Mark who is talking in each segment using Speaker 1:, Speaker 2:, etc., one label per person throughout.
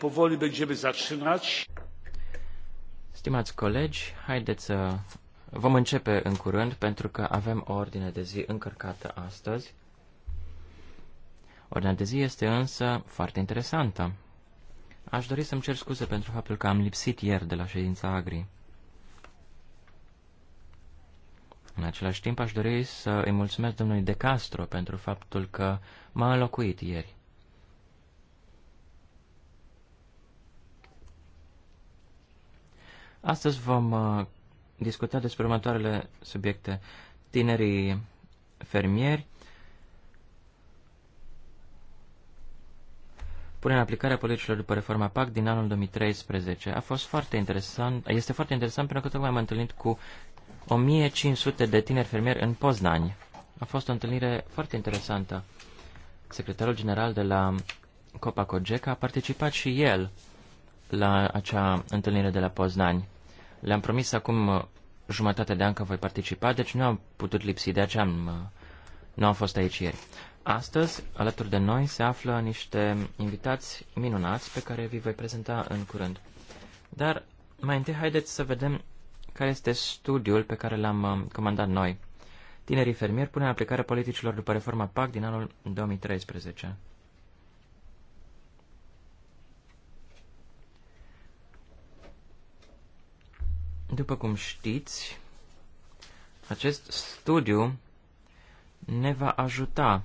Speaker 1: Powoli będziemy zaczynać.
Speaker 2: Stimați colegi, haideți să vom începe în curând pentru că avem o ordine de zi încărcată astăzi. Ordinea de zi este însă foarte interesantă. Aș dori să-mi cer scuze pentru faptul că am lipsit ieri de la ședința Agri. În același timp, aș dori să îi mulțumesc domnului De Castro pentru faptul că m-a înlocuit ieri. Astăzi vom uh, discuta despre următoarele subiecte. Tinerii fermieri, pune în aplicare politicilor după reforma PAC din anul 2013. A fost foarte interesant, este foarte interesant pentru că tocmai am întâlnit cu 1500 de tineri fermieri în Poznań. A fost o întâlnire foarte interesantă. Secretarul general de la Copa Cogeca a participat și el la acea întâlnire de la Poznań. Le-am promis acum uh, jumătate de an că voi participa, deci nu am putut lipsi, de aceea am, uh, nu am fost aici ieri. Astăzi, alături de noi, se află niște invitați minunați pe care vi voi prezenta în curând. Dar mai întâi haideți să vedem care este studiul pe care l-am uh, comandat noi. Tinerii fermieri pune în aplicare politicilor după reforma PAC din anul 2013. După cum știți, acest studiu ne va ajuta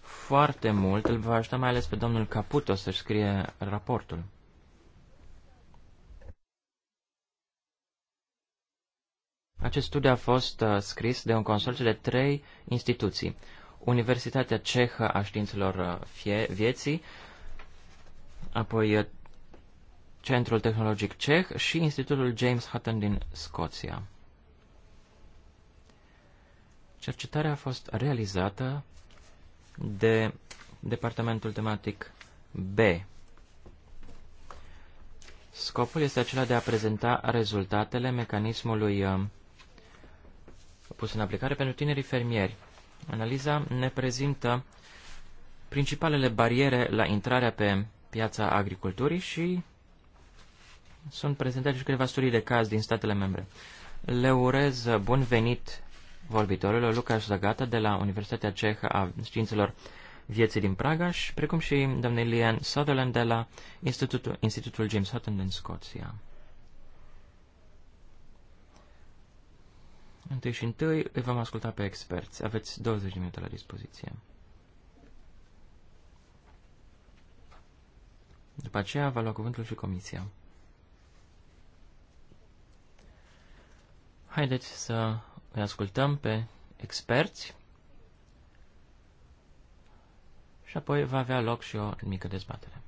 Speaker 2: foarte mult, îl va ajuta mai ales pe domnul Caputo să-și scrie raportul. Acest studiu a fost uh, scris de un consorțiu de trei instituții. Universitatea Cehă a Științelor uh, Vieții, apoi uh, Centrul Tehnologic Ceh și Institutul James Hutton din Scoția. Cercetarea a fost realizată de departamentul tematic B. Scopul este acela de a prezenta rezultatele mecanismului uh, pus în aplicare pentru tinerii fermieri. Analiza ne prezintă principalele bariere la intrarea pe piața agriculturii și sunt prezentate și câteva studii de caz din statele membre. Le urez bun venit vorbitorilor Lucas Zagata de la Universitatea Cehă a Științelor Vieții din Praga și precum și domnul Lian Sutherland de la Institutul, Institutul James Hutton din Scoția. Întâi și întâi îi vom asculta pe experți. Aveți 20 de minute la dispoziție. După aceea va lua cuvântul și comisia. Haideți să îi ascultăm pe experți și apoi va avea loc și o mică dezbatere.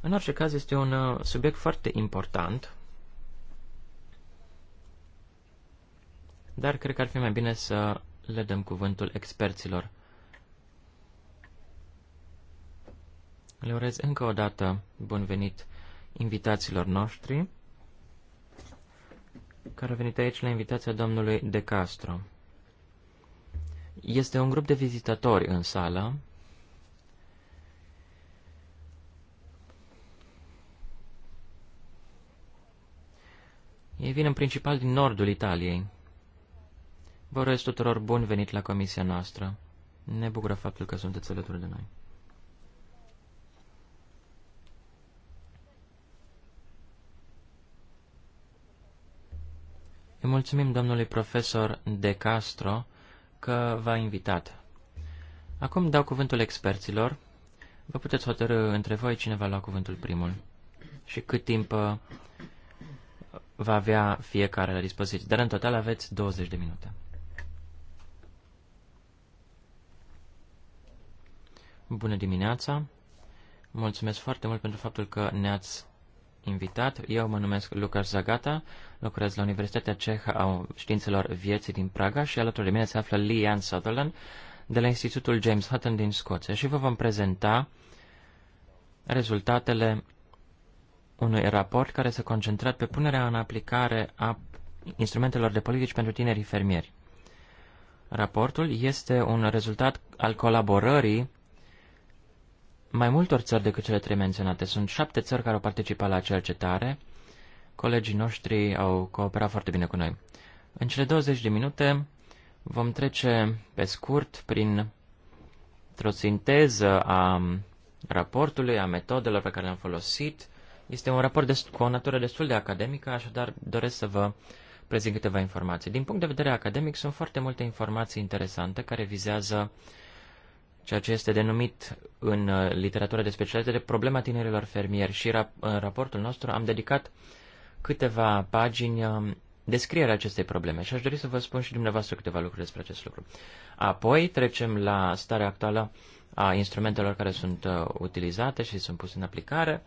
Speaker 2: În orice caz, este un uh, subiect foarte important, dar cred că ar fi mai bine să le dăm cuvântul experților. Le urez încă o dată bun venit invitațiilor noștri care a venit aici la invitația domnului De Castro. Este un grup de vizitatori în sală. Ei vin în principal din nordul Italiei. Vă urez tuturor bun venit la comisia noastră. Ne bucură faptul că sunteți alături de noi. Îi mulțumim domnului profesor De Castro că v-a invitat. Acum dau cuvântul experților. Vă puteți hotărâ între voi cine va lua cuvântul primul și cât timp uh, va avea fiecare la dispoziție. Dar în total aveți 20 de minute. Bună dimineața! Mulțumesc foarte mult pentru faptul că ne-ați invitat. Eu mă numesc Lucas Zagata, lucrez la Universitatea Cehă a Științelor Vieții din Praga și alături de mine se află Lee Ann Sutherland de la Institutul James Hutton din Scoția și vă vom prezenta rezultatele unui raport care s-a concentrat pe punerea în aplicare a instrumentelor de politici pentru tinerii fermieri. Raportul este un rezultat al colaborării mai multor țări decât cele trei menționate. Sunt șapte țări care au participat la cetare. Colegii noștri au cooperat foarte bine cu noi. În cele 20 de minute vom trece pe scurt prin o sinteză a raportului, a metodelor pe care le-am folosit. Este un raport de, cu o natură destul de academică, așadar doresc să vă prezint câteva informații. Din punct de vedere academic, sunt foarte multe informații interesante care vizează uh, ceea ce este denumit în uh, literatura de specialitate de problema tinerilor fermieri și în raportul nostru am dedicat câteva pagini um, descrierea acestei probleme și aș dori să vă spun și dumneavoastră câteva lucruri despre acest lucru. Apoi trecem la starea actuală a instrumentelor care sunt uh, utilizate și sunt puse în aplicare.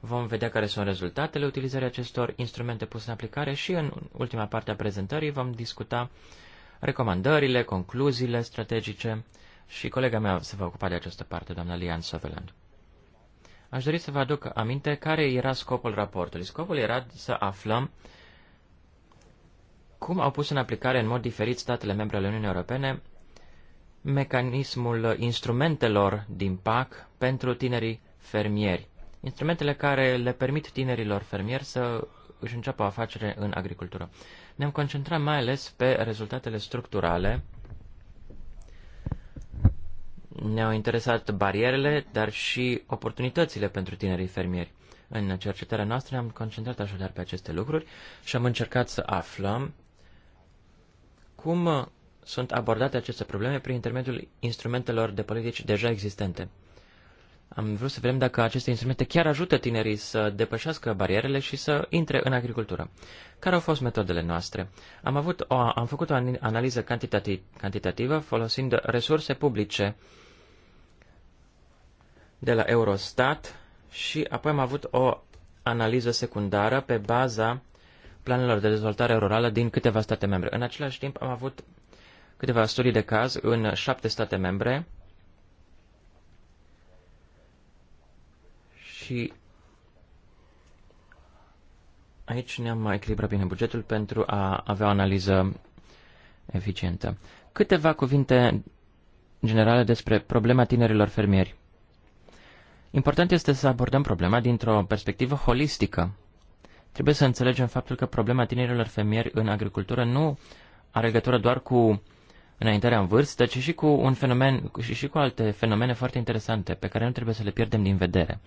Speaker 2: Vom vedea care sunt rezultatele utilizării acestor instrumente puse în aplicare și în ultima parte a prezentării vom discuta recomandările, concluziile strategice și colega mea se va ocupa de această parte, doamna Lian Sutherland. Aș dori să vă aduc aminte care era scopul raportului. Scopul era să aflăm cum au pus în aplicare în mod diferit statele membre ale Uniunii Europene mecanismul instrumentelor din PAC pentru tinerii fermieri. Instrumentele care le permit tinerilor fermieri să își înceapă o afacere în agricultură. Ne-am concentrat mai ales pe rezultatele structurale ne-au interesat barierele, dar și oportunitățile pentru tinerii fermieri. În cercetarea noastră ne-am concentrat așadar pe aceste lucruri și am încercat să aflăm cum sunt abordate aceste probleme prin intermediul instrumentelor de politici deja existente. Am vrut să vedem dacă aceste instrumente chiar ajută tinerii să depășească barierele și să intre în agricultură. Care au fost metodele noastre? Am, avut o, am făcut o analiză cantitativă folosind resurse publice de la Eurostat și apoi am avut o analiză secundară pe baza planelor de dezvoltare rurală din câteva state membre. În același timp am avut câteva studii de caz în șapte state membre și aici ne-am echilibrat bine bugetul pentru a avea o analiză eficientă. Câteva cuvinte generale despre problema tinerilor fermieri. Important este să abordăm problema dintr-o perspectivă holistică. Trebuie să înțelegem faptul că problema tinerilor femei în agricultură nu are legătură doar cu înaintarea în vârstă, ci și cu un fenomen și, și cu alte fenomene foarte interesante pe care nu trebuie să le pierdem din vedere.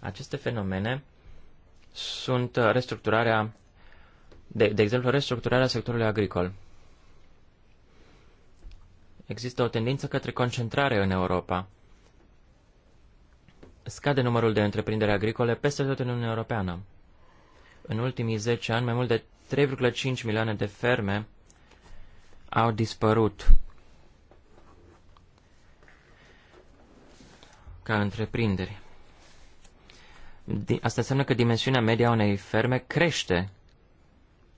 Speaker 2: Aceste fenomene sunt restructurarea, de, de exemplu, restructurarea sectorului agricol. Există o tendință către concentrare în Europa scade numărul de întreprinderi agricole peste tot în Uniunea Europeană. În ultimii 10 ani, mai mult de 3,5 milioane de ferme au dispărut ca întreprinderi. Asta înseamnă că dimensiunea media unei ferme crește,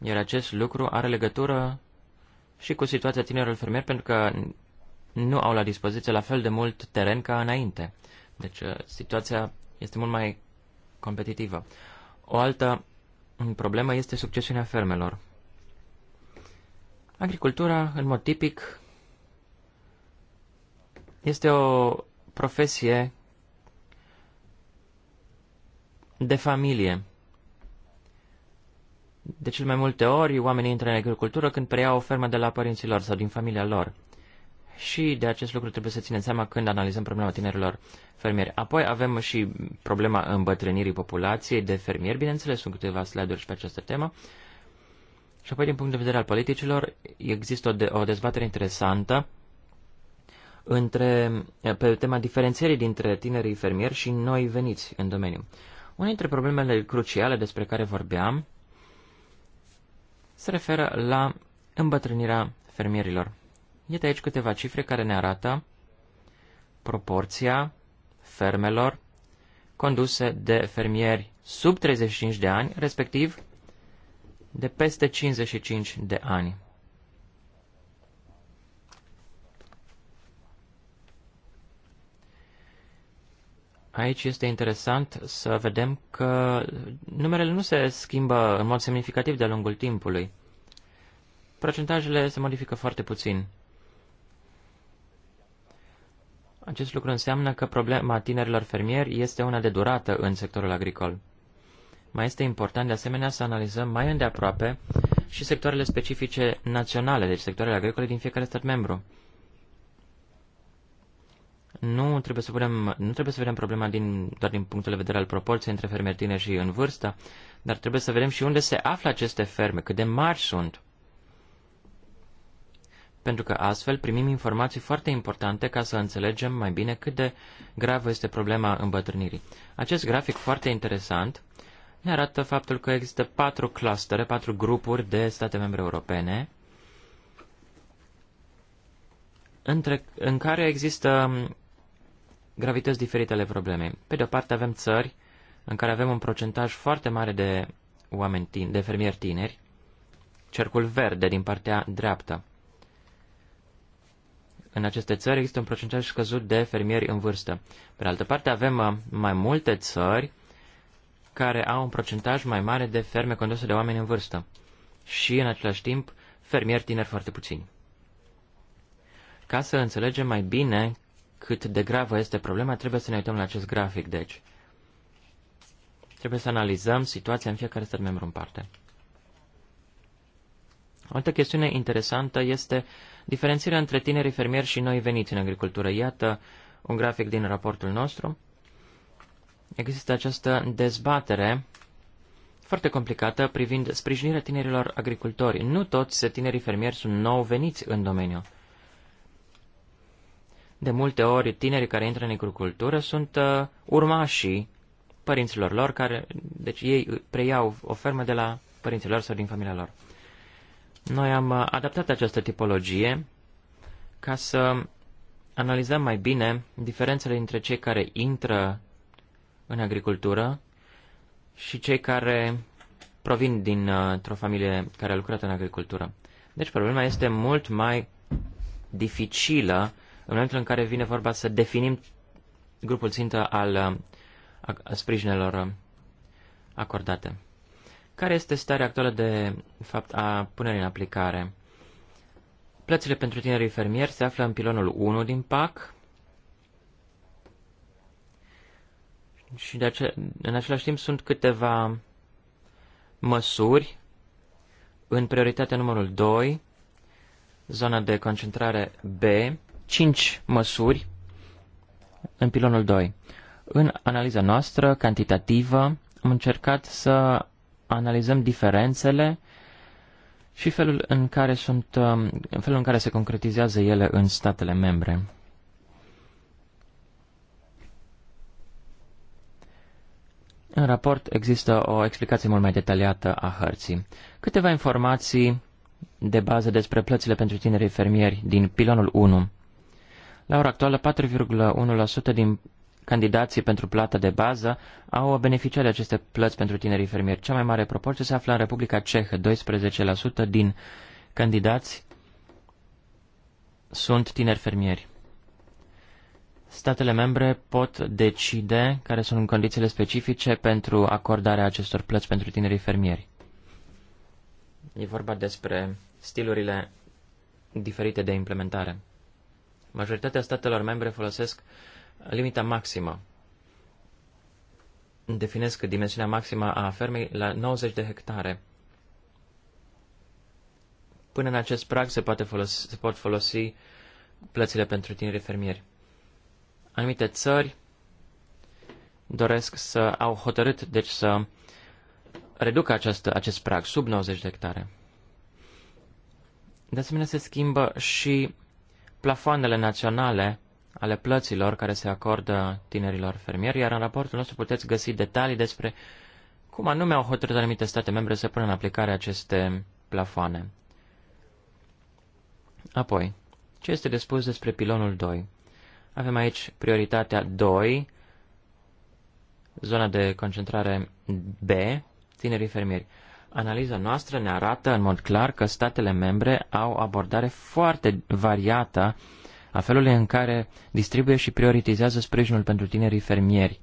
Speaker 2: iar acest lucru are legătură și cu situația tinerilor fermieri, pentru că nu au la dispoziție la fel de mult teren ca înainte. Deci uh, situația este mult mai competitivă. O altă um, problemă este succesiunea fermelor. Agricultura, în mod tipic, este o profesie de familie. De cel mai multe ori, oamenii intră în agricultură când preiau o fermă de la părinților sau din familia lor. Și de acest lucru trebuie să ținem seama când analizăm problema tinerilor fermieri. Apoi avem și problema îmbătrânirii populației de fermieri, bineînțeles, sunt câteva slide-uri și pe această temă. Și apoi, din punct de vedere al politicilor, există o, de- o dezbatere interesantă între, pe tema diferențierii dintre tinerii fermieri și noi veniți în domeniu. Una dintre problemele cruciale despre care vorbeam se referă la îmbătrânirea fermierilor. Iată aici câteva cifre care ne arată proporția fermelor conduse de fermieri sub 35 de ani, respectiv de peste 55 de ani. Aici este interesant să vedem că numerele nu se schimbă în mod semnificativ de-a lungul timpului. Procentajele se modifică foarte puțin. Acest lucru înseamnă că problema tinerilor fermieri este una de durată în sectorul agricol. Mai este important de asemenea să analizăm mai îndeaproape și sectoarele specifice naționale, deci sectoarele agricole din fiecare stat membru. Nu trebuie să, punem, nu trebuie să vedem problema din, doar din punctul de vedere al proporției între fermieri tineri și în vârstă, dar trebuie să vedem și unde se află aceste ferme, cât de mari sunt pentru că astfel primim informații foarte importante ca să înțelegem mai bine cât de gravă este problema îmbătrânirii. Acest grafic foarte interesant ne arată faptul că există patru clustere, patru grupuri de state membre europene, între, în care există gravități diferite ale problemei. Pe de-o parte avem țări în care avem un procentaj foarte mare de oameni tine, de fermieri tineri, cercul verde din partea dreaptă în aceste țări există un procentaj scăzut de fermieri în vârstă. Pe de altă parte, avem uh, mai multe țări care au un procentaj mai mare de ferme conduse de oameni în vârstă și, în același timp, fermieri tineri foarte puțini. Ca să înțelegem mai bine cât de gravă este problema, trebuie să ne uităm la acest grafic, deci. Trebuie să analizăm situația în fiecare stat membru în parte. O altă chestiune interesantă este diferențierea între tinerii fermieri și noi veniți în agricultură. Iată un grafic din raportul nostru. Există această dezbatere foarte complicată privind sprijinirea tinerilor agricultori. Nu toți tinerii fermieri sunt nou veniți în domeniu. De multe ori, tinerii care intră în agricultură sunt uh, urmașii părinților lor, care, deci ei preiau o fermă de la părinților sau din familia lor. Noi am uh, adaptat această tipologie ca să analizăm mai bine diferențele între cei care intră în agricultură și cei care provin dintr-o uh, familie care a lucrat în agricultură. Deci problema este mult mai dificilă în momentul în care vine vorba să definim grupul țintă al uh, sprijinelor acordate. Care este starea actuală de fapt a punerii în aplicare? Plățile pentru tinerii fermieri se află în pilonul 1 din PAC și de ace- în același timp sunt câteva măsuri în prioritatea numărul 2, zona de concentrare B, 5 măsuri în pilonul 2. În analiza noastră cantitativă am încercat să analizăm diferențele și felul în care, sunt, um, felul în care se concretizează ele în statele membre. În raport există o explicație mult mai detaliată a hărții. Câteva informații de bază despre plățile pentru tinerii fermieri din pilonul 1. La ora actuală, 4,1% din candidații pentru plată de bază au beneficiat de aceste plăți pentru tinerii fermieri. Cea mai mare proporție se află în Republica Cehă, 12% din candidați sunt tineri fermieri. Statele membre pot decide care sunt condițiile specifice pentru acordarea acestor plăți pentru tinerii fermieri. E vorba despre stilurile diferite de implementare. Majoritatea statelor membre folosesc uh, limita maximă. Definesc dimensiunea maximă a fermei la 90 de hectare. Până în acest prag se, poate folosi, se pot folosi plățile pentru tineri fermieri. Anumite țări doresc să au hotărât, deci să reducă această, acest prag sub 90 de hectare. De asemenea, se schimbă și plafoanele naționale ale plăților care se acordă tinerilor fermieri, iar în raportul nostru puteți găsi detalii despre cum anume au hotărât anumite state membre să pună în aplicare aceste plafoane. Apoi, ce este de spus despre pilonul 2? Avem aici prioritatea 2, zona de concentrare B, tinerii fermieri. Analiza noastră ne arată în mod clar că statele membre au abordare foarte variată a felului în care distribuie și prioritizează sprijinul pentru tinerii fermieri.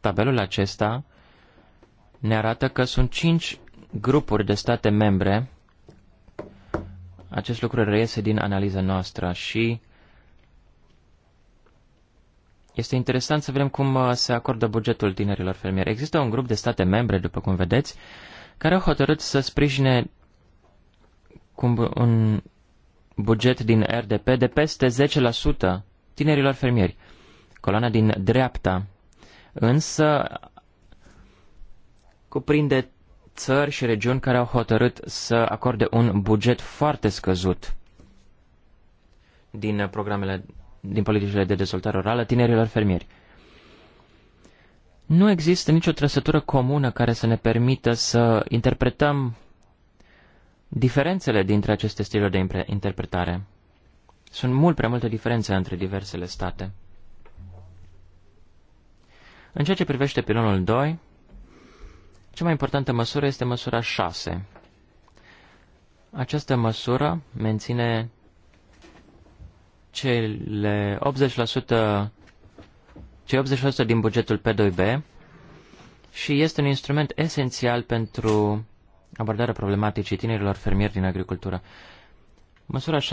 Speaker 2: Tabelul acesta ne arată că sunt cinci grupuri de state membre. Acest lucru reiese din analiza noastră și este interesant să vedem cum uh, se acordă bugetul tinerilor fermieri. Există un grup de state membre, după cum vedeți, care au hotărât să sprijine cum un buget din RDP de peste 10% tinerilor fermieri. Coloana din dreapta, însă, cuprinde țări și regiuni care au hotărât să acorde un buget foarte scăzut din programele, din politicile de dezvoltare rurală tinerilor fermieri. Nu există nicio trăsătură comună care să ne permită să interpretăm diferențele dintre aceste stiluri de interpretare. Sunt mult prea multe diferențe între diversele state. În ceea ce privește pilonul 2, cea mai importantă măsură este măsura 6. Această măsură menține cele 80%, cei 80% din bugetul P2B și este un instrument esențial pentru abordarea problematicii tinerilor fermieri din agricultură. Măsura 6.1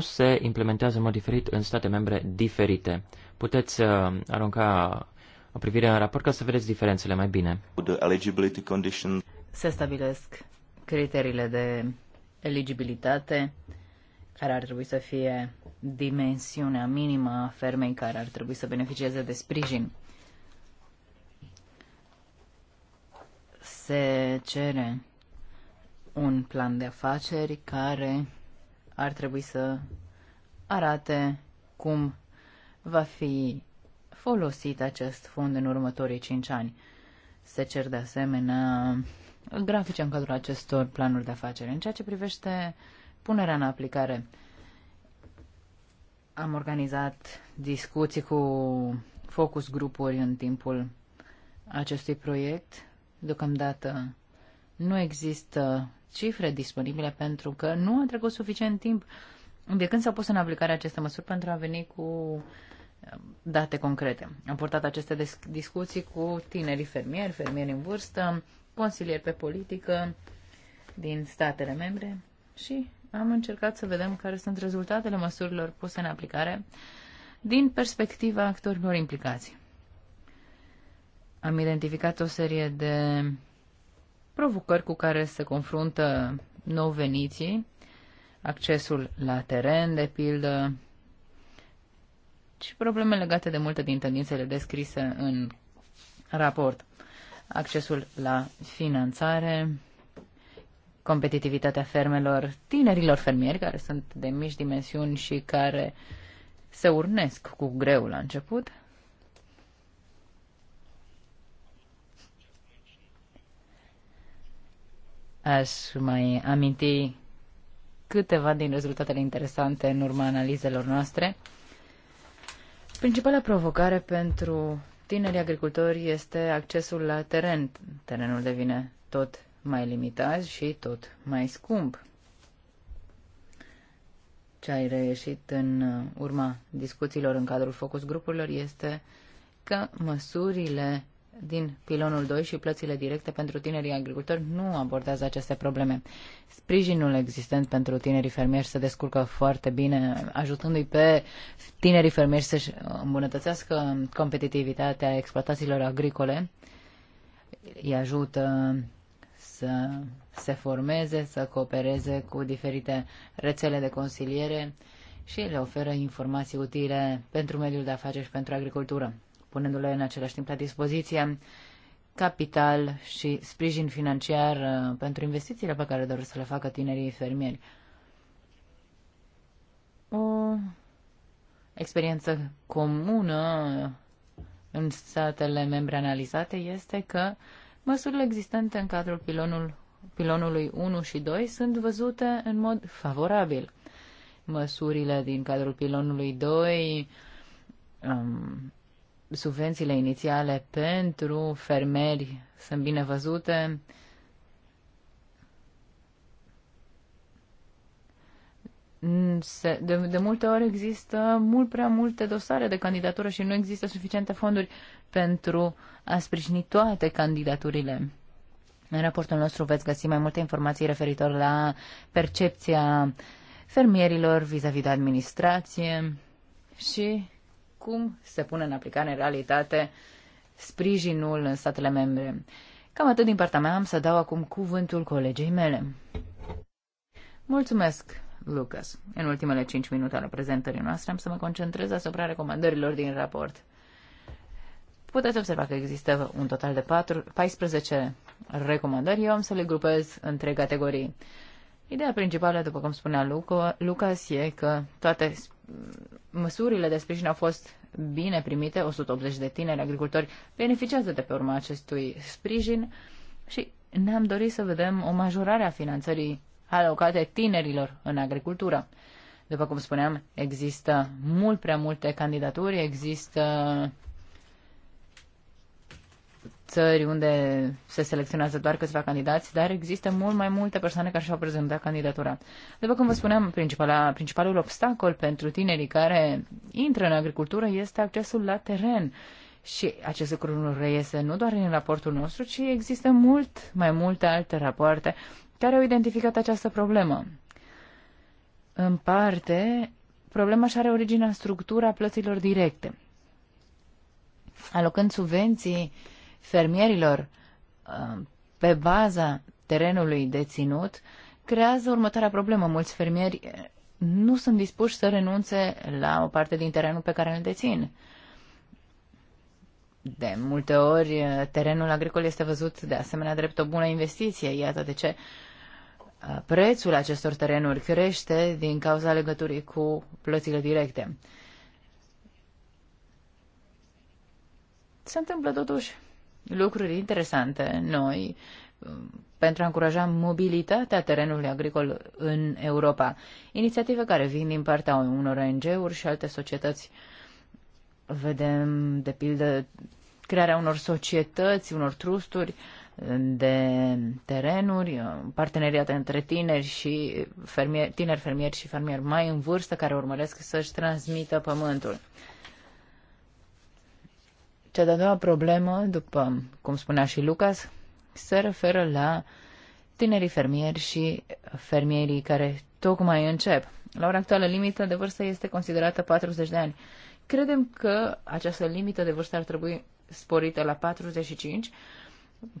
Speaker 2: se implementează în mod diferit în state membre diferite. Puteți uh, arunca o privire în raport ca să vedeți diferențele mai bine.
Speaker 3: Se stabilesc criteriile de eligibilitate care ar trebui să fie dimensiunea minimă a fermei care ar trebui să beneficieze de sprijin. Se cere un plan de afaceri care ar trebui să arate cum va fi folosit acest fond în următorii 5 ani. Se cer de asemenea grafice în cadrul acestor planuri de afaceri. În ceea ce privește punerea în aplicare, am organizat discuții cu focus grupuri în timpul acestui proiect. Deocamdată nu există cifre disponibile pentru că nu a trecut suficient timp de când s-au pus în aplicare aceste măsuri pentru a veni cu um, date concrete. Am purtat aceste discuții cu tinerii fermieri, fermieri în vârstă, consilieri pe politică din statele membre și am încercat să vedem care sunt rezultatele măsurilor puse în aplicare din perspectiva actorilor implicați. Am identificat o serie de provocări cu care se confruntă nou veniții, accesul la teren, de pildă, și probleme legate de multe din tendințele descrise în raport. Accesul la finanțare, competitivitatea fermelor, tinerilor fermieri care sunt de mici dimensiuni și care se urnesc cu greu la început, Aș mai aminti câteva din rezultatele interesante în urma analizelor noastre. Principala provocare pentru tinerii agricultori este accesul la teren. Terenul devine tot mai limitat și tot mai scump. Ce ai reieșit în urma discuțiilor în cadrul focus grupurilor este că măsurile din pilonul 2 și plățile directe pentru tinerii agricultori nu abordează aceste probleme. Sprijinul existent pentru tinerii fermieri se descurcă foarte bine, ajutându-i pe tinerii fermieri să-și îmbunătățească competitivitatea exploatațiilor agricole. Îi ajută să se formeze, să coopereze cu diferite rețele de consiliere și le oferă informații utile pentru mediul de afaceri și pentru agricultură punându-le în același timp la dispoziție capital și sprijin financiar uh, pentru investițiile pe care doresc să le facă tinerii fermieri. O experiență comună în statele membre analizate este că măsurile existente în cadrul pilonul, pilonului 1 și 2 sunt văzute în mod favorabil. Măsurile din cadrul pilonului 2 um, subvențiile inițiale pentru fermeri sunt bine văzute. de, de multe ori există mult prea multe dosare de candidatură și nu există suficiente fonduri pentru a sprijini toate candidaturile. În raportul nostru veți găsi mai multe informații referitor la percepția fermierilor vis-a-vis -vis de administrație și cum se pune în aplicare în realitate sprijinul în statele membre. Cam atât din partea mea, am să dau acum cuvântul colegei mele. Mulțumesc, Lucas. În ultimele 5 minute ale prezentării noastre am să mă concentrez asupra recomandărilor din raport. Puteți observa că există un total de 4, 14 recomandări. Eu am să le grupez în trei categorii. Ideea principală, după cum spunea Luca, Lucas, e că toate măsurile de sprijin au fost bine primite, 180 de tineri agricultori beneficiază de pe urma acestui sprijin și ne-am dorit să vedem o majorare a finanțării alocate tinerilor în agricultură. După cum spuneam, există mult prea multe candidaturi, există țări unde se selecționează doar câțiva candidați, dar există mult mai multe persoane care și-au prezentat candidatura. După cum vă spuneam, principala, principalul obstacol pentru tinerii care intră în agricultură este accesul la teren. Și acest lucru nu reiese nu doar în raportul nostru, ci există mult mai multe alte rapoarte care au identificat această problemă. În parte, problema și are originea structura plăților directe. Alocând subvenții fermierilor uh, pe baza terenului deținut, creează următoarea problemă. Mulți fermieri uh, nu sunt dispuși să renunțe la o parte din terenul pe care îl dețin. De multe ori, uh, terenul agricol este văzut de asemenea drept o bună investiție. Iată de ce prețul acestor terenuri crește din cauza legăturii cu plățile directe. Se întâmplă totuși lucruri interesante noi um, pentru a încuraja mobilitatea terenului agricol în Europa. Inițiative care vin din partea unor ONG-uri și alte societăți. Vedem, de pildă, crearea unor societăți, unor trusturi um, de terenuri, um, parteneriate între tineri și fermieri, tineri fermieri și fermieri mai în vârstă care urmăresc să-și transmită pământul. Cea de-a doua problemă, după cum spunea și Lucas, se referă la tinerii fermieri și fermierii care tocmai încep. La ora actuală, limita de vârstă este considerată 40 de ani. Credem că această limită de vârstă ar trebui sporită la 45,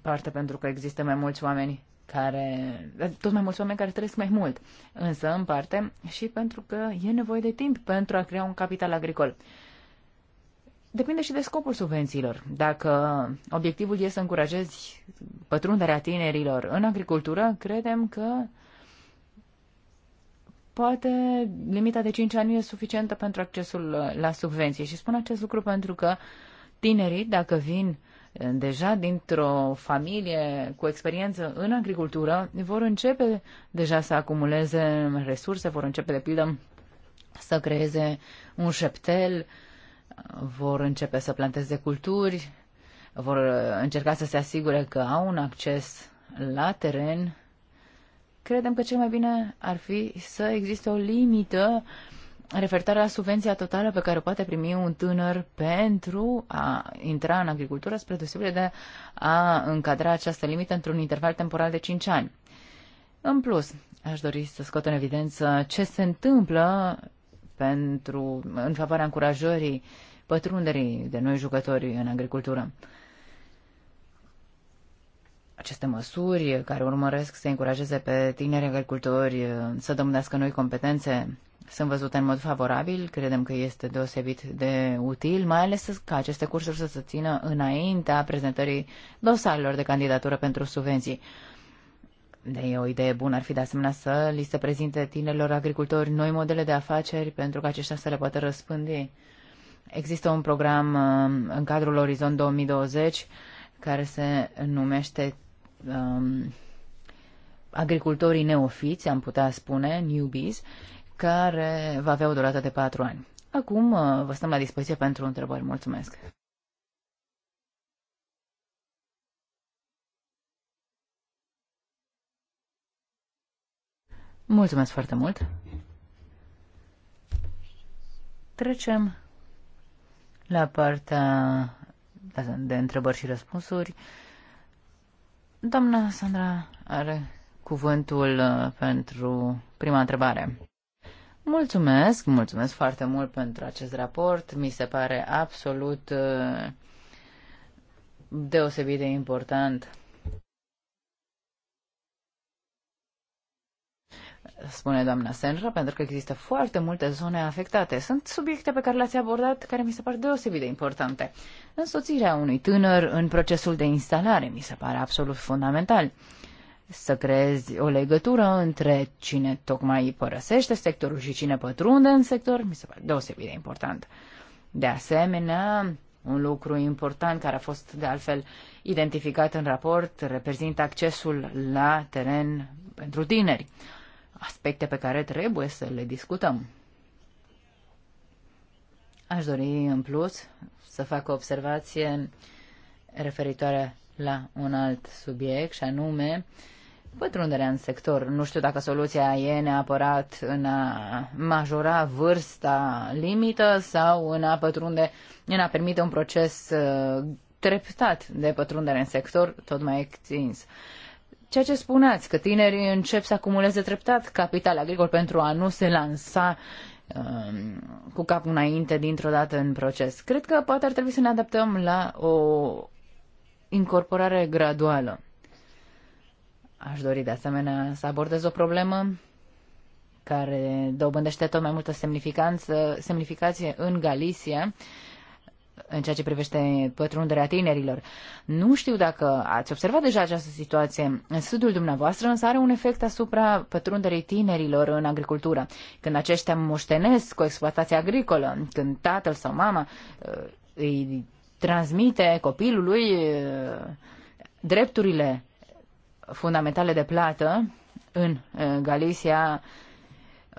Speaker 3: parte pentru că există mai mulți oameni care, tot mai mulți oameni care trăiesc mai mult, însă în parte și pentru că e nevoie de timp pentru a crea un capital agricol. Depinde și de scopul subvențiilor. Dacă obiectivul este să încurajezi pătrunderea tinerilor în agricultură, credem că poate limita de 5 ani e suficientă pentru accesul la subvenție. Și spun acest lucru pentru că tinerii, dacă vin eh, deja dintr-o familie cu experiență în agricultură, vor începe deja să acumuleze resurse, vor începe, de pildă, să creeze un șeptel, uh, vor începe să planteze culturi, vor încerca să se asigure că au un acces la teren, credem că cel mai bine ar fi să existe o limită referitoare la subvenția totală pe care o poate primi un tânăr pentru a intra în agricultură, spre deosebire de a încadra această limită într-un interval temporal de 5 ani. În plus, aș dori să scot în evidență ce se întâmplă pentru, în favoarea încurajării pătrunderii de noi jucători în agricultură. Aceste măsuri care urmăresc să încurajeze pe tineri agricultori să domnească noi competențe sunt văzute în mod favorabil, credem că este deosebit de util, mai ales ca aceste cursuri să se țină înaintea prezentării dosarelor de candidatură pentru subvenții. E o idee bună ar fi de asemenea să li se prezinte tinerilor agricultori noi modele de afaceri pentru că aceștia să le poată răspândi. Există un program uh, în cadrul Orizont 2020 care se numește um, agricultorii neofiți, am putea spune, newbies, care va avea o durată de patru ani. Acum uh, vă stăm la dispoziție pentru întrebări. Mulțumesc! Mulțumesc foarte mult. Trecem la partea de întrebări și răspunsuri. Doamna Sandra are cuvântul uh, pentru prima întrebare. Mulțumesc, mulțumesc foarte mult pentru acest raport. Mi se pare absolut uh, deosebit de important spune doamna Senra, pentru că există foarte multe zone afectate. Sunt subiecte pe care le-ați abordat care mi se par deosebit de importante. Însoțirea unui tânăr în procesul de instalare mi se pare absolut fundamental. Să creezi o legătură între cine tocmai părăsește sectorul și cine pătrunde în sector mi se pare deosebit de important. De asemenea, un lucru important care a fost de altfel identificat în raport reprezintă accesul la teren pentru tineri aspecte pe care trebuie să le discutăm. Aș dori în plus să fac o observație referitoare la un alt subiect și anume pătrunderea în sector. Nu știu dacă soluția e neapărat în a majora vârsta limită sau în a pătrunde, în a permite un proces uh, treptat de pătrundere în sector tot mai extins. Uh, Ceea ce spuneați, că tinerii încep să acumuleze treptat capital agricol pentru a nu se lansa um, cu capul înainte dintr-o dată în proces. Cred că poate ar trebui să ne adaptăm la o incorporare graduală. Aș dori de asemenea să abordez o problemă care dobândește tot mai multă semnificanță, semnificație în Galicia, în ceea ce privește pătrunderea tinerilor. Nu știu dacă ați observat deja această situație. În sudul dumneavoastră însă are un efect asupra pătrunderei tinerilor în agricultură. Când aceștia moștenesc o exploatație agricolă, când tatăl sau mama uh, îi transmite copilului uh, drepturile fundamentale de plată în uh, Galicia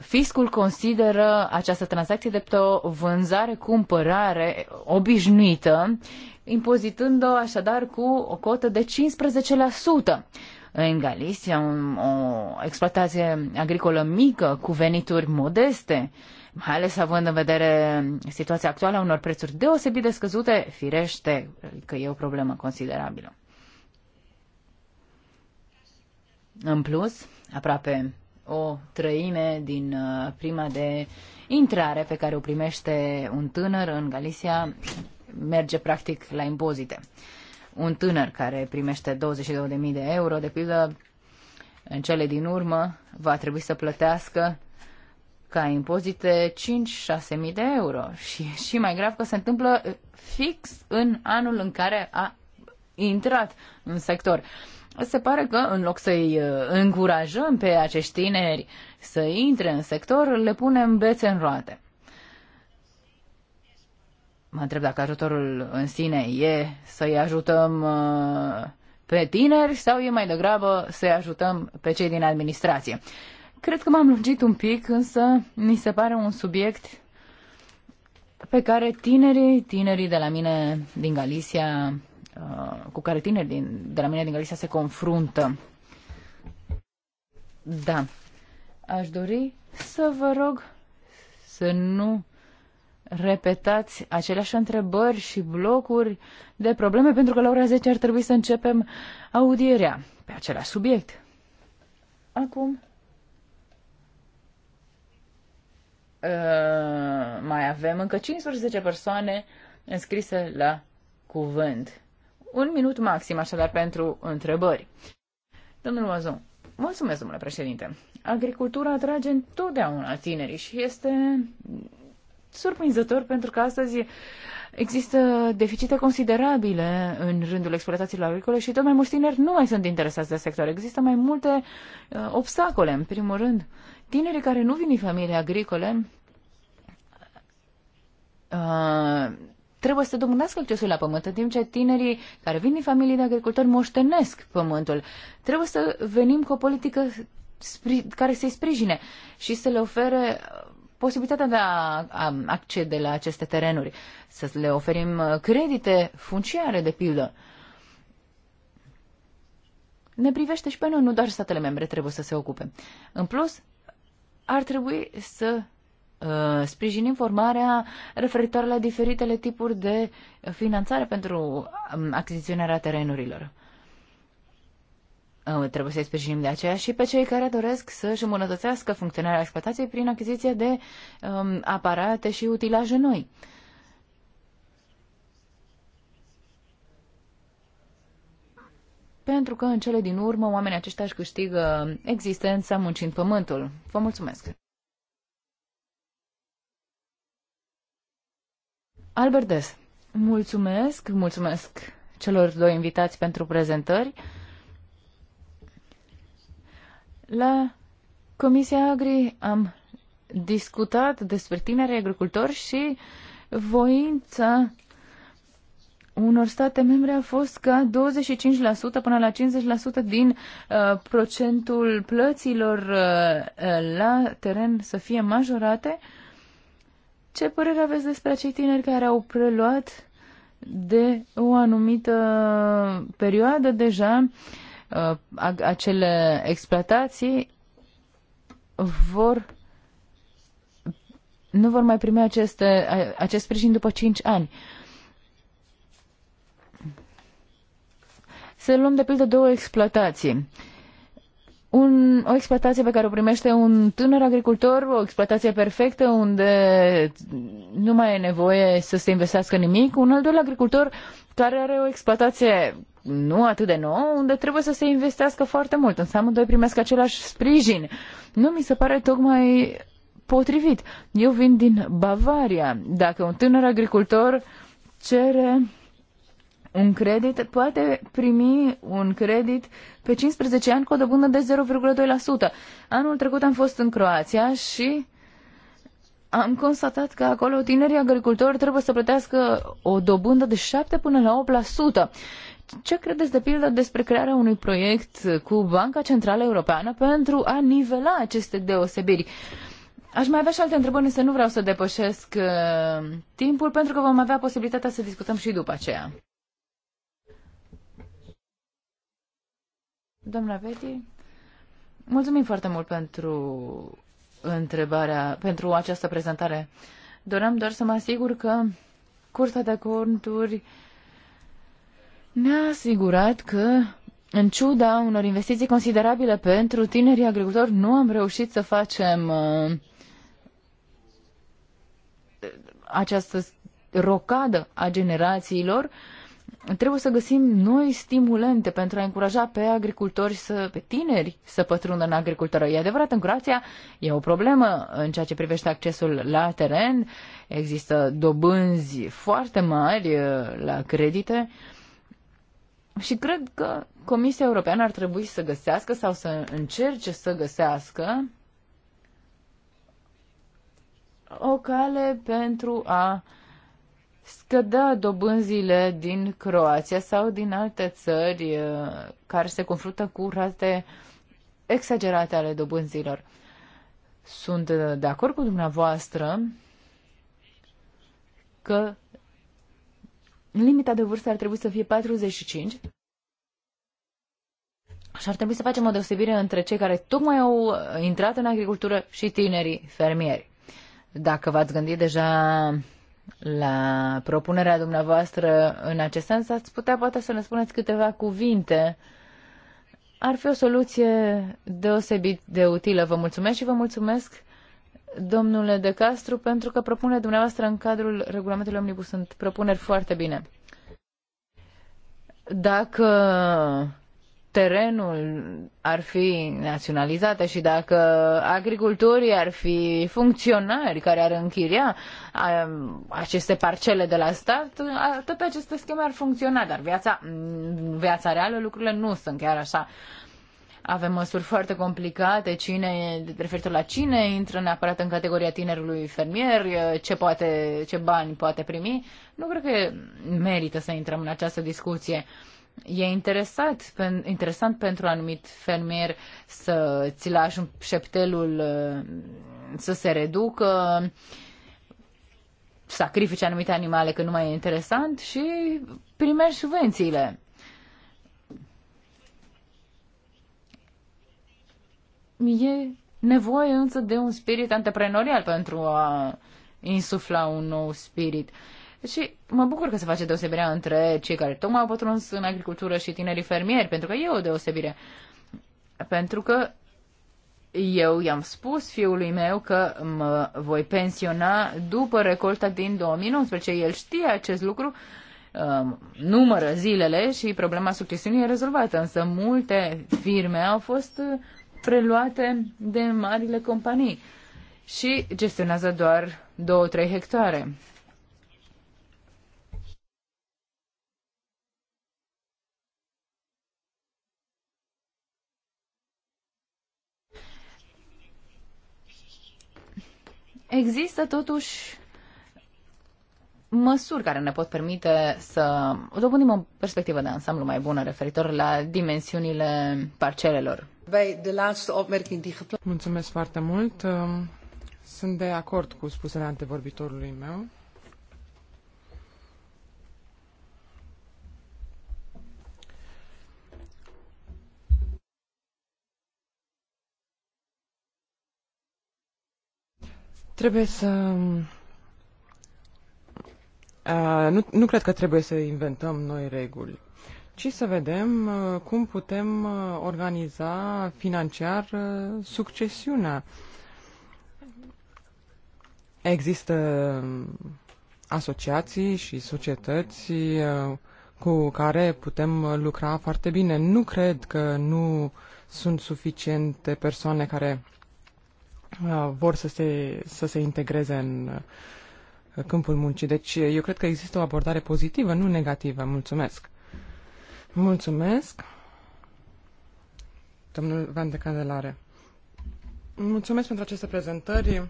Speaker 3: Fiscul consideră această tranzacție drept o vânzare-cumpărare obișnuită, impozitând-o așadar cu o cotă de 15%. În Galicia, o exploatație agricolă mică cu venituri modeste, mai ales având în vedere situația actuală a unor prețuri deosebit de scăzute, firește că e o problemă considerabilă. În plus, aproape o trăime din uh, prima de intrare pe care o primește un tânăr în Galicia merge practic la impozite. Un tânăr care primește 22.000 de euro, de pildă, în cele din urmă va trebui să plătească ca impozite 5-6.000 de euro. Și, și mai grav că se întâmplă uh, fix în anul în care a intrat în sector. Uh, se pare că în loc să-i uh, încurajăm pe acești tineri să intre în sector, le punem bețe în roate. Mă întreb dacă ajutorul în sine e să-i ajutăm uh, pe tineri sau e mai degrabă să-i ajutăm pe cei din administrație. Cred că m-am lungit un pic, însă mi se pare un subiect pe care tinerii, tinerii de la mine din Galicia Uh, cu care tineri din, de la mine din Galicia se confruntă. Da. Aș dori să vă rog să nu repetați aceleași întrebări și blocuri de probleme, pentru că la ora 10 ar trebui să începem audierea pe același subiect. Acum, uh, mai avem încă 15 persoane înscrise la cuvânt. Un minut maxim, așadar, pentru întrebări. Domnul Mazon, mulțumesc, domnule președinte. Agricultura atrage întotdeauna tinerii și este surprinzător pentru că astăzi există deficite considerabile în rândul exploatațiilor agricole și tot mai mulți tineri nu mai sunt interesați de sector. Există mai multe uh, obstacole, în primul rând. Tinerii care nu vin din familii agricole uh, trebuie să domânească accesul la pământ, în timp ce tinerii care vin din familii de agricultori moștenesc pământul. Trebuie să venim cu o politică care să-i sprijine și să le ofere uh, posibilitatea de a accede la aceste terenuri, să le oferim uh, credite funciare, de pildă. Ne privește și pe noi, nu doar statele membre trebuie să se ocupe. În plus, ar trebui să Uh, sprijinim formarea referitoare la diferitele tipuri de finanțare pentru um, achiziționarea terenurilor. Uh, trebuie să-i sprijinim de aceea și pe cei care doresc să-și îmbunătățească funcționarea exploatației prin achiziție de um, aparate și utilaje noi. Pentru că în cele din urmă oamenii aceștia își câștigă existența muncind pământul. Vă mulțumesc! Albert Des, mulțumesc, mulțumesc celor doi invitați pentru prezentări. La Comisia Agri am discutat despre tineri agricultori și voința unor state membre a fost ca 25% până la 50% din uh, procentul plăților uh, la teren să fie majorate uh, ce părere aveți despre acei tineri care au preluat de o anumită perioadă deja uh, acele exploatații vor nu vor mai primi aceste, acest sprijin după 5 ani. Să luăm de pildă două exploatații un, o exploatație pe care o primește un tânăr agricultor, o exploatație perfectă unde nu mai e nevoie să se investească nimic, un al doilea agricultor care are o exploatație nu atât de nouă, unde trebuie să se investească foarte mult, însă amândoi primesc același sprijin. Nu mi se pare tocmai potrivit. Eu vin din Bavaria. Dacă un tânăr agricultor cere un credit poate primi un credit pe 15 ani cu o dobândă de 0,2%. Anul trecut am fost în Croația și am constatat că acolo tinerii agricultori trebuie să plătească o dobândă de 7 până la 8%. Ce credeți de pildă despre crearea unui proiect cu Banca Centrală Europeană pentru a nivela aceste deosebiri? Aș mai avea și alte întrebări, însă nu vreau să depășesc uh, timpul, pentru că vom avea posibilitatea să discutăm și după aceea. Domnule Veti, mulțumim foarte mult pentru întrebarea, pentru această prezentare. Doream doar să mă asigur că Curtea de Conturi ne-a asigurat că, în ciuda unor investiții considerabile pentru tinerii agricultori, nu am reușit să facem uh, această rocadă a generațiilor uh, Trebuie să găsim noi stimulente pentru a încuraja pe agricultori, să, pe tineri, să pătrundă în agricultură. E adevărat, în Croația e o problemă în ceea ce privește accesul la teren. Există dobânzi foarte mari uh, la credite. Și cred că Comisia Europeană ar trebui să găsească sau să încerce să găsească o cale pentru a scădea dobânzile din Croația sau din alte țări uh, care se confruntă cu rate exagerate ale dobânzilor. Sunt uh, de acord cu dumneavoastră că limita de vârstă ar trebui să fie 45 și ar trebui să facem o deosebire între cei care tocmai au uh, intrat în agricultură și tinerii fermieri. Dacă v-ați gândit deja la propunerea dumneavoastră în acest sens, ați putea poate să ne spuneți câteva cuvinte. Ar fi o soluție deosebit de utilă. Vă mulțumesc și vă mulțumesc, domnule De Castru, pentru că propunerea dumneavoastră în cadrul regulamentului Omnibus sunt propuneri foarte bine. Dacă terenul ar fi naționalizată și dacă agricultorii ar fi funcționari care ar închiria um, aceste parcele de la stat, toate aceste scheme ar funcționa, dar viața, mm, viața reală lucrurile nu sunt chiar așa. Avem măsuri foarte complicate, cine, referitor la cine intră neapărat în categoria tinerului fermier, ce, poate, ce bani poate primi. Nu cred că merită să intrăm în această discuție. Uh, E interesat, pen, interesant pentru anumit fermier să ți lași șeptelul uh, să se reducă, sacrifici anumite animale că nu mai e interesant și primești subvențiile. E nevoie însă de un spirit antreprenorial pentru a insufla un nou spirit. Uh, și mă bucur că se face deosebirea între cei care tocmai au pătruns în agricultură și tinerii fermieri, pentru că e o deosebire. Pentru că eu i-am spus fiului meu că mă voi pensiona după recolta din 2019. El știe acest lucru, um, numără zilele și problema succesiunii e rezolvată, însă multe firme au fost uh, preluate de marile companii și gestionează doar 2-3 hectare. Există totuși măsuri care ne pot permite să dobândim o perspectivă de ansamblu mai bună referitor la dimensiunile parcelelor. Mulțumesc foarte mult.
Speaker 4: Sunt de acord cu spusele antevorbitorului meu. Trebuie să... Uh, nu, nu cred că trebuie să inventăm noi reguli, ci să vedem uh, cum putem uh, organiza financiar uh, succesiunea. Există asociații și societăți uh, cu care putem lucra foarte bine. Nu cred că nu sunt suficiente persoane care vor să se, să se integreze în câmpul muncii. Deci eu cred că există o abordare pozitivă, nu negativă. Mulțumesc! Mulțumesc! Domnul Van de Candelare. Mulțumesc pentru aceste prezentări.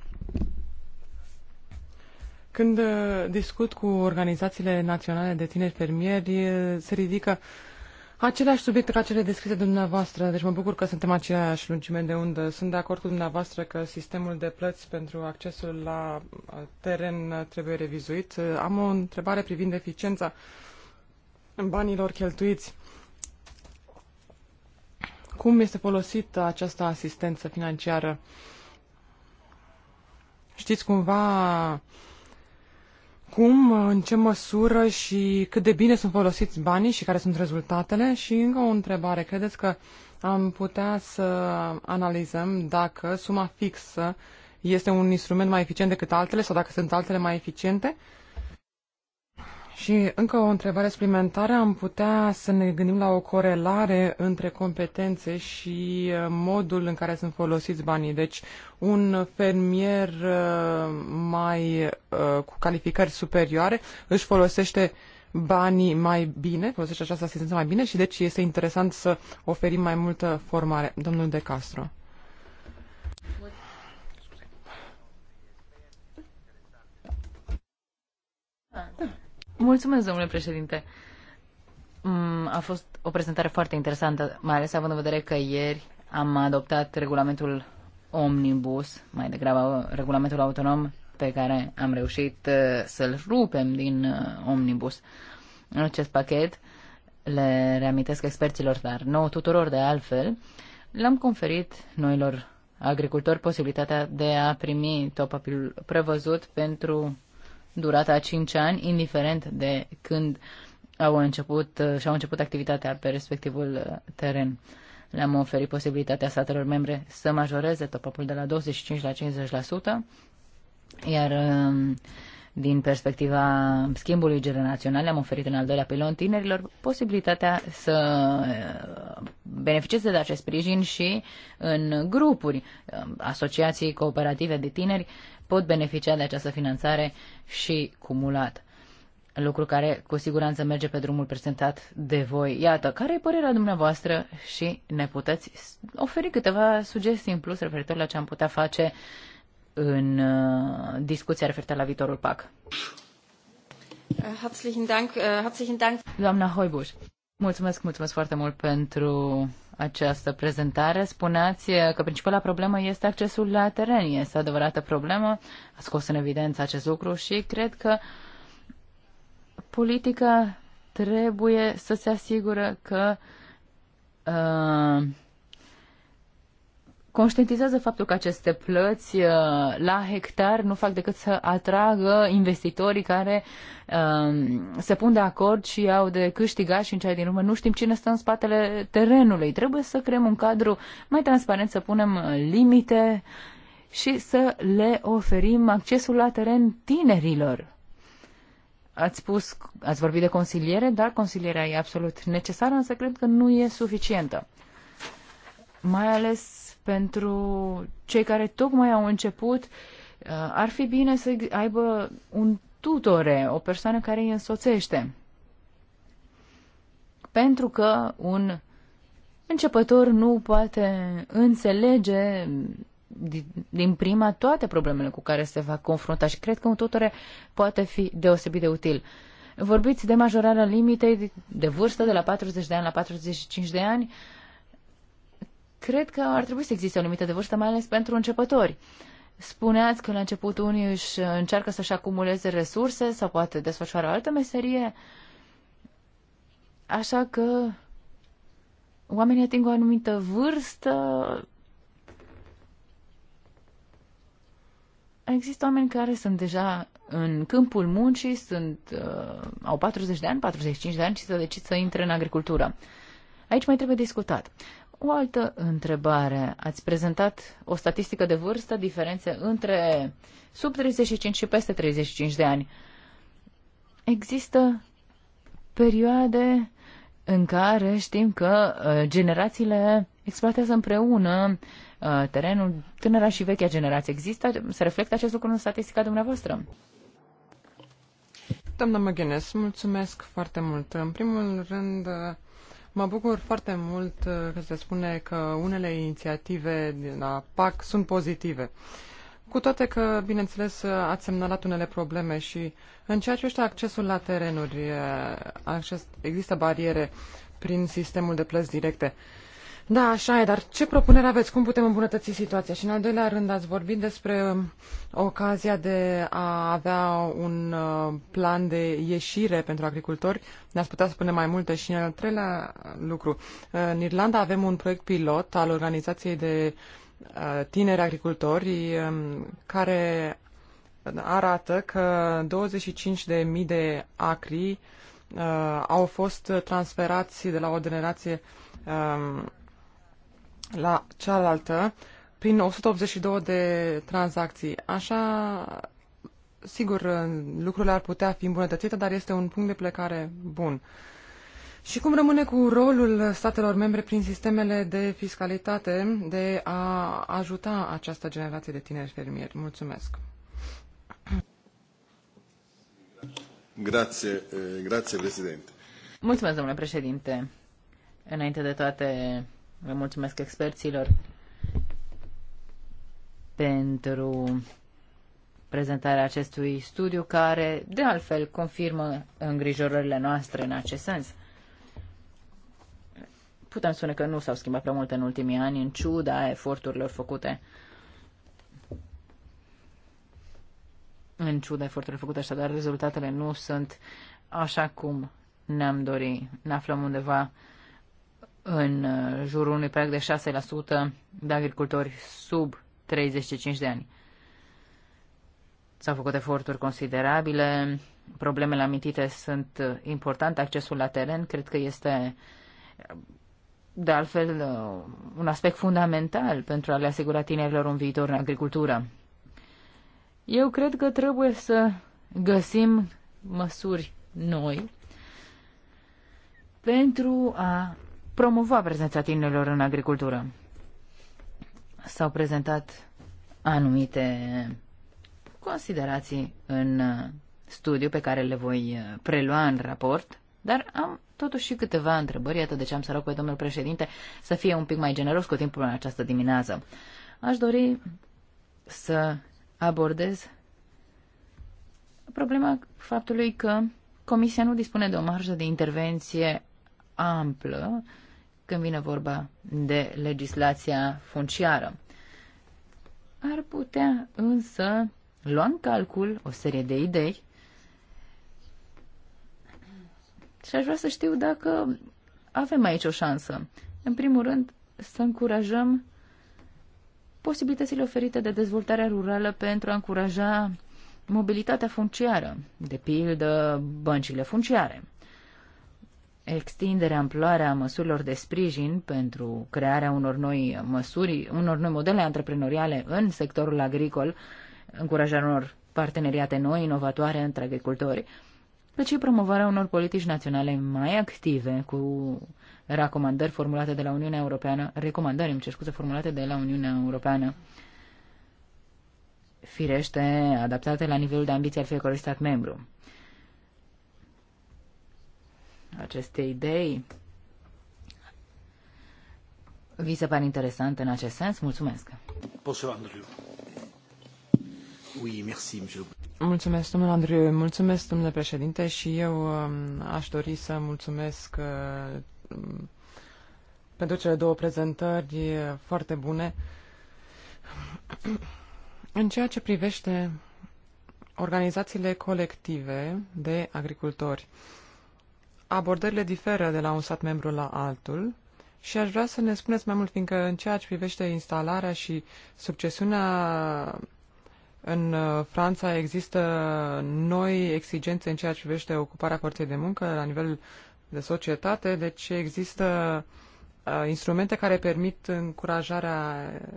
Speaker 4: Când discut cu organizațiile naționale de tineri fermieri, se ridică uh, Aceleași subiecte ca cele descrise de dumneavoastră, deci mă bucur că suntem aceeași lungime de undă. Sunt de acord cu dumneavoastră că sistemul de plăți pentru accesul la teren trebuie revizuit. Am o întrebare privind eficiența banilor cheltuiți. Cum este folosită această asistență financiară? Știți cumva cum, în ce măsură și cât de bine sunt folosiți banii și care sunt rezultatele? Și încă o întrebare. Credeți că am putea să analizăm dacă suma fixă este un instrument mai eficient decât altele sau dacă sunt altele mai eficiente? Uh, și încă o întrebare suplimentară. Am putea să ne gândim la o corelare între competențe și uh, modul în care sunt folosiți banii. Deci, un fermier uh, mai uh, cu calificări superioare își folosește banii mai bine, folosește această asistență mai bine și deci este interesant să oferim mai multă formare. Domnul De Castro.
Speaker 3: Ah, da. Mulțumesc, domnule președinte. Mm, a fost o prezentare foarte interesantă, mai ales având în vedere că ieri am adoptat regulamentul omnibus, mai degrabă regulamentul autonom pe care am reușit uh, să-l rupem din uh, omnibus. În Acest pachet, le reamintesc experților, dar nouă tuturor de altfel, le-am conferit noilor agricultori posibilitatea de a primi topapilul prevăzut pentru durata a 5 ani, indiferent de când au început uh, și-au început activitatea pe respectivul uh, teren. Le-am oferit posibilitatea statelor membre să majoreze top de la 25 la 50%, iar um, din perspectiva schimbului generațional, am oferit în al doilea pilon tinerilor posibilitatea să uh, beneficieze de acest sprijin și în grupuri, asociații cooperative de tineri pot beneficia de această finanțare și cumulat. Lucru care cu siguranță merge pe drumul prezentat de voi. Iată, care e părerea dumneavoastră și ne puteți oferi câteva sugestii în plus referitor la ce am putea face în uh, discuția referitoare la viitorul PAC.
Speaker 2: Uh, herzlichen Dank, uh, herzlichen Dank.
Speaker 3: Doamna Hoibuș, mulțumesc, mulțumesc foarte mult pentru această prezentare. Spuneați că principala problemă este accesul la teren. Este adevărată problemă, a scos în evidență acest lucru și cred că politica trebuie să se asigură că uh, conștientizează faptul că aceste plăți uh, la hectar nu fac decât să atragă investitorii care um, se pun de acord și au de câștigat și în cea din urmă nu știm cine stă în spatele terenului. Trebuie să creăm un cadru mai transparent, să punem uh, limite și să le oferim accesul la teren tinerilor. Ați spus, ați vorbit de consiliere, dar consilierea e absolut necesară, însă cred că nu e suficientă. Mai ales pentru cei care tocmai au început, uh, ar fi bine să aibă un tutore, o persoană care îi însoțește. Pentru că un începător nu poate înțelege din prima toate problemele cu care se va confrunta și cred că un tutore poate fi deosebit de util. Vorbiți de majorarea limitei de vârstă de la 40 de ani la 45 de ani. Uh, Cred că ar trebui să existe o limită de vârstă, mai ales pentru începători. Spuneați că la început unii își încearcă să-și acumuleze resurse sau poate desfășoară altă meserie. Așa că oamenii ating o anumită vârstă. Există oameni care sunt deja în câmpul muncii, sunt, uh, au 40 de ani, 45 de ani și să decid să intre în agricultură. Aici mai trebuie discutat. O altă întrebare. Ați prezentat o statistică de vârstă, diferențe între sub 35 și peste 35 de ani. Există perioade în care știm că uh, generațiile exploatează împreună uh, terenul, tânăra și vechea generație. Există, se reflectă acest lucru în statistica dumneavoastră?
Speaker 5: Doamna
Speaker 4: McGuinness, mulțumesc foarte mult. În primul rând, Mă bucur foarte mult uh, că se spune că unele inițiative din la PAC sunt pozitive. Cu toate că, bineînțeles, uh, ați semnalat unele probleme și în ceea ce este accesul la terenuri, uh, acces, există bariere prin sistemul de plăți directe. Da, așa e, dar ce propunere aveți? Cum putem îmbunătăți situația? Și în al doilea rând ați vorbit despre um, ocazia de a avea un uh, plan de ieșire pentru agricultori. Ne-ați putea spune mai multe și în al treilea lucru. Uh, în Irlanda avem un proiect pilot al organizației de uh, tineri agricultori um, care arată că 25.000 de acri au fost transferați de la o generație um, la cealaltă prin 182 de tranzacții. Așa, sigur, lucrurile ar putea fi îmbunătățite, dar este un punct de plecare bun. Și cum rămâne cu rolul statelor membre prin sistemele de fiscalitate de a ajuta această generație de tineri
Speaker 3: fermieri? Mulțumesc! Grazie, eh, grazie, Mulțumesc, domnule președinte. Înainte de toate, Vă mulțumesc experților pentru prezentarea acestui studiu care, de altfel, confirmă îngrijorările noastre în acest sens. Putem spune că nu s-au schimbat prea multe în ultimii ani, în ciuda eforturilor făcute. În ciuda eforturilor făcute, așadar, rezultatele nu sunt așa cum ne-am dorit. Ne aflăm undeva în uh, jurul unui prag de 6% de agricultori sub 35 de ani. S-au făcut eforturi considerabile, problemele amintite sunt uh, importante, accesul la teren cred că este de altfel uh, un aspect fundamental pentru a le asigura tinerilor un viitor în agricultură. Eu cred că trebuie să găsim măsuri noi pentru a promova prezența tinerilor în agricultură. S-au prezentat anumite considerații în uh, studiu pe care le voi uh, prelua în raport, dar am totuși și câteva întrebări, iată de ce am să rog pe domnul președinte să fie un pic mai generos cu timpul în această dimineață. Aș dori să abordez problema faptului că Comisia nu dispune de o marjă de intervenție amplă când vine vorba de legislația funciară. Ar putea însă lua în calcul o serie de idei și aș vrea să știu dacă avem aici o șansă. În primul rând, să încurajăm posibilitățile oferite de dezvoltarea rurală pentru a încuraja mobilitatea funciară, de pildă băncile funciare extinderea, amploarea măsurilor de sprijin pentru crearea unor noi măsuri, unor noi modele antreprenoriale în sectorul agricol, încurajarea unor parteneriate noi, inovatoare între agricultori, cât și promovarea unor politici naționale mai active cu recomandări formulate de la Uniunea Europeană, recomandări, îmi cer scuze, formulate de la Uniunea Europeană, firește adaptate la nivelul de ambiție al fiecărui stat membru aceste idei vi se pare interesante în acest sens? Mulțumesc! Mulțumesc, domnule Andriu, mulțumesc, domnule președinte,
Speaker 4: și eu um, aș dori să mulțumesc uh, pentru cele două prezentări foarte bune. În ceea ce privește organizațiile colective de agricultori, abordările diferă de la un stat membru la altul și aș vrea să ne spuneți mai mult, fiindcă în ceea ce privește instalarea și succesiunea în uh, Franța există noi exigențe în ceea ce privește ocuparea forței de muncă la nivel de societate, deci există uh, instrumente care permit încurajarea uh,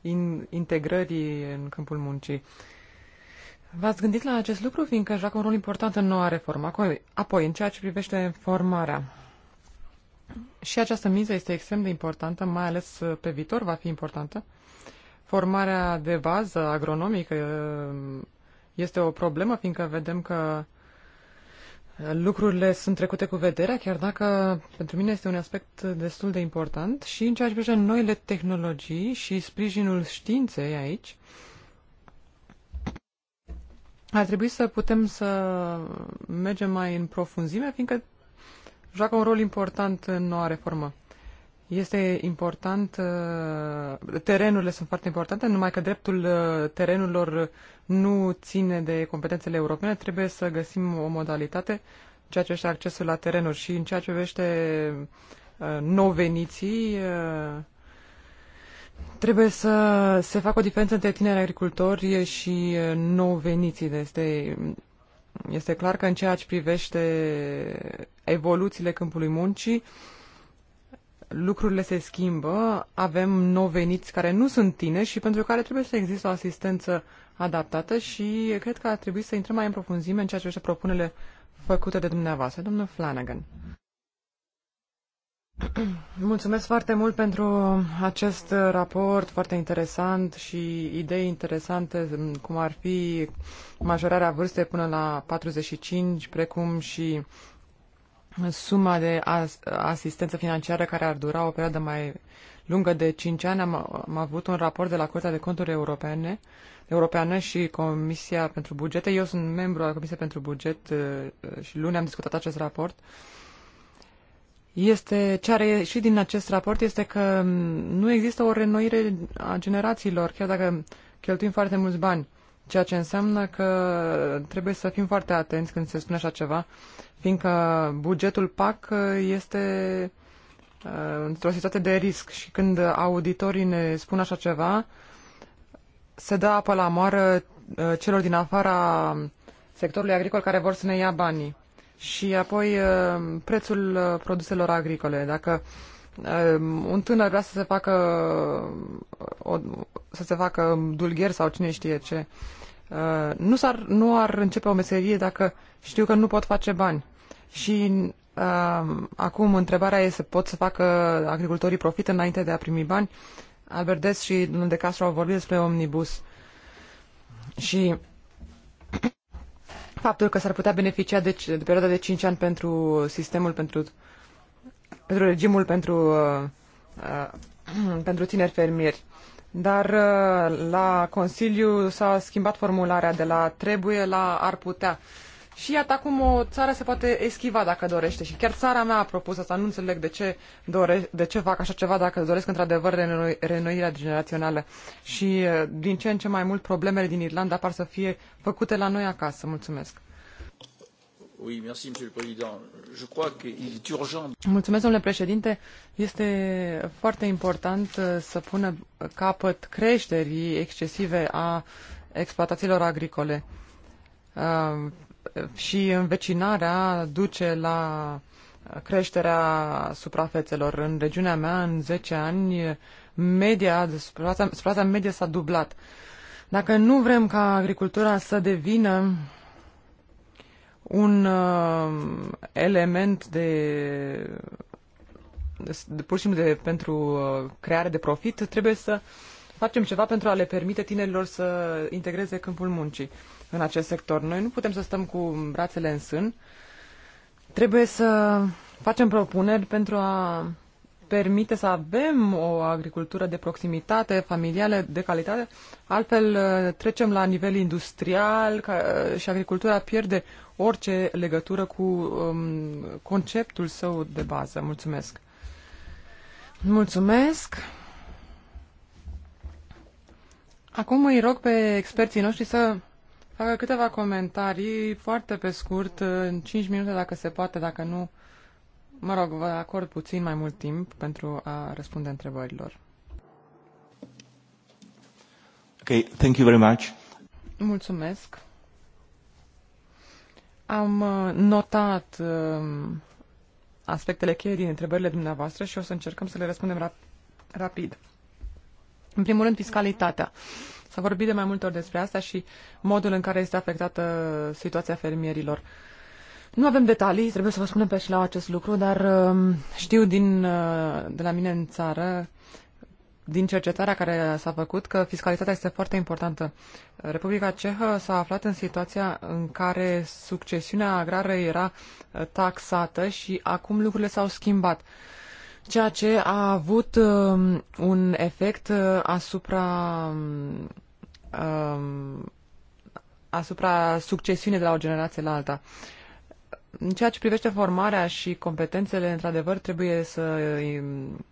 Speaker 4: in, integrării în câmpul muncii. Uh, V-ați gândit la acest lucru, fiindcă joacă un rol important în noua reformă. Apoi, în ceea ce privește formarea, și această miză este extrem de importantă, mai ales uh, pe viitor va fi importantă. Formarea de bază agronomică uh, este o problemă, fiindcă vedem că uh, lucrurile sunt trecute cu vederea, chiar dacă pentru mine este un aspect destul de important. Și în ceea ce privește noile tehnologii și sprijinul științei aici, ar trebui să putem să mergem mai în profunzime, fiindcă joacă un rol important în noua reformă. Este important, uh, terenurile sunt foarte importante, numai că dreptul uh, terenurilor nu ține de competențele europene, trebuie să găsim o modalitate în ceea ce este accesul la terenuri și în ceea ce vește uh, nou veniții, Trebuie să se facă o diferență între tineri agricultori și nou veniții. Este, este clar că în ceea ce privește evoluțiile câmpului muncii, lucrurile se schimbă, avem nou veniți care nu sunt tineri și pentru care trebuie să existe o asistență adaptată și cred că ar trebui să intrăm mai în profunzime în ceea ce privește propunerile făcute de dumneavoastră. Domnul Flanagan. Mulțumesc foarte mult pentru acest raport foarte interesant și idei interesante, cum ar fi majorarea vârstei până la 45, precum și suma de as- asistență financiară care ar dura o perioadă mai lungă de 5 ani. Am, am avut un raport de la Curtea de Conturi Europene, Europeană și Comisia pentru Bugete. Eu sunt membru al Comisiei pentru Buget uh, și luni am discutat acest raport. Uh, este, ce are și din acest raport este că mm, nu există o renoire a generațiilor, chiar dacă cheltuim foarte mulți bani, ceea ce înseamnă că trebuie să fim foarte atenți când se spune așa ceva, fiindcă bugetul PAC este uh, într-o situație de risc și când auditorii ne spun așa ceva, se dă apă la moară uh, celor din afara sectorului agricol care vor să ne ia banii și apoi uh, prețul uh, produselor agricole. Dacă uh, un tânăr vrea să se facă o, să se facă dulgher sau cine știe ce, nu, s-ar, nu ar începe o meserie dacă știu că nu pot face bani. Și acum întrebarea este, pot să facă agricultorii profit înainte de a primi bani? Des și domnul de Castro au vorbit despre omnibus. Și faptul că s-ar putea beneficia de, de perioada de 5 ani pentru sistemul, pentru, pentru regimul, pentru, uh, uh, pentru tineri fermieri. Dar uh, la Consiliu s-a schimbat formularea de la trebuie la ar putea. Uh, și iată acum o țară se poate eschiva dacă dorește. Și chiar țara mea a propus asta. Nu înțeleg de ce, dore, de ce fac așa ceva dacă doresc într-adevăr renoi, renoirea generațională. Și din ce în ce mai mult problemele din Irlanda par să fie făcute la noi acasă. Mulțumesc.
Speaker 1: Oui, merci, monsieur le président. Je crois il est urgent.
Speaker 4: Mulțumesc, domnule președinte. Este foarte important să pună capăt creșterii excesive a exploatațiilor agricole și învecinarea duce la creșterea suprafețelor. În regiunea mea, în 10 ani, media, suprafața, suprafața medie s-a dublat. Dacă nu vrem ca agricultura să devină un uh, element de, de pur și simplu de, pentru uh, creare de profit, trebuie să facem ceva pentru a le permite tinerilor să integreze câmpul muncii. Uh, în acest sector. Noi nu putem să stăm cu brațele în sân. Trebuie să facem propuneri pentru a permite să avem o agricultură de proximitate, familială, de calitate. Altfel trecem la nivel industrial și agricultura pierde orice legătură cu um, conceptul său de bază. Mulțumesc! Mulțumesc! Acum îi rog pe experții noștri să facă câteva comentarii foarte pe scurt, în 5 minute dacă se poate, dacă nu, mă rog, vă acord puțin mai mult timp pentru a răspunde întrebărilor.
Speaker 2: Okay, thank you very much.
Speaker 4: Mulțumesc. Am uh, notat um, aspectele cheie din întrebările dumneavoastră și o să încercăm să le răspundem rap- rapid. În primul rând, fiscalitatea. Uh, S-a vorbit de mai multe ori despre asta și modul în care este afectată situația fermierilor. Nu avem detalii, trebuie să vă spunem pe la acest lucru, dar um, știu din, uh, de la mine în țară, din cercetarea care s-a făcut, că fiscalitatea este foarte importantă. Republica Cehă s-a aflat în situația în care succesiunea agrară era uh, taxată și acum lucrurile s-au schimbat ceea ce a avut um, un efect uh, asupra um, um, asupra succesiunii de la o generație la alta. În ceea ce privește formarea și competențele, într-adevăr, trebuie să um,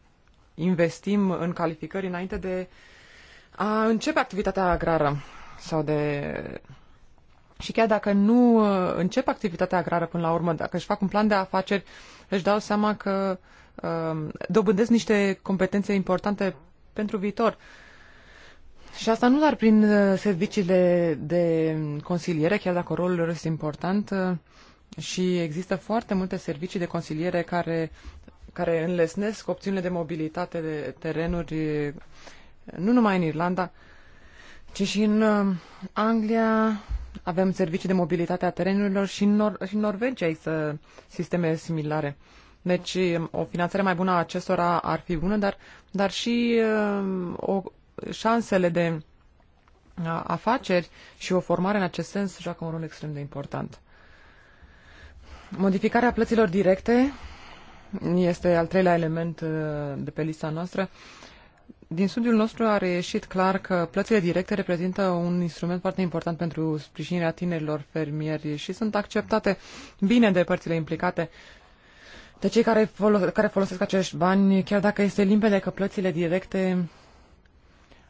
Speaker 4: investim în calificări înainte de a începe activitatea agrară sau de și chiar dacă nu uh, încep activitatea agrară până la urmă, dacă își fac un plan de afaceri, își dau seama că uh, dobândesc niște competențe importante pentru viitor. Uh, și asta nu doar prin uh, serviciile de consiliere, chiar dacă rolul lor este important, uh, și există foarte multe servicii de consiliere care, care înlesnesc opțiunile de mobilitate de terenuri, uh, nu numai în Irlanda, ci și în Anglia avem servicii de mobilitate a terenurilor și în, Nor- și în Norvegia există sisteme similare. Deci um, o finanțare mai bună a acestora ar fi bună, dar, dar și um, o, șansele de afaceri și o formare în acest sens joacă un rol extrem de important. Modificarea plăților directe este al treilea element uh, de pe lista noastră. Din studiul nostru a reieșit clar că plățile directe reprezintă un instrument foarte important pentru sprijinirea tinerilor fermieri și sunt acceptate bine de părțile implicate de cei care, folos- care folosesc acești bani, chiar dacă este limpede că plățile directe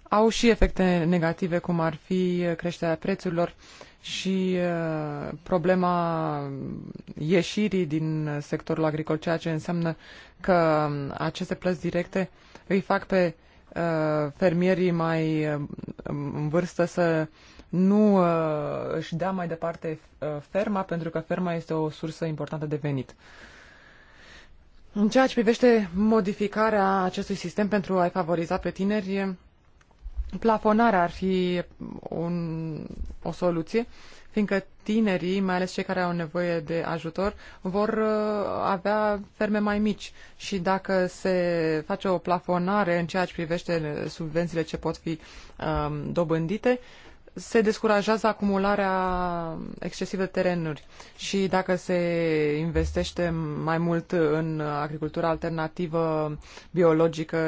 Speaker 4: au și efecte negative, cum ar fi uh, creșterea prețurilor și uh, problema mm, ieșirii din sectorul agricol, ceea ce înseamnă că mm, aceste plăți directe îi fac pe uh, fermierii mai mm, în vârstă să nu își dea mai departe ferma, pentru că ferma este o sursă importantă de venit. În ceea ce privește modificarea acestui sistem pentru a-i favoriza pe tineri, plafonarea ar fi un, o soluție, fiindcă tinerii, mai ales cei care au nevoie de ajutor, vor uh, avea ferme mai mici și dacă se face o plafonare în ceea ce privește subvențiile ce pot fi um, dobândite, uh, se descurajează acumularea excesivă de terenuri și dacă se investește mai mult în agricultura alternativă, biologică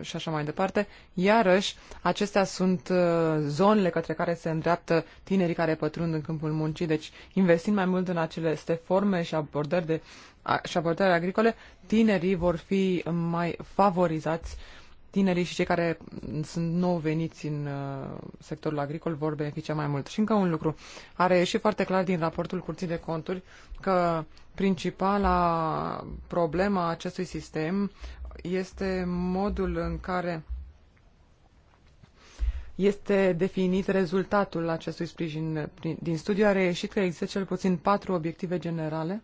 Speaker 4: și așa mai departe, iarăși acestea sunt uh, zonele către care se îndreaptă tinerii care pătrund în câmpul muncii, deci investind mai mult în aceste forme și abordări, de, și abordări agricole, tinerii vor fi mai favorizați uh, tinerii și cei care sunt nou veniți în uh, sectorul agricol vor beneficia mai mult. Și încă un lucru, are ieșit foarte clar din raportul Curții de Conturi că principala problema acestui sistem este modul în care este definit rezultatul acestui sprijin. Din studiu a reieșit că există cel puțin patru obiective generale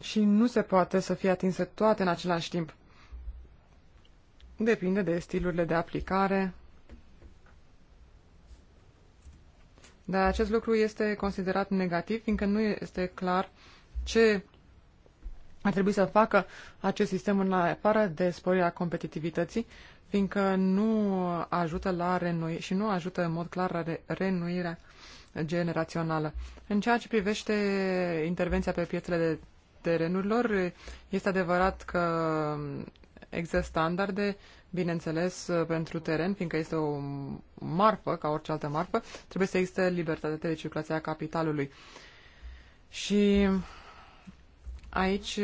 Speaker 4: și nu se poate să fie atinse toate în același timp. Depinde de stilurile de aplicare, dar acest lucru este considerat negativ, fiindcă nu este clar ce ar trebui să facă acest sistem în afară de sporirea competitivității, fiindcă nu ajută la renoi și nu ajută în mod clar la re renuirea generațională. În ceea ce privește intervenția pe piețele de terenurilor. Este adevărat că există standarde, bineînțeles, pentru teren, fiindcă este o marfă, ca orice altă marfă, trebuie să existe libertate de circulație a capitalului. Și aici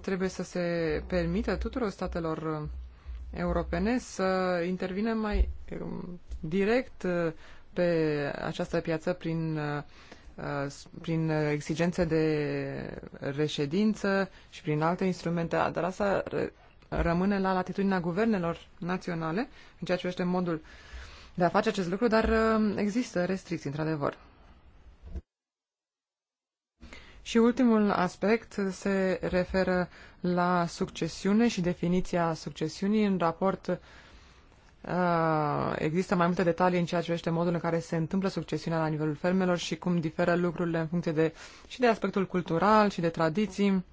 Speaker 4: trebuie să se permită tuturor statelor europene să intervină mai um, direct uh, pe această piață prin uh, prin exigențe de reședință și prin alte instrumente, dar asta rămâne la latitudinea guvernelor naționale în ceea ce privește modul de a face acest lucru, dar um, există restricții, într-adevăr. Și ultimul aspect se referă la succesiune și definiția succesiunii în raport Uh, există mai multe detalii în ceea ce privește modul în care se întâmplă succesiunea la nivelul fermelor și cum diferă lucrurile în funcție de, și de aspectul cultural și de tradiții.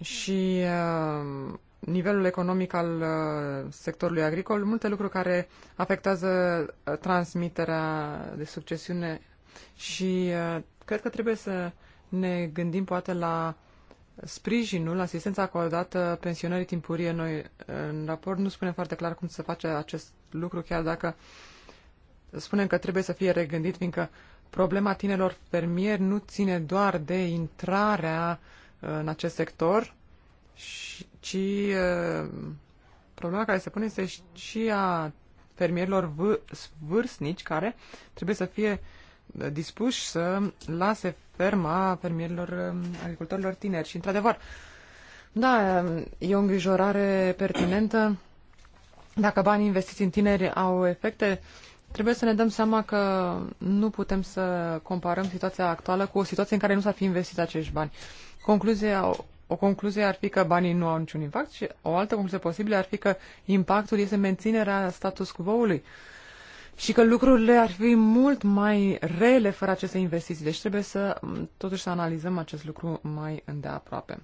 Speaker 4: Și uh, nivelul economic al uh, sectorului agricol, multe lucruri care afectează transmiterea de succesiune și cred că trebuie să ne gândim poate la sprijinul, asistența acordată pensionării timpurie. Noi, în raport, nu spunem foarte clar cum se face acest lucru, chiar dacă spunem că trebuie să fie regândit, fiindcă problema tinerilor fermieri nu ține doar de intrarea uh, în acest sector, ci uh, problema care se pune este și a fermierilor vârstnici care trebuie să fie uh, dispuși să lase ferma fermierilor, um, agricultorilor tineri. Și, într-adevăr, da, e o îngrijorare pertinentă. Dacă banii investiți în tineri au efecte, trebuie să ne dăm seama că nu putem să comparăm situația actuală cu o situație în care nu s-ar fi investit acești bani. Concluzia, o concluzie ar fi că banii nu au niciun impact și o altă concluzie posibilă ar fi că impactul este menținerea status quo-ului. Uh, și că lucrurile ar fi mult mai rele fără aceste investiții. Deci trebuie să totuși să analizăm acest lucru mai îndeaproape.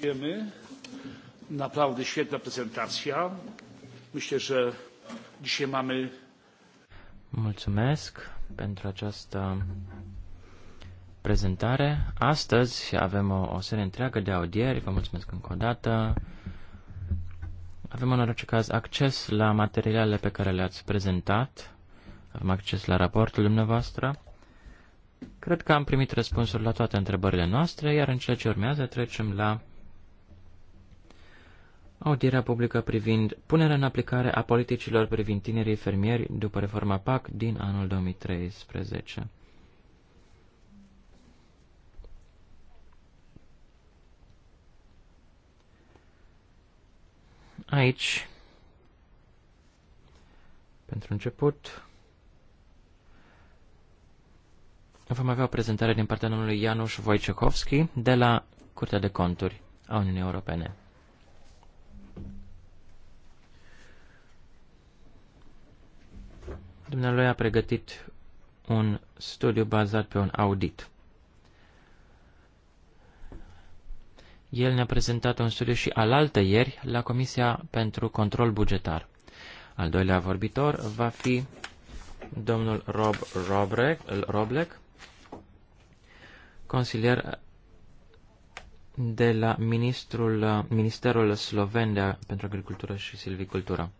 Speaker 1: Dziękujemy. Naprawdę świetna prezentacja. Myślę, że dzisiaj mamy.
Speaker 2: Mulțumesc pentru această prezentare. Astăzi avem o, o serie întreagă de audieri. Vă mulțumesc încă o dată. Avem în orice caz acces la materialele pe care le-ați prezentat, avem acces la raportul dumneavoastră. Cred că am primit răspunsuri la toate întrebările noastre, iar în ceea ce urmează trecem la audierea publică privind punerea în aplicare a politicilor privind tinerii fermieri după reforma PAC din anul 2013. Aici, pentru început, vom avea o prezentare din partea domnului Ianuș Wojciechowski de la Curtea de Conturi a Uniunii Europene. Dumnealui a pregătit un studiu bazat pe un audit. El ne-a prezentat un studiu și alaltă ieri la Comisia pentru Control Bugetar. Al doilea vorbitor va fi domnul Rob Robrec, Roblec, consilier de la ministrul, Ministerul Sloven de, pentru Agricultură și Silvicultură.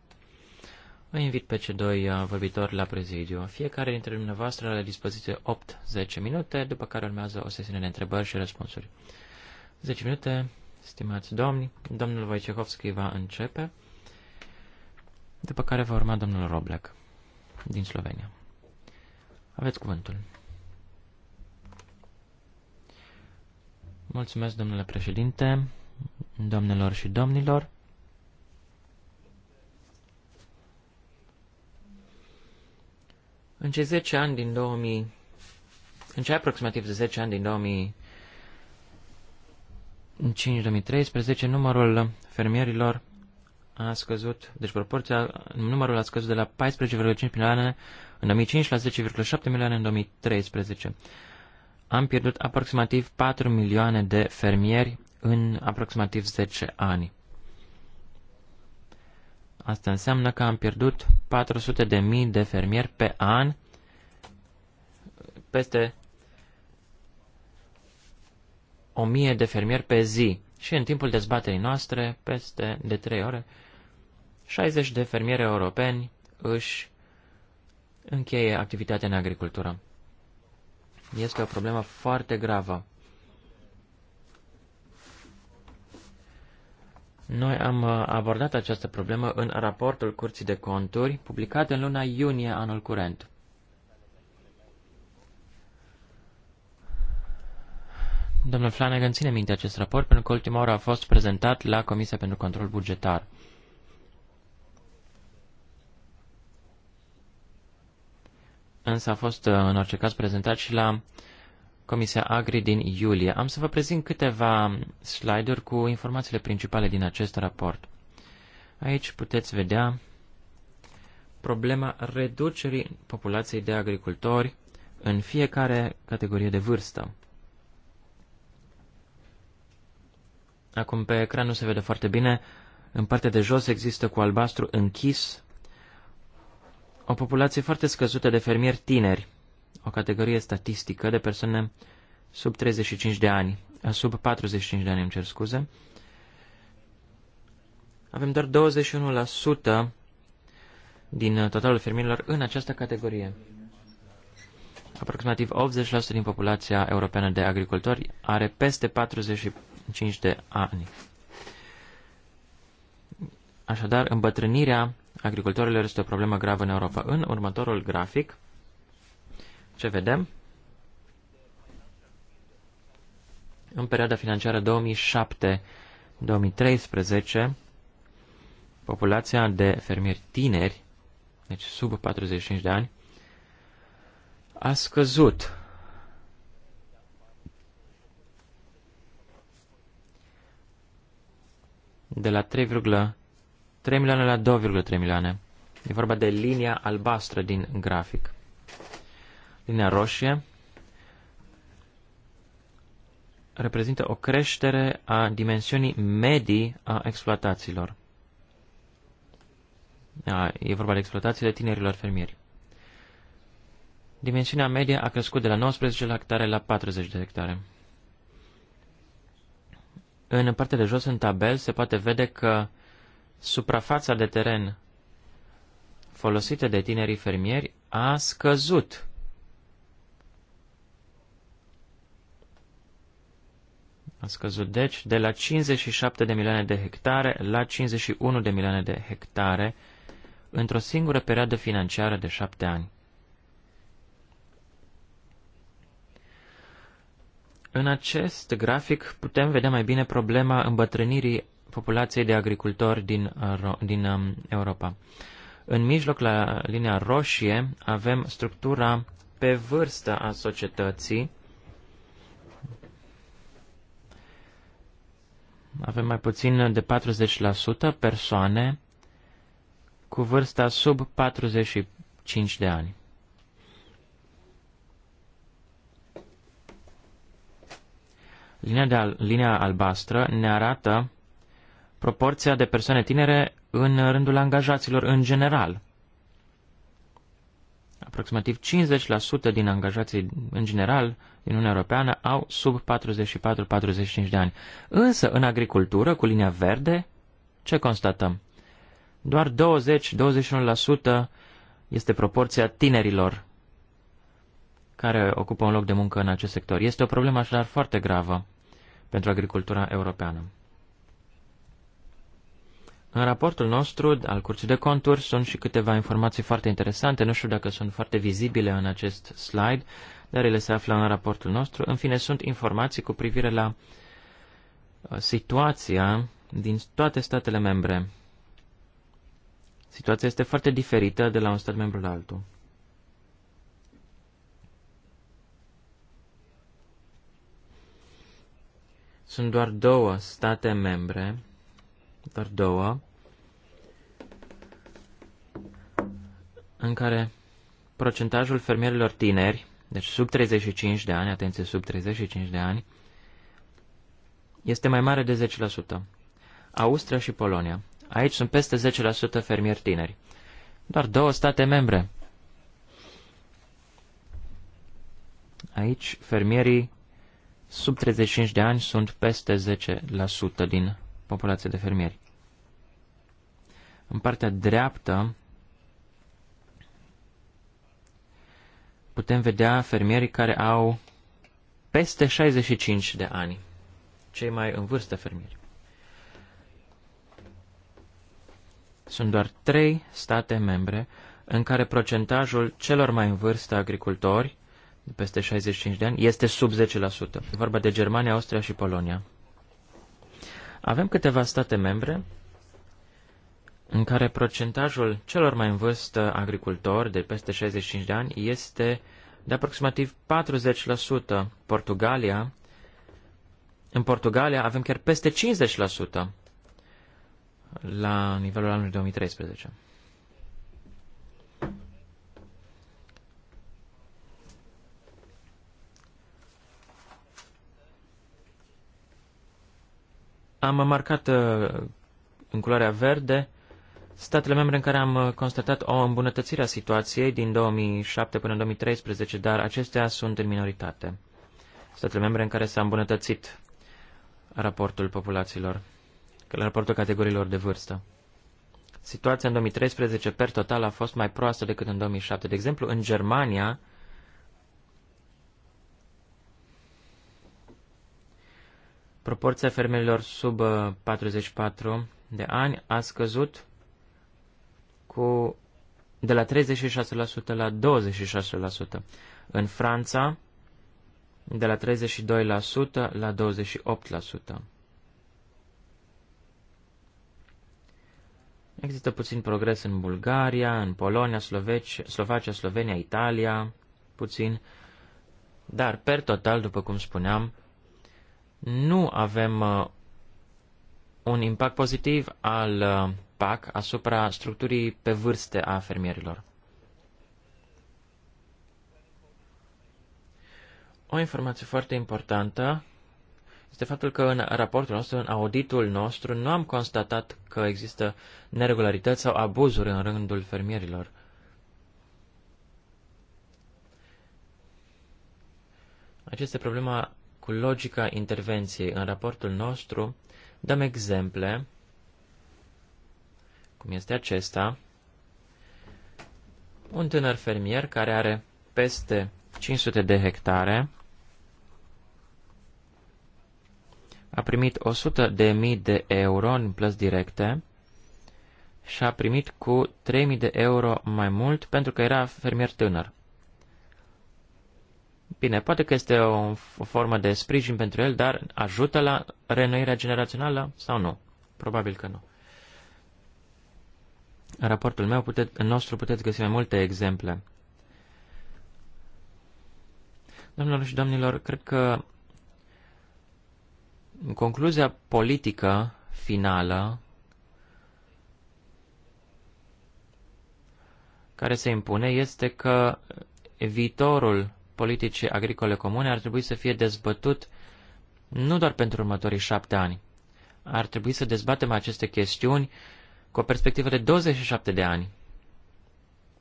Speaker 2: Vă invit pe cei doi uh, vorbitori la prezidiu. Fiecare dintre dumneavoastră are la dispoziție 8-10 minute, după care urmează o sesiune de întrebări și răspunsuri. 10 minute, stimați domni. Domnul Wojciechowski va începe, după care va urma domnul Roblek din Slovenia. Aveți cuvântul. Mulțumesc, domnule președinte, domnilor și domnilor. În cei 10 ani din 2000, în cei aproximativ 10 ani din 2000 în 5-2013 numărul fermierilor a scăzut, deci proporția, numărul a scăzut de la 14,5 milioane în 2005 la 10,7 milioane în 2013. Am pierdut aproximativ 4 milioane de fermieri în aproximativ 10 ani. Asta înseamnă că am pierdut 400 de mii de fermieri pe an, peste o mie de fermieri pe zi și în timpul dezbaterii noastre, peste de trei ore, 60 de fermieri europeni își încheie activitatea în agricultură. Este o problemă foarte gravă. Noi am uh, abordat această problemă în raportul Curții de Conturi, publicat în luna iunie anul curent. Domnul Flanagan ține minte acest raport pentru că ultima oară a fost prezentat la Comisia pentru Control Bugetar. Însă a fost uh, în orice caz prezentat și la Comisia Agri din iulie. Am să vă prezint câteva slide-uri cu informațiile principale din acest raport. Aici puteți vedea problema reducerii populației de agricultori în fiecare categorie de vârstă. Acum pe ecran nu se vede foarte bine. În partea de jos există cu albastru închis o populație foarte scăzută de fermieri tineri, o categorie statistică de persoane sub 35 de ani, sub 45 de ani, îmi cer scuze. Avem doar 21% din uh, totalul fermierilor în această categorie. Aproximativ 80% din populația europeană de agricultori are peste 40 65 de ani. Așadar, îmbătrânirea agricultorilor este o problemă gravă în Europa. În următorul grafic, ce vedem? În perioada financiară 2007-2013, populația de fermieri tineri, deci sub 45 de ani, a scăzut de la 3,3 milioane la 2,3 milioane. E vorba de linia albastră din grafic. Linia roșie reprezintă o creștere a dimensiunii medii a exploatațiilor. A, e vorba de exploatațiile tinerilor fermieri. Dimensiunea medie a crescut de la 19 de hectare la 40 de hectare. În partea de jos, în tabel, se poate vede că suprafața de teren folosită de tinerii fermieri a scăzut. A scăzut, deci, de la 57 de milioane de hectare la 51 de milioane de hectare într-o singură perioadă financiară de șapte ani. În acest grafic putem vedea mai bine problema îmbătrânirii populației de agricultori din, din um, Europa. În mijloc, la linia roșie, avem structura pe vârstă a societății. Avem mai puțin de 40% persoane cu vârsta sub 45 de ani. Linia, de al, linia albastră ne arată proporția de persoane tinere în rândul angajaților în general. Aproximativ 50% din angajații în general din Uniunea Europeană au sub 44-45 de ani. Însă, în agricultură, cu linia verde, ce constatăm? Doar 20-21% este proporția tinerilor care ocupă un loc de muncă în acest sector. Este o problemă așadar foarte gravă pentru agricultura europeană. În raportul nostru al Curții de Conturi sunt și câteva informații foarte interesante, nu știu dacă sunt foarte vizibile în acest slide, dar ele se află în raportul nostru. În fine, sunt informații cu privire la uh, situația din toate statele membre. Situația este foarte diferită de la un stat membru la altul. Sunt doar două state membre, doar două, în care procentajul fermierilor tineri, deci sub 35 de ani, atenție, sub 35 de ani, este mai mare de 10%. Austria și Polonia. Aici sunt peste 10% fermieri tineri. Doar două state membre. Aici fermierii sub 35 de ani sunt peste 10% din populația de fermieri. În partea dreaptă putem vedea fermieri care au peste 65 de ani, cei mai în vârstă fermieri. Sunt doar trei state membre în care procentajul celor mai în vârstă agricultori de peste 65 de ani este sub 10%. E vorba de Germania, Austria și Polonia. Avem câteva state membre în care procentajul celor mai în vârstă agricultori de peste 65 de ani este de aproximativ 40%. Portugalia, în Portugalia avem chiar peste 50% la nivelul anului 2013. Am marcat uh, în culoarea verde statele membre în care am uh, constatat o îmbunătățire a situației din 2007 până în 2013, dar acestea sunt în minoritate. Statele membre în care s-a îmbunătățit raportul populațiilor, raportul categoriilor de vârstă. Situația în 2013 per total a fost mai proastă decât în 2007. De exemplu, în Germania, proporția fermierilor sub 44 uh, de ani a scăzut cu de la 36% la 26%. În Franța, de la 32% la 28%. Există puțin progres în Bulgaria, în Polonia, Sloveci, Slovacia, Slovenia, Italia, puțin, dar per total, după cum spuneam, nu avem uh, un impact pozitiv al uh, PAC asupra structurii pe vârste a fermierilor. O informație foarte importantă este faptul că în raportul nostru, în auditul nostru, nu am constatat că există neregularități sau abuzuri în rândul fermierilor. Această problemă cu logica intervenției. În raportul nostru dăm exemple, cum este acesta, un tânăr fermier care are peste 500 de hectare, a primit 100 de mii de euro în plăți directe și a primit cu 3.000 de euro mai mult pentru că era fermier tânăr. Bine, poate că este o, o formă de sprijin pentru el, dar ajută la renoirea generațională sau nu? Probabil că nu. În raportul meu pute, nostru puteți găsi mai multe exemple. Domnilor și domnilor, cred că concluzia politică finală care se impune este că viitorul politicii agricole comune ar trebui să fie dezbătut nu doar pentru următorii șapte ani. Ar trebui să dezbatem aceste chestiuni cu o perspectivă de 27 de ani.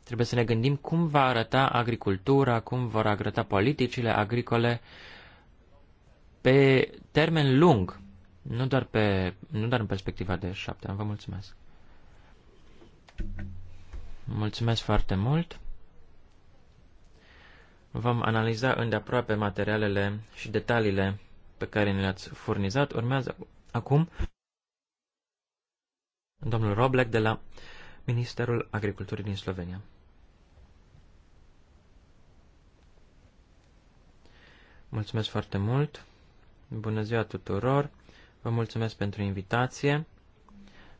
Speaker 2: Trebuie să ne gândim cum va arăta agricultura, cum vor arăta politicile agricole pe termen lung, nu doar, pe, nu doar în perspectiva de șapte ani. Vă mulțumesc! Mulțumesc foarte mult! Vom analiza îndeaproape materialele și detaliile pe care ne le-ați furnizat. Urmează acum domnul Roblek de la Ministerul Agriculturii din Slovenia. Mulțumesc foarte mult! Bună ziua tuturor! Vă mulțumesc pentru invitație!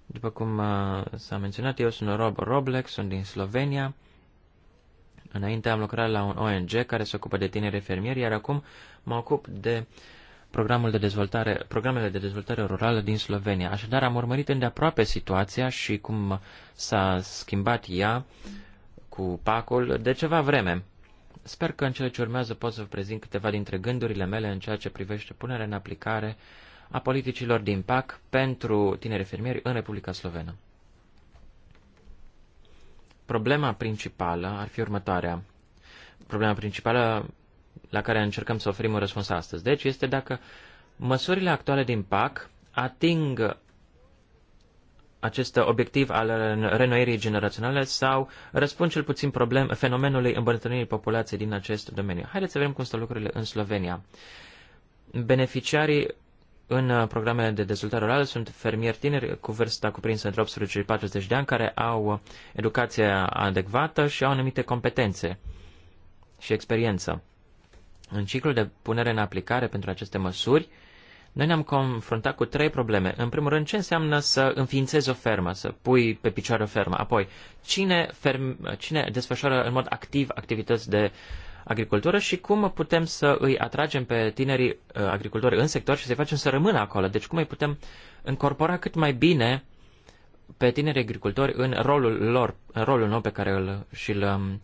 Speaker 2: După cum uh, s-a menționat, eu sunt Rob Roblek, sunt din Slovenia. Înainte am lucrat la un ONG care se ocupă de tineri fermieri, iar acum mă ocup de programul de dezvoltare, programele de dezvoltare rurală din Slovenia. Așadar, am urmărit îndeaproape situația și cum s-a schimbat ea cu pacul de ceva vreme. Sper că în cele ce urmează pot să vă prezint câteva dintre gândurile mele în ceea ce privește punerea în aplicare a politicilor din PAC pentru tineri fermieri în Republica Slovenă. Problema principală ar fi următoarea. Problema principală la care încercăm să oferim un răspuns astăzi. Deci este dacă măsurile actuale din PAC ating acest obiectiv al renoirii generaționale sau răspund cel puțin problem, fenomenului îmbătrânirii populației din acest domeniu. Haideți să vedem cum stau lucrurile în Slovenia. Beneficiarii în uh, programele de dezvoltare rurală sunt fermieri tineri cu vârsta cuprinsă între 18 și 40 de ani care au educația adecvată și au anumite competențe și experiență. În ciclul de punere în aplicare pentru aceste măsuri, noi ne-am confruntat cu trei probleme. În primul rând, ce înseamnă să înființezi o fermă, să pui pe picioare o fermă? Apoi, cine, ferm, cine desfășoară în mod activ activități de agricultură și cum putem să îi atragem pe tinerii uh, agricultori în sector și să-i facem să rămână acolo. Deci cum îi putem încorpora cât mai bine pe tinerii agricultori în rolul lor, în rolul nou pe care îl, și-l um,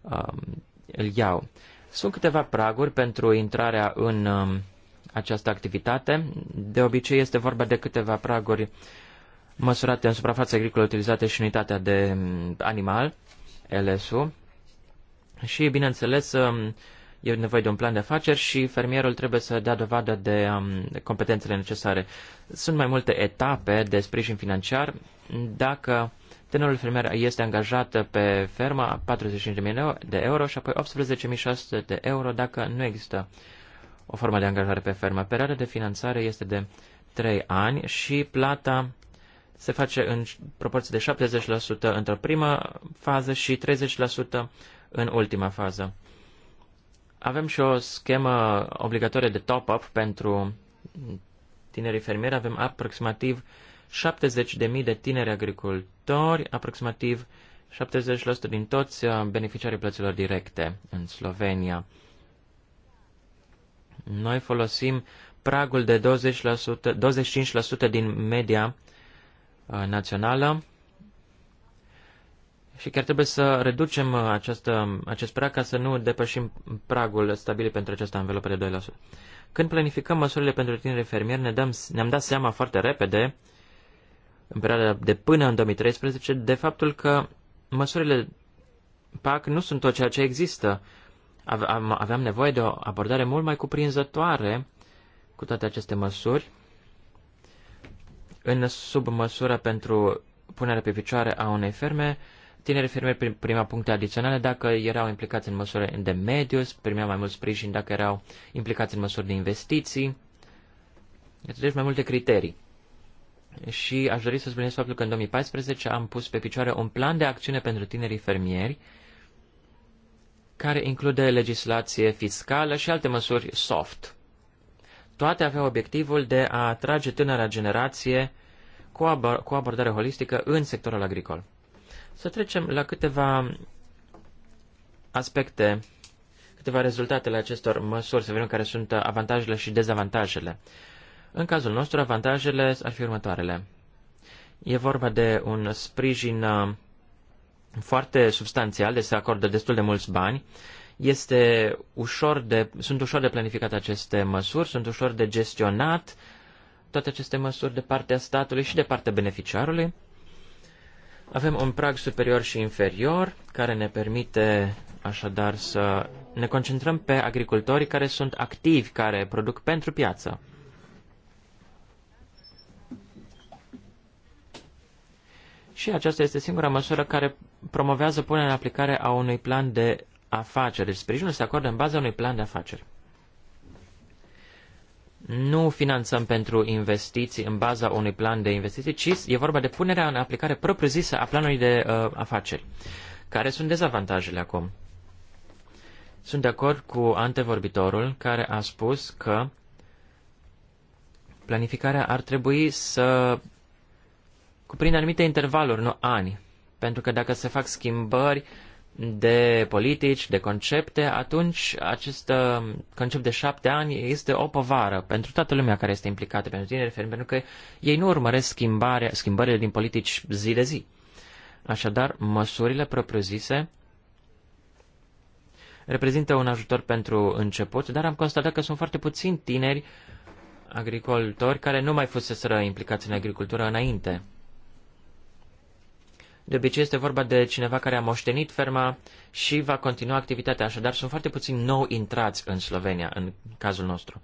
Speaker 2: um, îl iau. Sunt câteva praguri pentru intrarea în um, această activitate. De obicei este vorba de câteva praguri măsurate în suprafața agricolă utilizată și unitatea de um, animal, LSU, și, bineînțeles, um, e nevoie de un plan de afaceri și fermierul trebuie să dea dovadă um, de competențele necesare. Sunt mai multe etape de sprijin financiar. Dacă Tânărul fermier este angajat pe fermă 45.000 de euro și apoi 18.600 de euro dacă nu există o formă de angajare pe fermă. Perioada de finanțare este de 3 ani și plata se face în proporție de 70% într-o primă fază și 30% în ultima fază. Avem și o schemă obligatorie de top-up pentru tinerii fermieri. Avem aproximativ 70.000 de tineri agricultori, aproximativ 70% din toți uh, beneficiarii plăților directe în Slovenia. Noi folosim pragul de 20%, 25% din media uh, națională și chiar trebuie să reducem această, acest prag ca să nu depășim pragul stabilit pentru această anvelopă de 2%. Când planificăm măsurile pentru tineri fermieri, ne dăm, ne-am dat seama foarte repede, în perioada de până în 2013, de faptul că măsurile PAC nu sunt tot ceea ce există. Aveam nevoie de o abordare mult mai cuprinzătoare cu toate aceste măsuri, în sub măsură pentru punerea pe picioare a unei ferme, uh, Tineri fermieri primeau puncte adiționale dacă erau implicați în măsuri de mediu, primeau mai mult sprijin dacă erau implicați în măsuri de investiții. Deci, deci mai multe criterii. Și aș dori să subliniez faptul că în 2014 am pus pe picioare un plan de acțiune pentru tinerii fermieri care include legislație fiscală și alte măsuri soft. Toate aveau obiectivul de a atrage tânăra generație cu, abor- cu abordare holistică în sectorul agricol. Să trecem la câteva aspecte, câteva rezultatele acestor măsuri, să vedem care sunt avantajele și dezavantajele. În cazul nostru, avantajele ar fi următoarele. E vorba de un sprijin uh, foarte substanțial, deci se acordă destul de mulți bani. Este ușor de, sunt ușor de planificat aceste măsuri, sunt ușor de gestionat toate aceste măsuri de partea statului și de partea beneficiarului. Avem un prag superior și inferior care ne permite așadar să ne concentrăm pe agricultorii care sunt activi, care produc pentru piață. Și aceasta este singura măsură care promovează punerea în aplicare a unui plan de afaceri. sprijinul se acordă în baza unui plan de afaceri nu finanțăm pentru investiții în baza unui plan de investiții, ci e vorba de punerea în aplicare propriu-zisă a planului de uh, afaceri. Care sunt dezavantajele acum? Sunt de acord cu antevorbitorul care a spus că planificarea ar trebui să cuprindă anumite intervaluri, nu ani. Pentru că dacă se fac schimbări, uh, de politici, de concepte, atunci acest uh, concept de șapte ani este o povară pentru toată lumea care este implicată, pentru tineri, pentru că ei nu urmăresc schimbarea, schimbările din politici zi de zi. Așadar, măsurile propriu-zise reprezintă un ajutor pentru început, dar am constatat că sunt foarte puțini tineri agricultori care nu mai fuseseră implicați în agricultură înainte. De obicei este vorba de cineva care a moștenit ferma și va continua activitatea, așadar sunt foarte puțini nou intrați în Slovenia, în cazul nostru.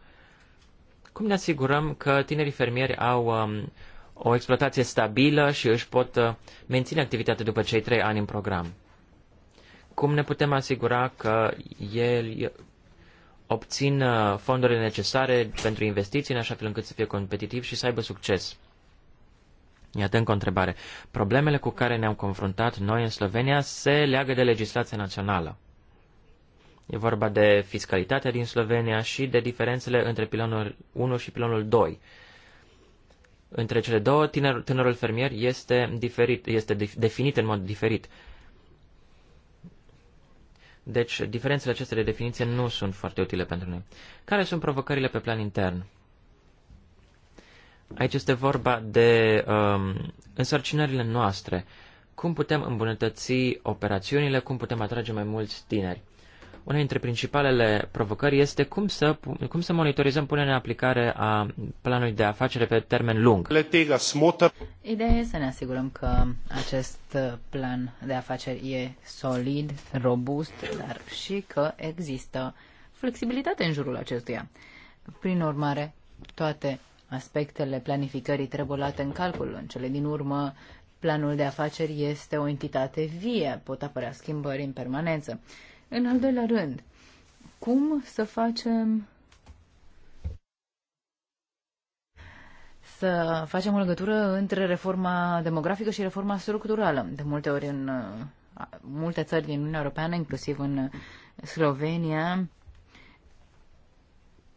Speaker 2: Cum ne asigurăm că tinerii fermieri au um, o exploatație stabilă și își pot uh, menține activitatea după cei trei ani în program? Cum ne putem asigura că el obțin uh, fondurile necesare pentru investiții, în așa fel încât să fie competitiv și să aibă succes? Iată încă o întrebare. Problemele cu care ne-am confruntat noi în Slovenia se leagă de legislația națională. E vorba de fiscalitatea din Slovenia și de diferențele între pilonul 1 și pilonul 2. Între cele două, tiner, tânărul fermier este, diferit, este definit în mod diferit. Deci, diferențele acestea de definiție nu sunt foarte utile pentru noi. Care sunt provocările pe plan intern? Aici este vorba de um, însărcinările noastre. Cum putem îmbunătăți operațiunile, cum putem atrage mai mulți tineri. Una dintre principalele provocări este cum să, cum să monitorizăm punerea în aplicare a planului de afacere pe termen lung.
Speaker 3: Ideea este să ne asigurăm că acest plan de afaceri e solid, robust, dar și că există flexibilitate în jurul acestuia. Prin urmare, toate Aspectele planificării trebuie luate în calcul. În cele din urmă, planul de afaceri este o entitate vie, pot apărea schimbări în permanență. În al doilea rând, cum să facem să facem o legătură între reforma demografică și reforma structurală. De multe ori în uh, multe țări din Uniunea Europeană, inclusiv în Slovenia,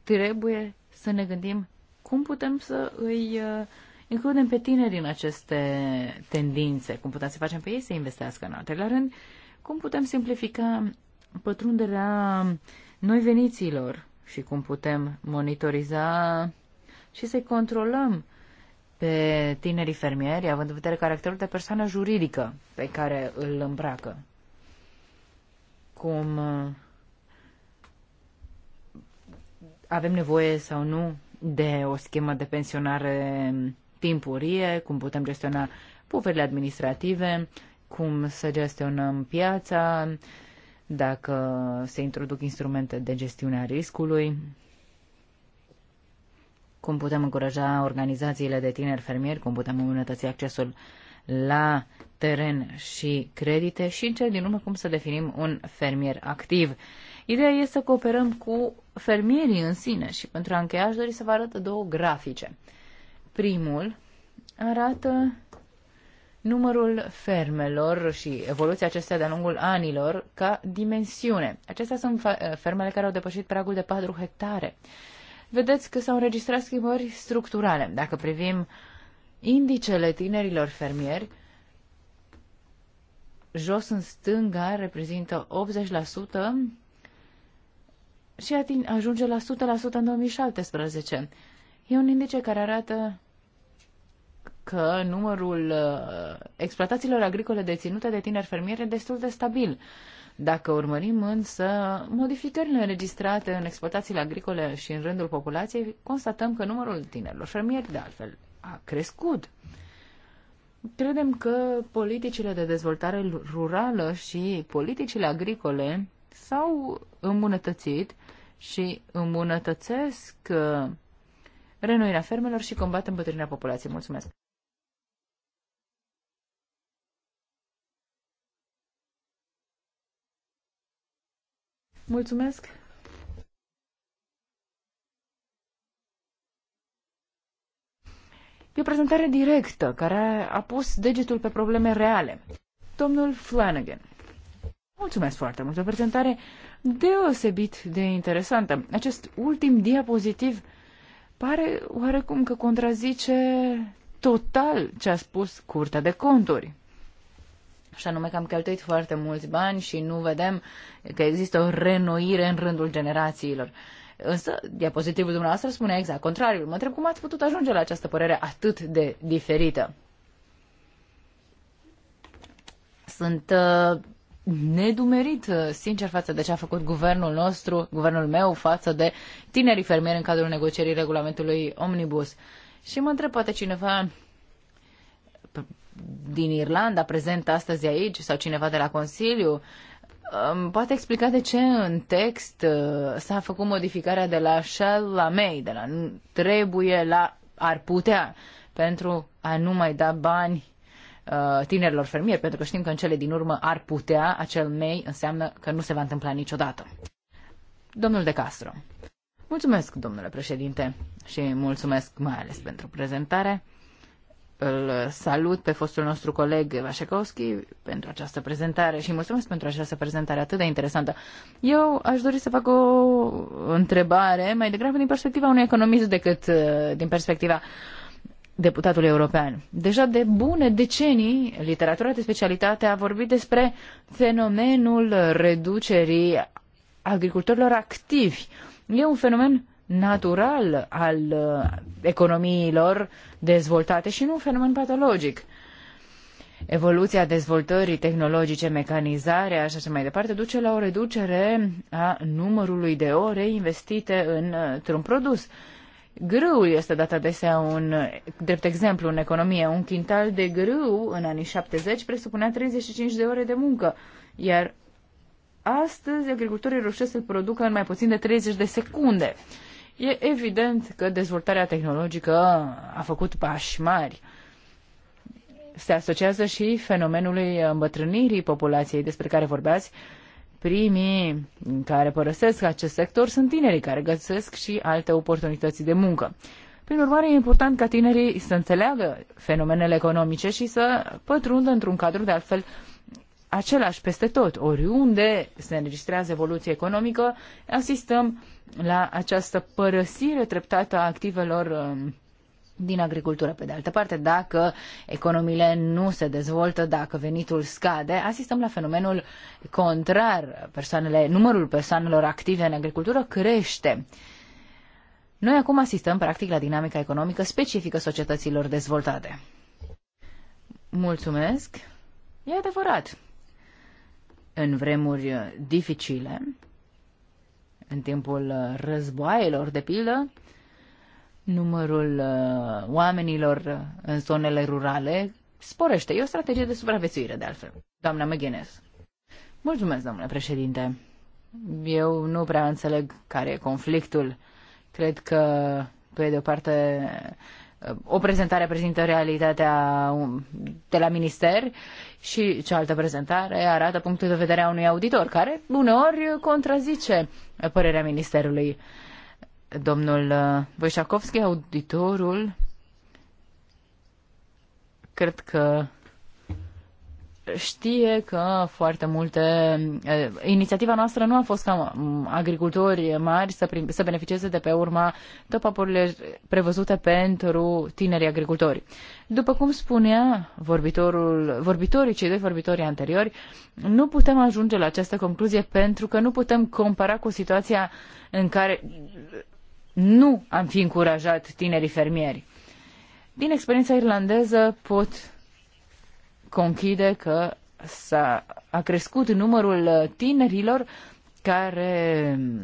Speaker 3: trebuie să ne gândim cum putem să îi uh, includem pe tineri în aceste tendințe, cum putem să facem pe ei să investească în alte. La rând, cum putem simplifica pătrunderea noi veniților și cum putem monitoriza și să-i controlăm pe tinerii fermieri, având în vedere caracterul de persoană juridică pe care îl îmbracă. Cum uh, avem nevoie sau nu de o schemă de pensionare timpurie, cum putem gestiona poverile administrative, cum să gestionăm piața, dacă se introduc instrumente de gestiune a riscului, cum putem încuraja organizațiile de tineri fermieri, cum putem îmbunătăți accesul la teren și credite și, în cel din urmă, cum să definim un fermier activ. Ideea este să cooperăm cu fermierii în sine și pentru a încheia aș dori să vă arăt două grafice. Primul arată numărul fermelor și evoluția acestea de-a lungul anilor ca dimensiune. Acestea sunt fermele care au depășit pragul de 4 hectare. Vedeți că s-au înregistrat schimbări structurale. Dacă privim indicele tinerilor fermieri, jos în stânga reprezintă 80% și ating, ajunge la 100% în 2017. E un indice care arată că numărul uh, exploatațiilor agricole deținute de tineri fermieri e destul de stabil. Dacă urmărim însă modificările înregistrate în exploatațiile agricole și în rândul populației, constatăm că numărul tinerilor fermieri, de altfel, a crescut. Credem că politicile de dezvoltare rurală și politicile agricole s-au îmbunătățit și îmbunătățesc uh, renuirea fermelor și combat îmbătrânirea populației. Mulțumesc! Mulțumesc! E o prezentare directă care a pus degetul pe probleme reale. Domnul Flanagan. Mulțumesc foarte mult, o prezentare deosebit de interesantă. Acest ultim diapozitiv pare oarecum că contrazice total ce a spus Curtea de Conturi. Și anume că am cheltuit foarte mulți bani și nu vedem că există o renoire în rândul generațiilor. Însă, diapozitivul dumneavoastră spune exact contrariul. Mă întreb cum ați putut ajunge la această părere atât de diferită. Sunt uh, nedumerit, uh, sincer, față de ce a făcut guvernul nostru, guvernul meu, față de tinerii fermieri în cadrul negocierii regulamentului Omnibus. Și mă întreb poate cineva din Irlanda prezent astăzi aici sau cineva de la Consiliu um, poate explica de ce în text uh, s-a făcut modificarea de la shall la may, de la trebuie la ar putea, pentru a nu mai da bani Uh, tinerilor fermieri, pentru că știm că în cele din urmă ar putea, acel mei înseamnă că nu se va întâmpla niciodată. Domnul De Castro. Mulțumesc, domnule președinte, și mulțumesc mai ales pentru prezentare. Îl salut pe fostul nostru coleg Vașekovski pentru această prezentare și mulțumesc pentru această prezentare atât de interesantă. Eu aș dori să fac o întrebare mai degrabă din perspectiva unui economist decât uh, din perspectiva uh, Deputatul european. Deja de bune decenii, literatura de specialitate a vorbit despre fenomenul reducerii agricultorilor activi. E un fenomen natural al uh, economiilor dezvoltate și nu un fenomen patologic. Evoluția dezvoltării tehnologice, mecanizarea și așa mai departe duce la o reducere a numărului de ore investite uh, într-un produs. Grâul este dat adesea un drept exemplu în economie. Un quintal de grâu în anii 70 presupunea 35 de ore de muncă, iar astăzi agricultorii reușesc să-l producă în mai puțin de 30 de secunde. E evident că dezvoltarea tehnologică a făcut pași mari. Se asociază și fenomenului îmbătrânirii populației despre care vorbeați, primii care părăsesc acest sector sunt tinerii care găsesc și alte oportunități de muncă. Prin urmare, e important ca tinerii să înțeleagă fenomenele economice și să pătrundă într-un cadru de altfel același peste tot. Oriunde se înregistrează evoluție economică, asistăm la această părăsire treptată a activelor uh, din agricultură. Pe de altă parte, dacă economiile nu se dezvoltă, dacă venitul scade, asistăm la fenomenul contrar. Persoanele, numărul persoanelor active în agricultură crește. Noi acum asistăm practic la dinamica economică specifică societăților dezvoltate. Mulțumesc. E adevărat. În vremuri dificile, în timpul războaielor, de pildă, numărul uh, oamenilor uh, în zonele rurale sporește. E o strategie de supraviețuire, de altfel. Doamna McGuinness. Mulțumesc, domnule președinte. Eu nu prea înțeleg care e conflictul. Cred că, pe de o parte, uh, o prezentare prezintă realitatea um, de la minister și cealaltă prezentare arată punctul de vedere a unui auditor, care uneori contrazice părerea ministerului. Uh, domnul Voișakovski, uh, auditorul, cred că știe că foarte multe... Uh, inițiativa noastră nu a fost ca um, agricultori mari să, prim, să beneficieze de pe urma top up prevăzute pentru tinerii agricultori. După cum spunea vorbitorul, vorbitorii, cei doi vorbitori anteriori, nu putem ajunge la această concluzie pentru că nu putem compara cu situația în care nu am fi încurajat tinerii fermieri. Din experiența irlandeză pot conchide că s-a a crescut numărul uh, tinerilor care mm,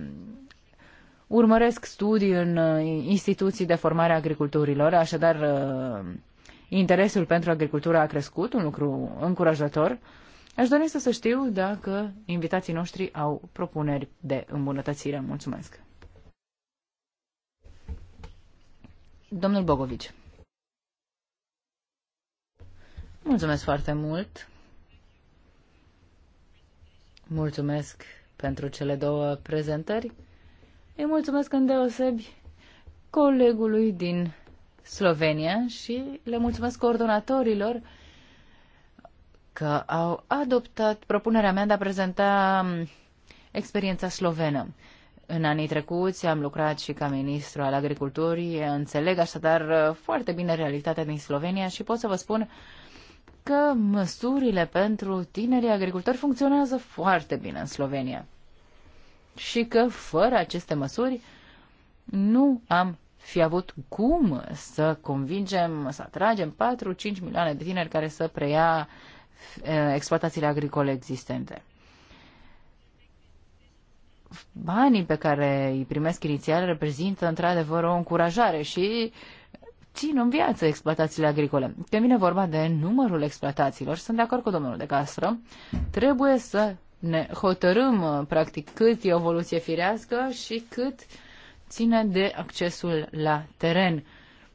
Speaker 3: urmăresc studii în uh, instituții de formare a agricultorilor, așadar uh, interesul pentru agricultură a crescut, un lucru încurajator. Aș dori să, să știu dacă invitații noștri au propuneri de îmbunătățire. Mulțumesc! Domnul Bogovici. Mulțumesc foarte mult. Mulțumesc pentru cele două prezentări. Îi mulțumesc îndeosebi colegului din Slovenia și le mulțumesc coordonatorilor că au adoptat propunerea mea de a prezenta mm, experiența slovenă. În anii trecuți am lucrat și ca ministru al agriculturii, înțeleg așadar foarte bine realitatea din Slovenia și pot să vă spun că măsurile pentru tinerii agricultori funcționează foarte bine în Slovenia. Și că fără aceste măsuri nu am fi avut cum să convingem, să atragem 4-5 milioane de tineri care să preia eh, exploatațiile agricole existente banii pe care îi primesc inițial reprezintă într-adevăr o încurajare și țin în viață exploatațiile agricole. Când vine vorba de numărul exploatațiilor, sunt de acord cu domnul de Castră, trebuie să ne hotărâm practic cât e evoluție firească și cât ține de accesul la teren.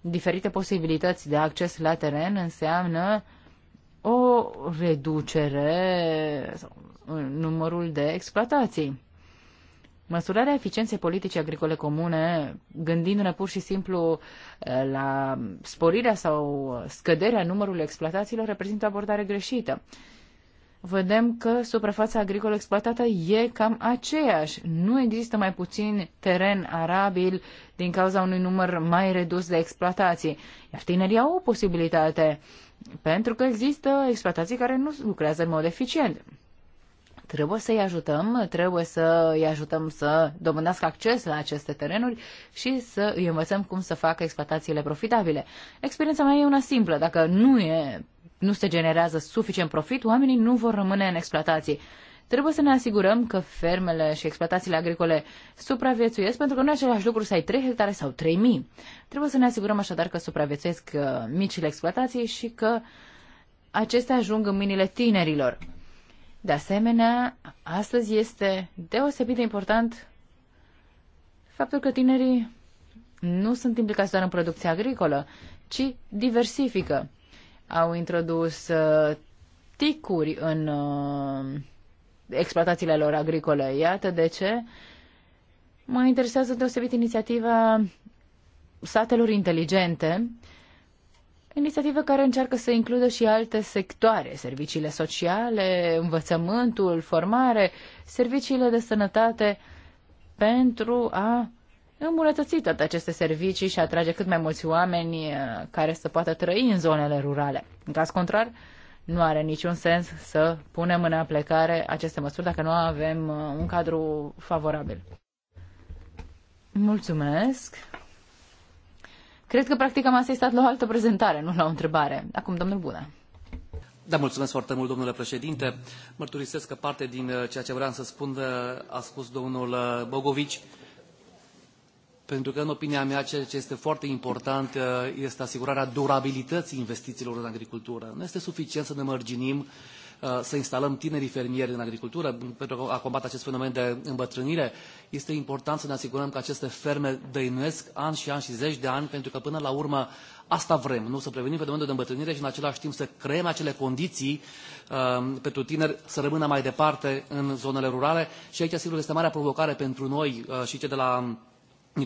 Speaker 3: Diferite posibilități de acces la teren înseamnă o reducere în numărul de exploatații. Măsurarea eficienței politicii agricole comune, gândindu-ne pur și simplu eh, la sporirea sau scăderea numărului exploatațiilor, reprezintă o abordare greșită. Vedem că suprafața agricolă exploatată e cam aceeași. Nu există mai puțin teren arabil din cauza unui număr mai redus de exploatații. Iar tinerii au o posibilitate, pentru că există exploatații care nu lucrează în mod eficient. Trebuie să-i ajutăm, trebuie să-i ajutăm să dobândească acces la aceste terenuri și să îi învățăm cum să facă exploatațiile profitabile. Experiența mea e una simplă. Dacă nu, e, nu se generează suficient profit, oamenii nu vor rămâne în exploatații trebuie să ne asigurăm că fermele și exploatațiile agricole supraviețuiesc, pentru că nu e același lucru să ai 3 hectare sau 3000. Trebuie să ne asigurăm așadar că supraviețuiesc uh, micile exploatații și că acestea ajung în mâinile tinerilor. De asemenea, astăzi este deosebit de important faptul că tinerii nu sunt implicați doar în producția agricolă, ci diversifică. Au introdus uh, ticuri în uh, exploatațiile lor agricole. Iată de ce mă interesează deosebit inițiativa satelor inteligente Inițiative care încearcă să includă și alte sectoare, serviciile sociale, învățământul, formare, serviciile de sănătate, pentru a îmbunătăți toate aceste servicii și atrage cât mai mulți oameni uh, care să poată trăi în zonele rurale. În caz contrar, nu are niciun sens să punem în aplicare aceste măsuri dacă nu avem uh, un cadru favorabil. Mulțumesc! Cred că practic am asistat la o altă prezentare, nu la o întrebare. Acum, domnul Bună.
Speaker 5: Da, mulțumesc foarte mult, domnule președinte. Mărturisesc că parte din uh, ceea ce vreau să spun uh, a spus domnul uh, Bogovici, pentru că, în opinia mea, ceea ce este foarte important este asigurarea durabilității investițiilor în agricultură. Nu este suficient să ne mărginim uh, Uh, să instalăm tinerii fermieri în agricultură pentru a combate acest fenomen de îmbătrânire. Este important să ne asigurăm că aceste ferme dăinuiesc ani și ani și zeci de ani, pentru că până la urmă Asta vrem, nu? Să prevenim fenomenul de îmbătrânire și în același timp să creăm acele condiții uh, pentru tineri să rămână mai departe în zonele rurale și aici, sigur, este marea provocare pentru noi uh, și cei de la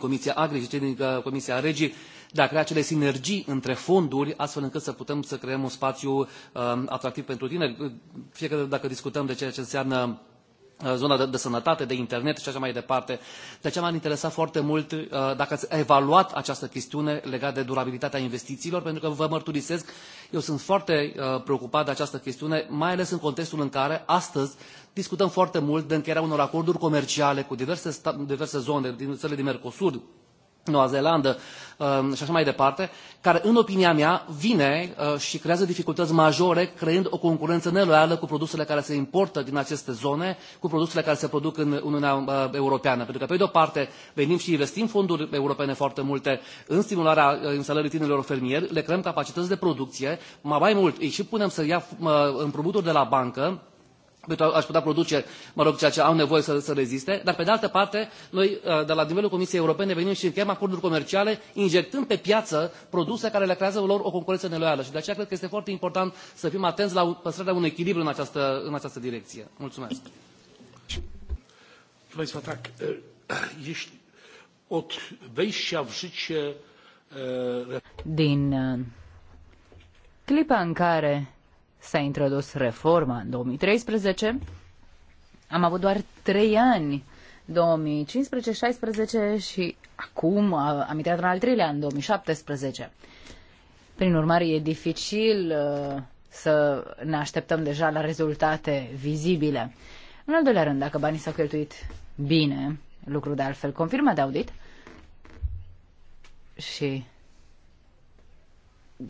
Speaker 5: Comisia Agri și cei din uh, Comisia Regii de a crea acele sinergii între fonduri, astfel încât să putem să creăm un spațiu um, atractiv pentru tineri. Fie că dacă discutăm de ceea ce înseamnă uh, zona de, de sănătate, de internet și așa mai departe. De aceea m a interesat foarte mult uh, dacă ați evaluat această chestiune legată de durabilitatea investițiilor, pentru că vă mărturisesc, eu sunt foarte uh, preocupat de această chestiune, mai ales în contextul în care astăzi discutăm foarte mult de încheierea unor acorduri comerciale cu diverse, diverse zone din țările din Mercosur, Noua Zeelandă um, și așa mai departe, care, în opinia mea, vine uh, și creează dificultăți majore, creând o concurență neloială cu produsele care se importă din aceste zone, cu produsele care se produc în Uniunea uh, Europeană. Pentru că, pe de-o parte, venim și investim fonduri europene foarte multe în stimularea uh, instalării tinerilor fermieri, le creăm capacități de producție, mai mult, îi și punem să ia împrumuturi de la bancă, pentru a-și putea produce, mă rog, ceea ce au nevoie să, să reziste. Dar, pe de altă parte, noi, uh, de la nivelul Comisiei Europene, venim și încheiem acorduri comerciale, injectând pe piață produse care le creează lor o concurență neloială. Și de aceea cred că este foarte important să fim atenți la păstrarea unui echilibru în această, în această direcție. Mulțumesc. Państwa, tak,
Speaker 1: jeśli od wejścia w życie...
Speaker 3: Din clipa în care s-a introdus reforma în 2013. Am avut doar trei ani, 2015, 16 și acum am intrat în al treilea, în 2017. Prin urmare, e dificil uh, să ne așteptăm deja la rezultate vizibile. În al doilea rând, dacă banii s-au cheltuit bine, lucru de altfel confirmat de audit, și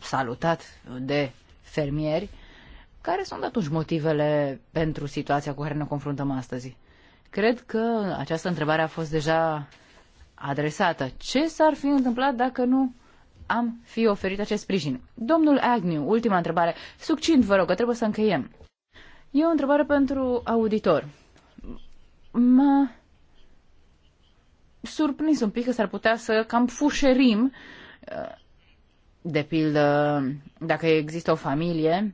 Speaker 3: salutat de fermieri, care sunt atunci motivele pentru situația cu care ne confruntăm astăzi? Cred că această întrebare a fost deja adresată. Ce s-ar fi întâmplat dacă nu am fi oferit acest sprijin? Domnul Agnew, ultima întrebare. Succint, vă rog, că trebuie să încheiem. E o întrebare pentru auditor. Mă surprins un pic că s-ar putea să cam fușerim, de pildă, dacă există o familie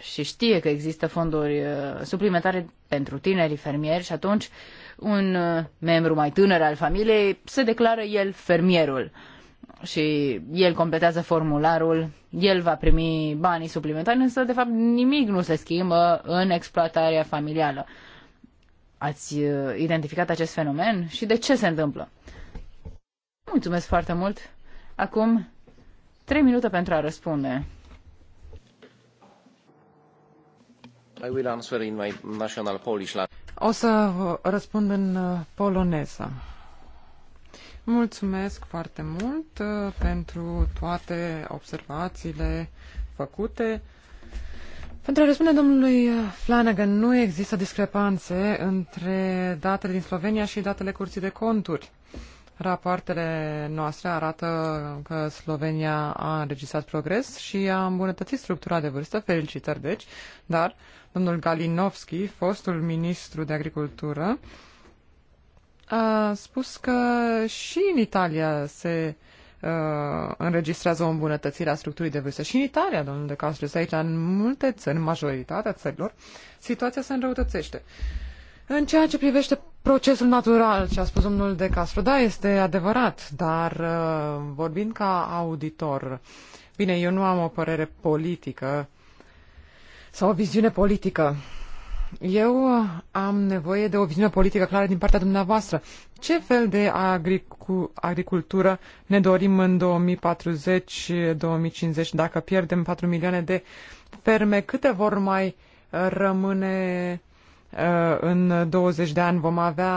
Speaker 3: și știe că există fonduri uh, suplimentare pentru tinerii fermieri și atunci un uh, membru mai tânăr al familiei se declară el fermierul și el completează formularul, el va primi banii suplimentari, însă de fapt nimic nu se schimbă în exploatarea familială. Ați uh, identificat acest fenomen și de ce se întâmplă? Mulțumesc foarte mult! Acum, trei minute pentru a răspunde.
Speaker 4: O să răspund în uh, poloneză. Mulțumesc foarte mult uh, pentru toate observațiile făcute. Pentru a răspunde domnului uh, Flanagan, nu există discrepanțe între datele din Slovenia și datele Curții de Conturi. Rapoartele noastre arată că Slovenia a înregistrat progres și a îmbunătățit structura de vârstă, felicitări deci, dar domnul Galinovski, fostul ministru de agricultură, a spus că și în Italia se uh, înregistrează o îmbunătățire a structurii de vârstă. Și în Italia, domnul de Castro, aici, în multe țări, în majoritatea țărilor, situația se înrăutățește. Uh, în ceea ce privește procesul natural, ce a spus domnul De Castro, da, este adevărat, dar uh, vorbind ca auditor, bine, eu nu am o părere politică sau o viziune politică. Eu uh, am nevoie de o viziune politică clară din partea dumneavoastră. Ce fel de agricultură ne dorim în 2040-2050 dacă pierdem 4 milioane de ferme? Câte vor mai rămâne uh, Uh, în 20 de ani vom avea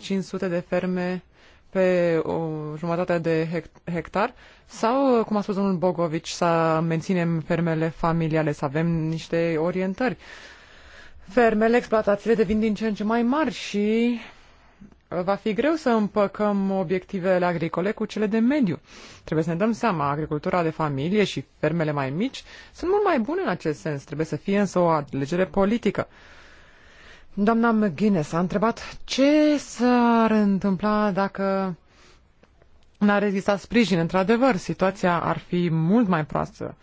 Speaker 4: 500 de ferme pe o jumătate de hectar sau, uh, cum a spus domnul Bogovici, să menținem fermele familiale, să avem niște orientări. Fermele, exploatațiile devin din ce în ce mai mari și uh, va fi greu să împăcăm obiectivele agricole cu cele de mediu. Trebuie să ne dăm seama, agricultura de familie și fermele mai mici sunt mult mai bune în acest sens. Trebuie să fie însă o alegere politică. Uh, Doamna McGuinness a întrebat ce s-ar întâmpla dacă n-ar exista sprijin. Într-adevăr, situația ar fi mult mai proastă.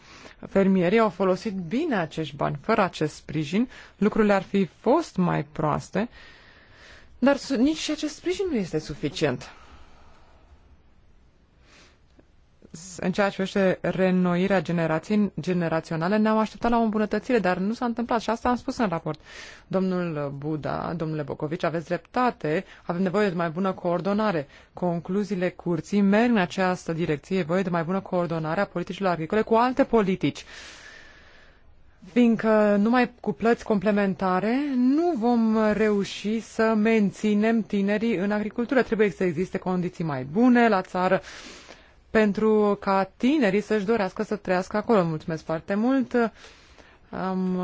Speaker 4: Fermierii au folosit bine acești bani. Fără acest sprijin, lucrurile ar fi fost mai proaste, dar nici și acest sprijin nu este suficient. în ceea ce privește reînnoirea generației, generaționale, ne-am așteptat la o îmbunătățire, dar nu s-a întâmplat și asta am spus în raport. Domnul Buda, domnule Bocovici, aveți dreptate, avem nevoie de mai bună coordonare. Concluziile curții merg în această direcție, e nevoie de mai bună coordonare a politicilor agricole cu alte politici. Fiindcă numai cu plăți complementare nu vom reuși să menținem tinerii în agricultură. Trebuie să existe condiții mai bune la țară, uh, pentru ca tinerii să-și dorească să trăiască acolo. Mulțumesc foarte mult um,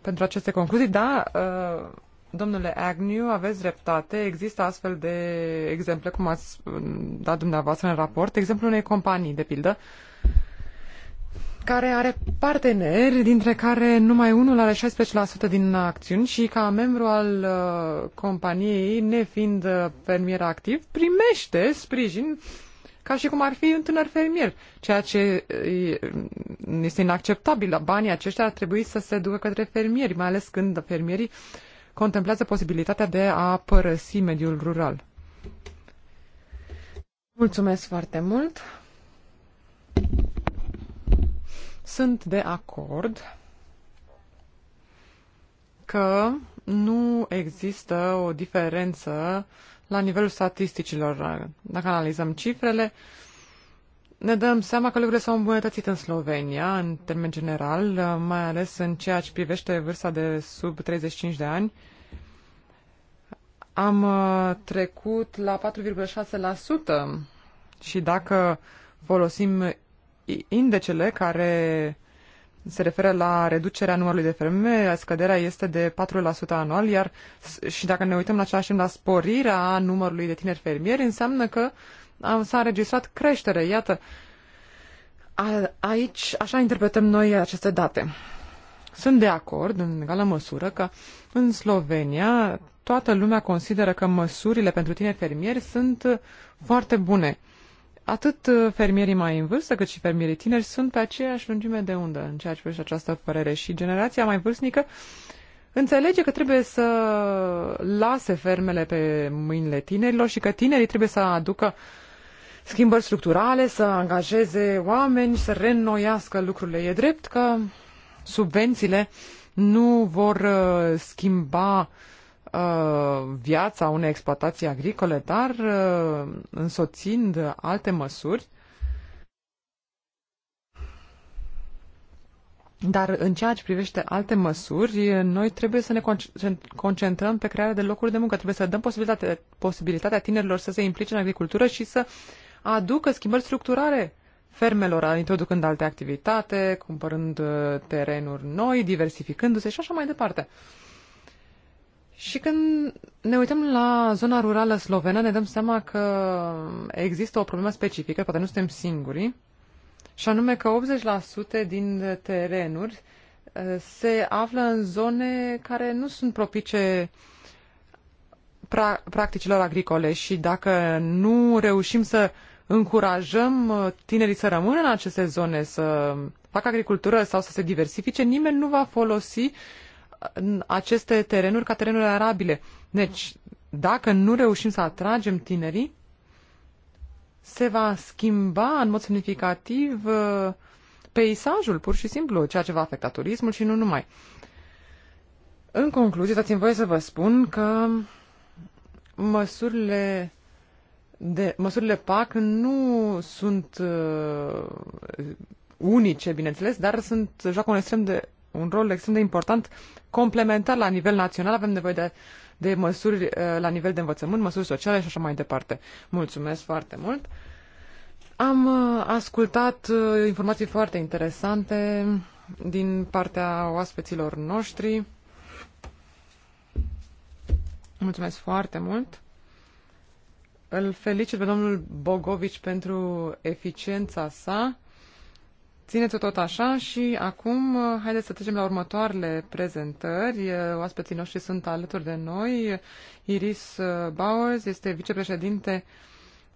Speaker 4: pentru aceste concluzii. Da, uh, domnule Agnew, aveți dreptate. Există astfel de exemple, cum ați uh, dat dumneavoastră în raport, exemplul unei companii, de pildă, care are parteneri, dintre care numai unul are 16% din acțiuni și ca membru al uh, companiei, nefiind fermier activ, primește sprijin ca și cum ar fi un tânăr fermier, ceea ce mm, este inacceptabil. Banii aceștia ar trebui să se ducă către fermieri, mai ales când fermierii contemplează posibilitatea de a părăsi mediul rural. Mulțumesc foarte mult. Sunt de acord că nu există o diferență la nivelul statisticilor. Uh, dacă analizăm cifrele, ne dăm seama că lucrurile s-au îmbunătățit în Slovenia, în termen general, uh, mai ales în ceea ce privește vârsta de sub 35 de ani. Am uh, trecut la 4,6% și dacă folosim indecele care se referă la reducerea numărului de femei, scăderea este de 4% anual, iar și dacă ne uităm la același timp la sporirea numărului de tineri fermieri, înseamnă că s-a înregistrat creștere. Iată, a, aici așa interpretăm noi aceste date. Sunt de acord, în egală măsură, că în Slovenia toată lumea consideră că măsurile pentru tineri fermieri sunt foarte bune. Atât uh, fermierii mai în vârstă cât și fermierii tineri sunt pe aceeași lungime de undă în ceea ce privește această părere și generația mai vârstnică înțelege că trebuie să lase fermele pe mâinile tinerilor și că tinerii trebuie să aducă schimbări structurale, să angajeze oameni, să reînnoiască lucrurile. E drept că subvențiile nu vor uh, schimba uh, Uh, viața unei exploatații agricole, dar uh, însoțind alte măsuri. Dar în ceea ce privește alte măsuri, noi trebuie să ne concentrăm pe crearea de locuri de muncă. Trebuie să dăm posibilitatea, posibilitatea tinerilor să se implice în agricultură și să aducă schimbări structurare fermelor, introducând alte activitate, cumpărând uh, terenuri noi, diversificându-se și așa mai departe. Și când ne uităm la zona rurală slovenă, ne dăm seama că există o problemă specifică, poate nu suntem singuri, și anume că 80% din terenuri eh, se află în zone care nu sunt propice pra- practicilor agricole și dacă nu reușim să încurajăm eh, tinerii să rămână în aceste zone, să facă agricultură sau să se diversifice, nimeni nu va folosi uh, aceste terenuri ca terenuri arabile. Deci, dacă nu reușim să atragem tinerii, se va schimba în mod semnificativ uh, peisajul, pur și simplu, ceea ce va afecta turismul și nu numai. În concluzie, dați-mi voie să vă spun că măsurile de, măsurile PAC nu sunt uh, unice, bineînțeles, dar sunt, joacă un, extrem de, un rol extrem de important complementar la nivel național. Avem nevoie de, de măsuri uh, la nivel de învățământ, măsuri sociale și așa mai departe. Mulțumesc foarte mult! Am uh, ascultat uh, informații foarte interesante din partea oaspeților noștri. Mulțumesc foarte mult! Îl felicit pe domnul Bogovici pentru eficiența sa Țineți-o tot așa și acum uh, haideți să trecem la următoarele prezentări. Uh, oaspeții noștri sunt alături de noi. Iris uh, Bowers este vicepreședinte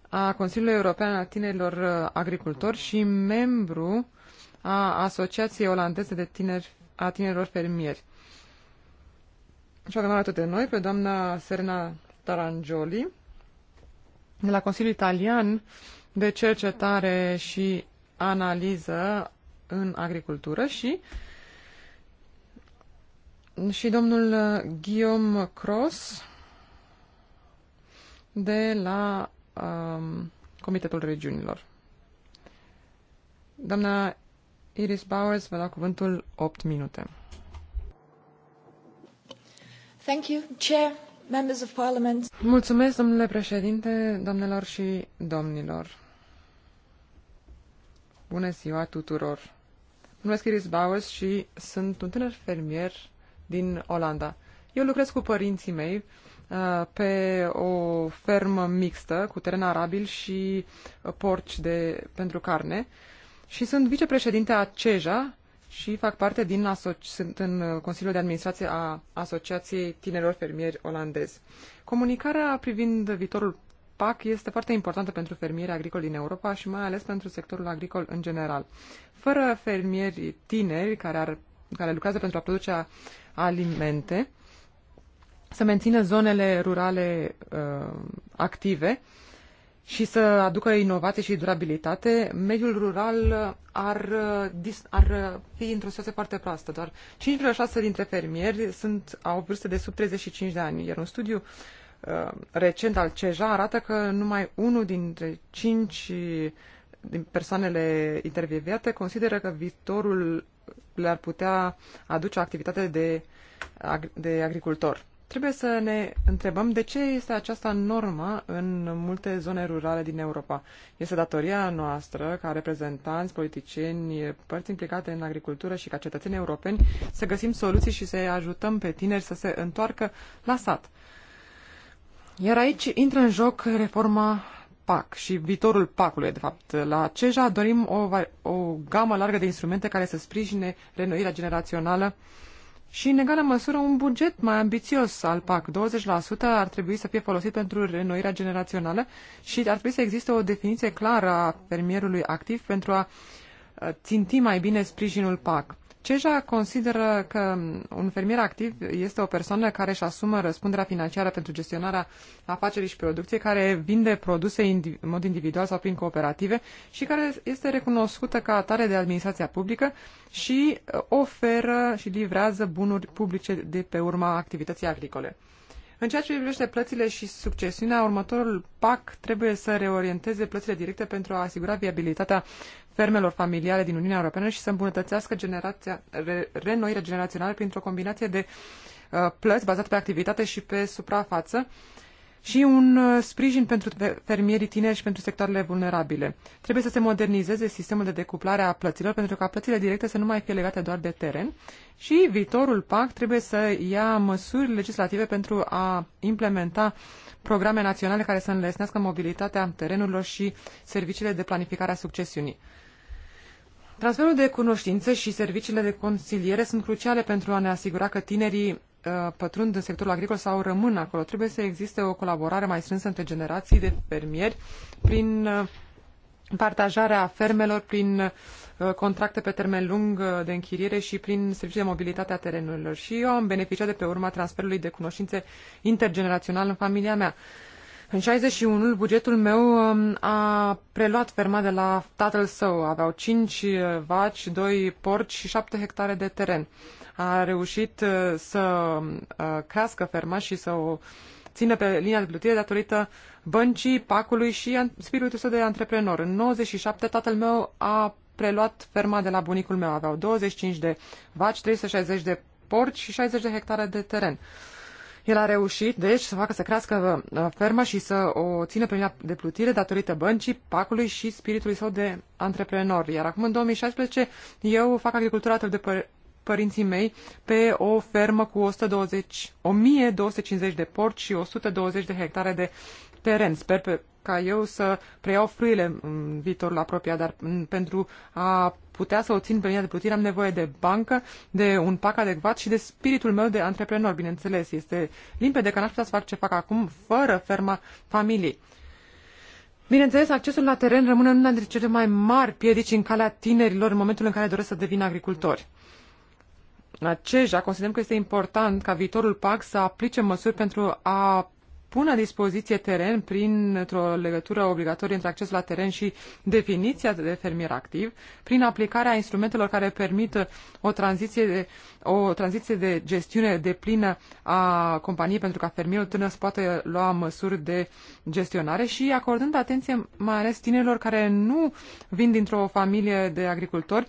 Speaker 4: a Consiliului European al Tinerilor Agricultori și membru a Asociației Olandeze de Tineri, a Tinerilor Fermieri. Și avem alături de noi pe doamna Serena Tarangioli de la Consiliul Italian de Cercetare și analiză în agricultură și și domnul Guillaume Cross de la um, Comitetul Regiunilor. Doamna Iris Bowers vă dau cuvântul 8 minute.
Speaker 3: Thank you, Chair, members of Parliament.
Speaker 4: Mulțumesc, domnule președinte, doamnelor și domnilor. Bună ziua tuturor! Mă numesc Iris Bowers și sunt un tânăr fermier din Olanda. Eu lucrez cu părinții mei uh, pe o fermă mixtă cu teren arabil și uh, porci de, pentru carne și sunt vicepreședinte a CEJA și fac parte din sunt în Consiliul de Administrație a Asociației Tinerilor Fermieri Olandezi. Comunicarea privind viitorul PAC este foarte importantă pentru fermierii agricoli din Europa și mai ales pentru sectorul agricol în general. Fără fermieri tineri care, ar, care lucrează pentru a produce alimente, să mențină zonele rurale uh, active și să aducă inovație și durabilitate, mediul rural ar, uh, ar fi într-o situație foarte proastă. Doar 5,6 dintre fermieri sunt, au vârste de sub 35 de ani, iar un studiu uh, Uh, recent al CEJA arată că numai unul dintre cinci uh, din persoanele intervieviate consideră că viitorul le-ar putea aduce activitate de, de agricultor. Trebuie să ne întrebăm de ce este aceasta normă în multe zone rurale din Europa. Este datoria noastră, ca reprezentanți, politicieni, părți implicate în agricultură și ca cetățeni europeni, să găsim soluții și să ajutăm pe tineri să se întoarcă la sat. Iar aici intră în joc reforma PAC și viitorul PAC-ului, de fapt. La CEJA dorim o, o gamă largă de instrumente care să sprijine renoirea generațională și, în egală măsură, un buget mai ambițios al PAC. 20% ar trebui să fie folosit pentru renoirea generațională și ar trebui să existe o definiție clară a fermierului activ pentru a ă, ținti mai bine sprijinul PAC. CEJA consideră că un fermier activ este o persoană care își asumă răspunderea financiară pentru gestionarea afacerii și producției, care vinde produse în mod individual sau prin cooperative și care este recunoscută ca atare de administrația publică și uh, oferă și livrează bunuri publice de pe urma activității agricole. În ceea ce privește plățile și succesiunea, următorul PAC trebuie să reorienteze plățile directe pentru a asigura viabilitatea fermelor familiale din Uniunea Europeană și să îmbunătățească generația, re, renoirea generațională printr-o combinație de uh, plăți bazate pe activitate și pe suprafață și un uh, sprijin pentru fermierii tineri și pentru sectoarele vulnerabile. Trebuie să se modernizeze sistemul de decuplare a plăților pentru ca plățile directe să nu mai fie legate doar de teren și viitorul PAC trebuie să ia măsuri legislative pentru a implementa programe naționale care să înlesnească mobilitatea terenurilor și serviciile de planificare a succesiunii. Transferul de cunoștințe și serviciile de consiliere sunt cruciale pentru a ne asigura că tinerii uh, pătrund în sectorul agricol sau rămân acolo. Trebuie să existe o colaborare mai strânsă între generații de fermieri prin uh, partajarea fermelor, prin uh, contracte pe termen lung de închiriere și prin servicii de mobilitate a terenurilor. Și eu am beneficiat de pe urma transferului de cunoștințe intergenerațional în familia mea. În 61 bugetul meu um, a preluat ferma de la tatăl său. Aveau 5 uh, vaci, 2 porci și 7 hectare de teren. A reușit uh, să um, uh, crească ferma și să o țină pe linia de plutire datorită băncii, pacului și spiritul său de antreprenor. În 97 tatăl meu a preluat ferma de la bunicul meu. Aveau 25 de vaci, 360 de porci și 60 de hectare de teren. Uh, el a reușit, deci, să facă să crească uh, ferma și să o țină pe linia de plutire datorită băncii, pacului și spiritului său de antreprenor. Iar acum, în 2016, eu fac agricultura atât de păr- părinții mei pe o fermă cu 120, 1250 de porci și 120 de hectare de teren. Sper pe ca eu să preiau frâile în viitorul apropiat, dar mm, pentru a putea să o țin pe linia de plutire am nevoie de bancă, de un pac adecvat și de spiritul meu de antreprenor, bineînțeles. Este limpede că n-aș putea să fac ce fac acum fără ferma familiei. Bineînțeles, accesul la teren rămâne una dintre cele mai mari piedici în calea tinerilor în momentul în care doresc să devină agricultori. Aceja considerăm că este important ca viitorul PAC să aplice măsuri pentru a pun la dispoziție teren printr-o legătură obligatorie între acces la teren și definiția de fermier activ, prin aplicarea instrumentelor care permită o tranziție de, o tranziție de gestiune de plină a companiei pentru ca fermierul tânăr să poată lua măsuri de gestionare și acordând atenție mai ales tinerilor care nu vin dintr-o familie de agricultori,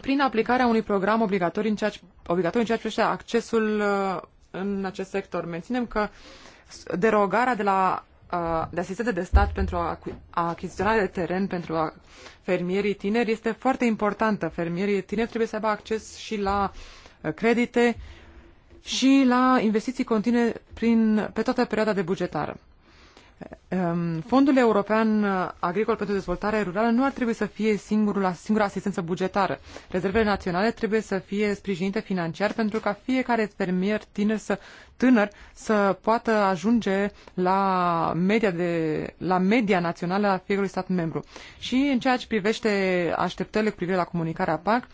Speaker 4: prin aplicarea unui program obligatoriu în ceea ce, obligatoriu în ceea ce privește accesul în acest sector. Menținem că derogarea de la uh, de asistență de stat pentru a achiziționa de teren pentru a fermierii tineri este foarte importantă. Fermierii tineri trebuie să aibă acces și la uh, credite și la investiții continue prin, pe toată perioada de bugetară. Ehm, Fondul European uh, Agricol pentru Dezvoltare Rurală nu ar trebui să fie singurul, singura asistență bugetară. Rezervele naționale trebuie să fie sprijinite financiar pentru ca fiecare fermier tiner să, tânăr să poată ajunge la media, de, la media națională a fiecărui stat membru. Și în ceea ce privește așteptările cu privire la comunicarea PAC,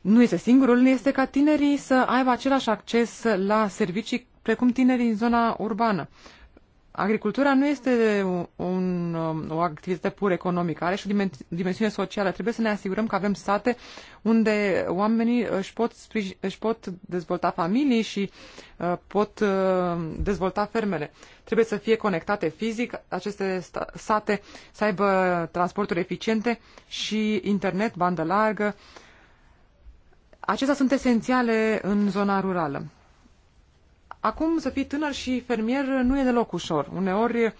Speaker 4: nu este singurul, este ca tinerii să aibă același acces la servicii precum tinerii în zona urbană agricultura nu este un, um, o activitate pur economică, are și o dimensiune socială. Trebuie să ne asigurăm că avem sate unde oamenii își pot, își pot dezvolta familii și uh, pot uh, dezvolta fermele. Trebuie să fie conectate fizic aceste sate, să aibă transporturi eficiente și internet, bandă largă. Acestea sunt esențiale în zona rurală. Acum să fii tânăr și fermier nu e deloc ușor. Uneori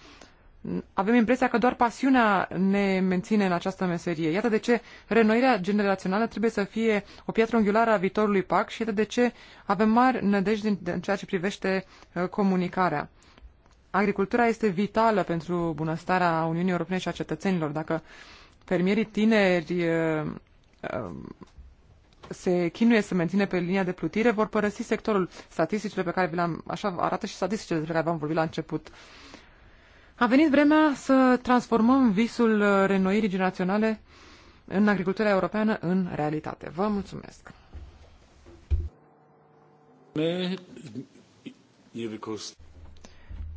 Speaker 4: avem impresia că doar pasiunea ne menține în această meserie. Iată de ce renoirea generațională trebuie să fie o piatră unghiulară a viitorului PAC și iată de ce avem mari nădejde în ceea ce privește uh, comunicarea. Agricultura este vitală pentru bunăstarea Uniunii Europene și a cetățenilor. Dacă fermierii tineri uh, uh, se chinuie să menține pe linia de plutire vor părăsi sectorul. Statisticile pe care vi le-am, așa arată și statisticile despre care v-am vorbit la început. A venit vremea să transformăm visul uh, renoirii generaționale în agricultura europeană în realitate. Vă mulțumesc!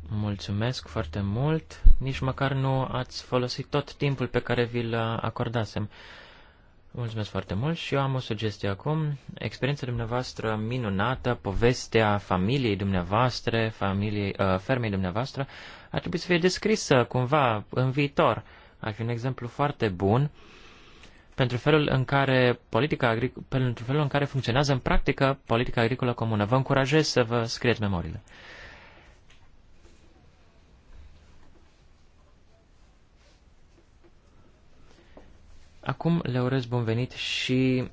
Speaker 2: Mulțumesc foarte mult. Nici măcar nu ați folosit tot timpul pe care vi-l uh, acordasem. Mulțumesc foarte mult și eu am o sugestie acum. Experiența dumneavoastră minunată, povestea familiei dumneavoastră, familiei, uh, fermei dumneavoastră, ar trebui să fie descrisă cumva în viitor. Ar fi un exemplu foarte bun pentru felul în care politica pentru felul în care funcționează în practică politica agricolă comună. Vă încurajez să vă scrieți memoriile. Acum le urez bun venit și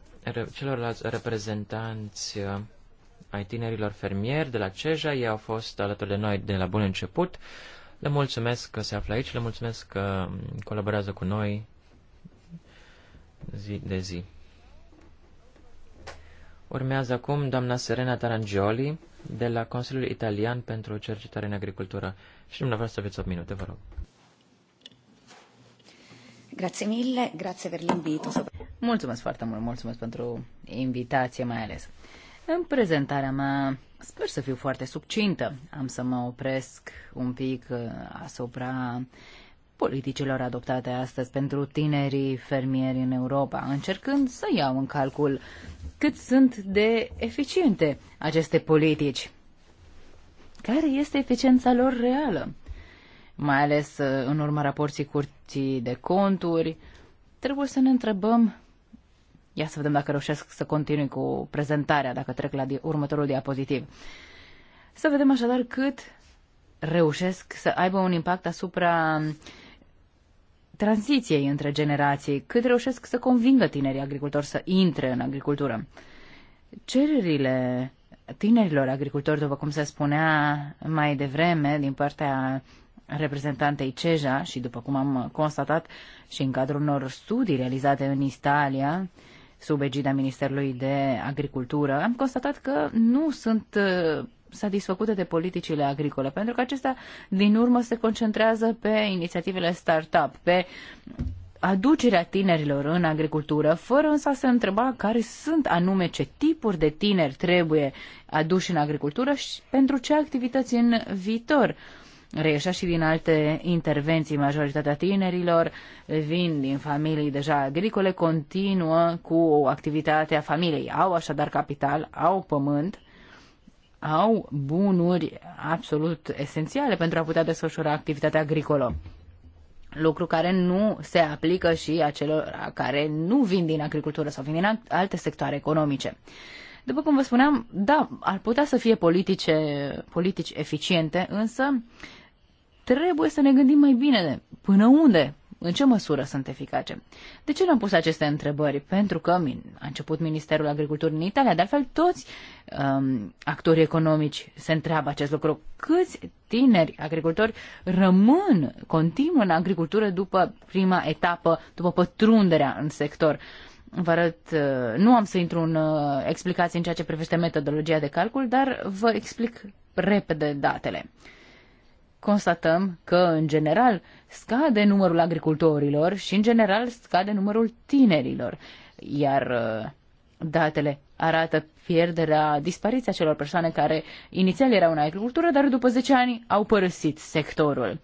Speaker 2: celorlalți reprezentanți uh, ai tinerilor fermieri de la Ceja. Ei au fost alături de noi de la bun început. Le mulțumesc că se află aici, le mulțumesc că um, colaborează cu noi zi de zi. Urmează acum doamna Serena Tarangioli de la Consiliul Italian pentru Cercetare în Agricultură. Și dumneavoastră aveți 8 minute, vă rog.
Speaker 3: Grazie mille, grazie per l'invito. Mulțumesc foarte mult, mulțumesc pentru invitație mai ales. În prezentarea mea sper să fiu foarte subcintă. Am să mă opresc un pic uh, asupra politicilor adoptate astăzi pentru tinerii fermieri în Europa, încercând să iau în calcul cât sunt de eficiente aceste politici. Care este eficiența lor reală? mai ales uh, în urma raporții curții de conturi. Trebuie să ne întrebăm, ia să vedem dacă reușesc să continui cu prezentarea, dacă trec la următorul diapozitiv. Să vedem așadar cât reușesc să aibă un impact asupra tranziției între generații, cât reușesc să convingă tinerii agricultori să intre în agricultură. Cererile tinerilor agricultori, după cum se spunea mai devreme, din partea reprezentantei CEJA și după cum am constatat și în cadrul unor studii realizate în Italia, sub egida Ministerului de Agricultură, am constatat că nu sunt uh, satisfăcute de politicile agricole, pentru că acestea, din urmă, se concentrează pe inițiativele startup, pe aducerea tinerilor în agricultură, fără însă să se întreba care sunt anume ce tipuri de tineri trebuie aduși în agricultură și pentru ce activități în viitor reieșea și din alte intervenții. Majoritatea tinerilor vin din familii deja agricole, continuă cu activitatea familiei. Au așadar capital, au pământ, au bunuri absolut esențiale pentru a putea desfășura activitatea agricolă. Lucru care nu se aplică și acelor care nu vin din agricultură sau vin din alte sectoare economice. După cum vă spuneam, da, ar putea să fie politice, politici eficiente, însă trebuie să ne gândim mai bine de până unde, în ce măsură sunt eficace. De ce le-am pus aceste întrebări? Pentru că a început Ministerul Agriculturii în Italia, de altfel toți um, actorii economici se întreabă acest lucru. Câți tineri agricultori rămân, continuă în agricultură după prima etapă, după pătrunderea în sector? Vă arăt, uh, nu am să intru în uh, explicații în ceea ce privește metodologia de calcul, dar vă explic repede datele constatăm că, în general, scade numărul agricultorilor și, în general, scade numărul tinerilor. Iar uh, datele arată pierderea, dispariția celor persoane care inițial erau în agricultură, dar după 10 ani au părăsit sectorul.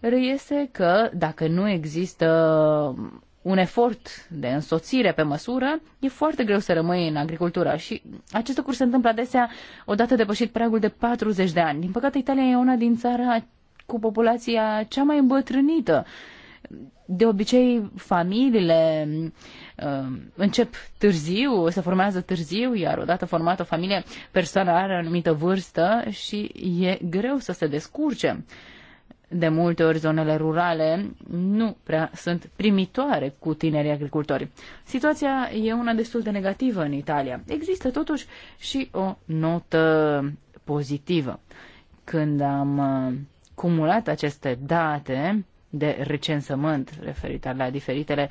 Speaker 3: Reiese că dacă nu există un efort de însoțire pe măsură, e foarte greu să rămâi în agricultură și acest lucru se întâmplă adesea odată depășit pragul de 40 de ani. Din păcate, Italia e una din țara cu populația cea mai îmbătrânită. De obicei, familiile uh, încep târziu, se formează târziu, iar odată formată o familie, persoana are o anumită vârstă și e greu să se descurce. Uh, de multe ori zonele rurale nu prea sunt primitoare cu tinerii agricultori. Situația e una destul de negativă în Italia. Există totuși și o notă pozitivă. Când am uh, cumulat aceste date de recensământ referitor la diferitele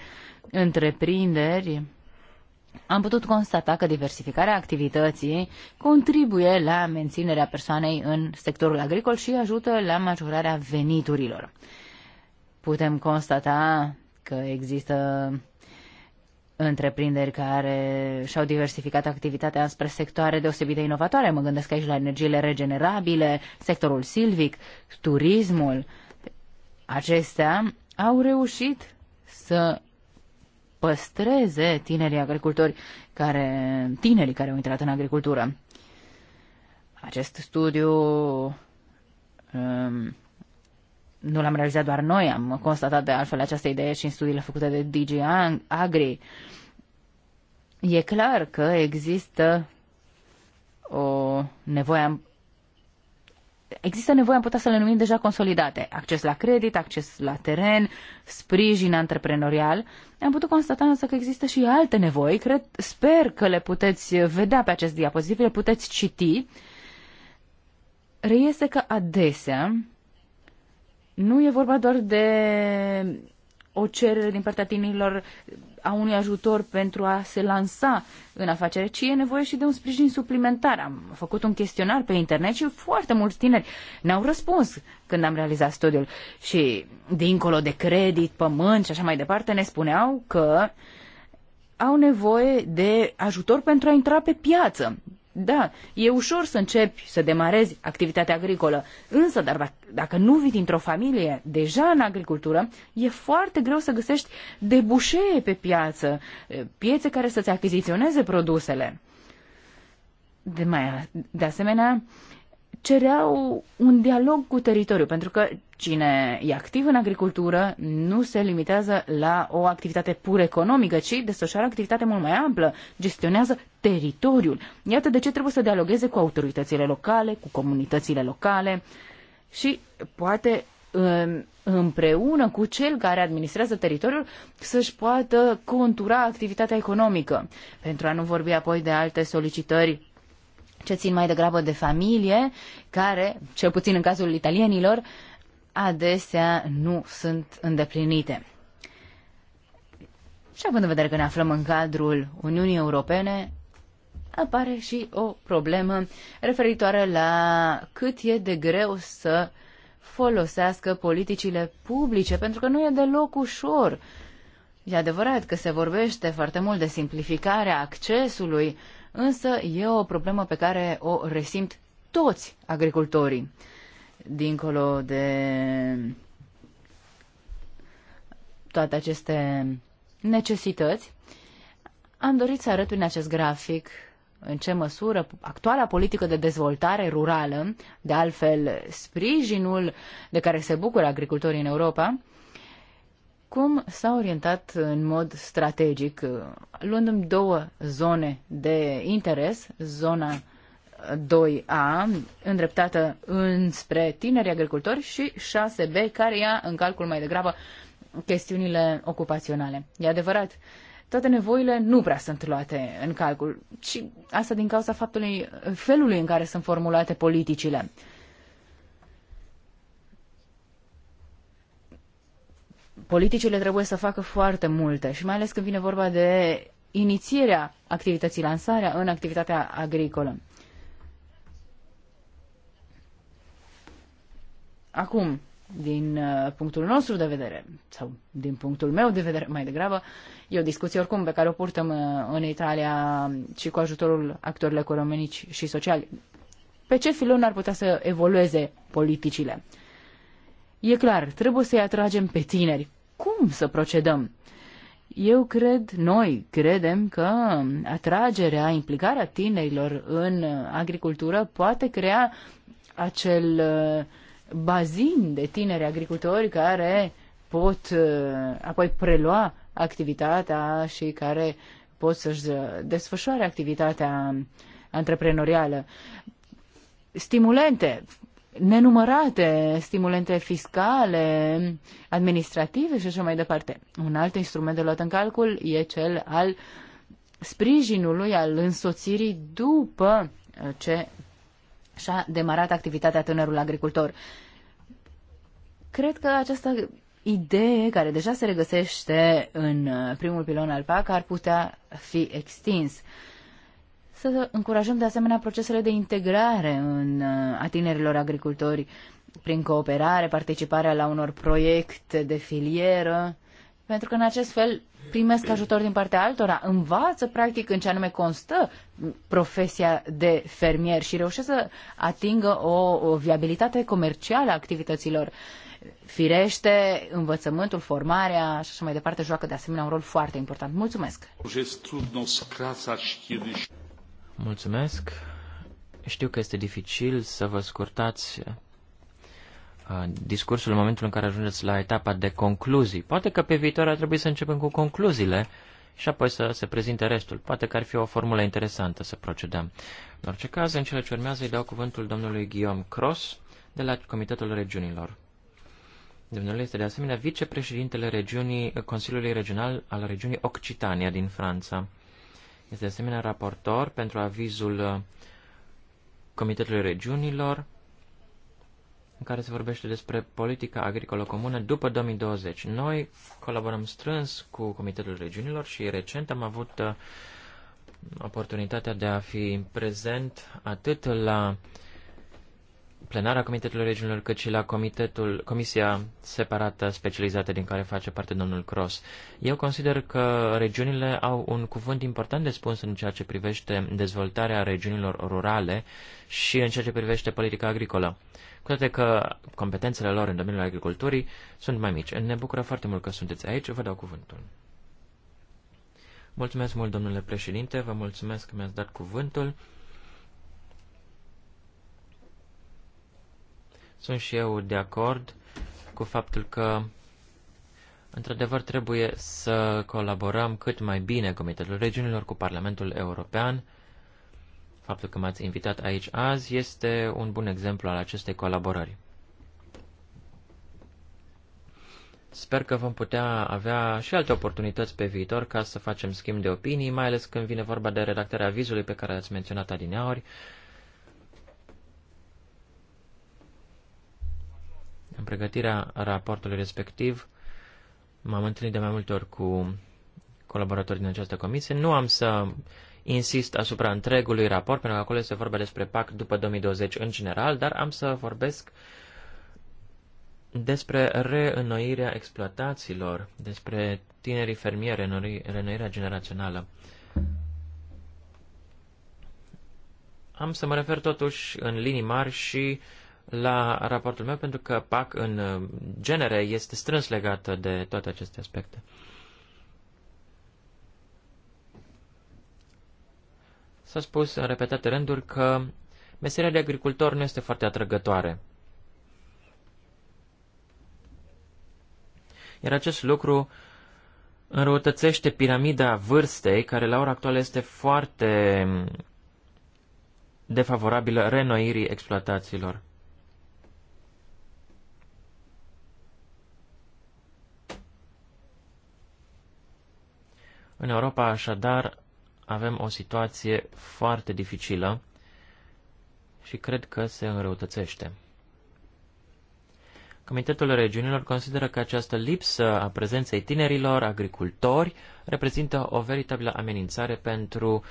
Speaker 3: întreprinderi am putut constata că diversificarea activității contribuie la menținerea persoanei în sectorul agricol și ajută la majorarea veniturilor. Putem constata că există întreprinderi care și-au diversificat activitatea spre sectoare deosebit de inovatoare. Mă gândesc aici la energiile regenerabile, sectorul silvic, turismul. Acestea au reușit să păstreze tinerii agricultori care, tinerii care au intrat în agricultură. Acest studiu um, nu l-am realizat doar noi, am constatat de altfel această idee și în studiile făcute de DG Agri. E clar că există o nevoie există nevoie, am putea să le numim deja consolidate. Acces la credit, acces la teren, sprijin antreprenorial. Am putut constata însă că există și alte nevoi. Cred, sper că le puteți vedea pe acest diapozitiv, le puteți citi. Reiese că adesea nu e vorba doar de o cerere din partea tinerilor a unui ajutor pentru a se lansa în afacere, ci e nevoie și de un sprijin suplimentar. Am făcut un chestionar pe internet și foarte mulți tineri ne-au răspuns când am realizat studiul. Și dincolo de credit, pământ și așa mai departe, ne spuneau că au nevoie de ajutor pentru a intra pe piață. Da, e ușor să începi să demarezi activitatea agricolă, însă dar dacă nu vii dintr-o familie deja în agricultură, e foarte greu să găsești debușee pe piață, piețe care să-ți achiziționeze produsele. De, mai, de asemenea, cereau un dialog cu teritoriul, pentru că Cine e activ în agricultură nu se limitează la o activitate pur economică, ci desfășoară activitate mult mai amplă, gestionează teritoriul. Iată de ce trebuie să dialogueze cu autoritățile locale, cu comunitățile locale și poate um, împreună cu cel care administrează teritoriul să-și poată contura activitatea economică. Pentru a nu vorbi apoi de alte solicitări ce țin mai degrabă de familie, care, cel puțin în cazul italienilor, adesea nu sunt îndeplinite. Și având în vedere că ne aflăm în cadrul Uniunii Europene, apare și o problemă referitoare la cât e de greu să folosească politicile publice, pentru că nu e deloc ușor. E adevărat că se vorbește foarte mult de simplificarea accesului, însă e o problemă pe care o resimt toți agricultorii dincolo de toate aceste necesități, am dorit să arăt în acest grafic în ce măsură actuala politică de dezvoltare rurală, de altfel sprijinul de care se bucură agricultorii în Europa, cum s-a orientat în mod strategic, luând două zone de interes, zona 2A, îndreptată înspre tineri agricultori, și 6B, care ia în calcul mai degrabă chestiunile ocupaționale. E adevărat, toate nevoile nu prea sunt luate în calcul, ci asta din cauza faptului, felului în care sunt formulate politicile. Politicile trebuie să facă foarte multe și mai ales când vine vorba de inițierea activității, lansarea în activitatea agricolă. Acum, din uh, punctul nostru de vedere, sau din punctul meu de vedere mai degrabă, e o discuție oricum pe care o purtăm uh, în Italia și cu ajutorul actorilor economici și sociali. Pe ce filon ar putea să evolueze politicile? E clar, trebuie să-i atragem pe tineri. Cum să procedăm? Eu cred, noi credem că atragerea, implicarea tinerilor în uh, agricultură poate crea acel uh, bazin de tineri agricultori care pot uh, apoi prelua activitatea și care pot să-și desfășoare activitatea antreprenorială. Stimulente, nenumărate stimulente fiscale, administrative și așa mai departe. Un alt instrument de luat în calcul e cel al sprijinului, al însoțirii după ce și-a demarat activitatea tânărul agricultor. Cred că această idee care deja se regăsește în uh, primul pilon al PAC ar putea fi extins. Să încurajăm de asemenea procesele de integrare în, uh, a tinerilor agricultori prin cooperare, participarea la unor proiecte de filieră, pentru că în acest fel primesc ajutor din partea altora, învață practic în ce anume constă profesia de fermier și reușesc să atingă o, o viabilitate comercială a activităților uh, Firește, învățământul, formarea și așa mai departe joacă de asemenea un rol foarte important. Mulțumesc!
Speaker 2: Mulțumesc! Știu că este dificil să vă scurtați uh, discursul în momentul în care ajungeți la etapa de concluzii. Poate că pe viitor ar trebui să începem cu concluziile și apoi să se prezinte restul. Poate că ar fi o formulă interesantă să procedăm. În orice caz, în cele ce urmează îi dau cuvântul domnului Guillaume Cross de la Comitetul Regiunilor. Domnul este de asemenea vicepreședintele regiunii, Consiliului Regional al regiunii Occitania din Franța. Este de asemenea raportor pentru avizul uh, Comitetului Regiunilor, în care se vorbește despre politica agricolă comună după 2020. Noi colaborăm strâns cu Comitetul Regiunilor și recent am avut uh, oportunitatea de a fi prezent atât la uh, plenara Comitetului Regiunilor, cât și la comitetul, Comisia Separată Specializată din care face parte domnul Cross. Eu consider că regiunile au un cuvânt important de spus în ceea ce privește dezvoltarea regiunilor rurale și în ceea ce privește politica agricolă. Cu toate că competențele lor în domeniul agriculturii sunt mai mici. Ne bucură foarte mult că sunteți aici, vă dau cuvântul. Mulțumesc mult, domnule președinte, vă mulțumesc că mi-ați dat cuvântul. Sunt și eu de acord cu faptul că, într-adevăr, trebuie să colaborăm cât mai bine Comitetul Regiunilor cu Parlamentul European. Faptul că m-ați invitat aici azi este un bun exemplu al acestei colaborări. Sper că vom putea avea și alte oportunități pe viitor ca să facem schimb de opinii, mai ales când vine vorba de redactarea vizului pe care l-ați menționat adineaori, În pregătirea raportului respectiv, m-am întâlnit de mai multe ori cu colaboratori din această comisie. Nu am să insist asupra întregului raport, pentru că acolo se vorbe despre PAC după 2020 în general, dar am să vorbesc despre reînnoirea exploatațiilor, despre tinerii fermieri, reînnoirea generațională. Am să mă refer totuși în linii mari și la raportul meu pentru că PAC în uh, genere este strâns legată de toate aceste aspecte. S-a spus în repetate rânduri că meseria de agricultor nu este foarte atrăgătoare. Iar acest lucru înrăutățește piramida vârstei, care la ora actuală este foarte mm, defavorabilă renoirii exploatațiilor. În Europa, așadar, avem o situație foarte dificilă și cred că se înrăutățește. Comitetul Regiunilor consideră că această lipsă a prezenței tinerilor agricultori reprezintă o veritabilă amenințare pentru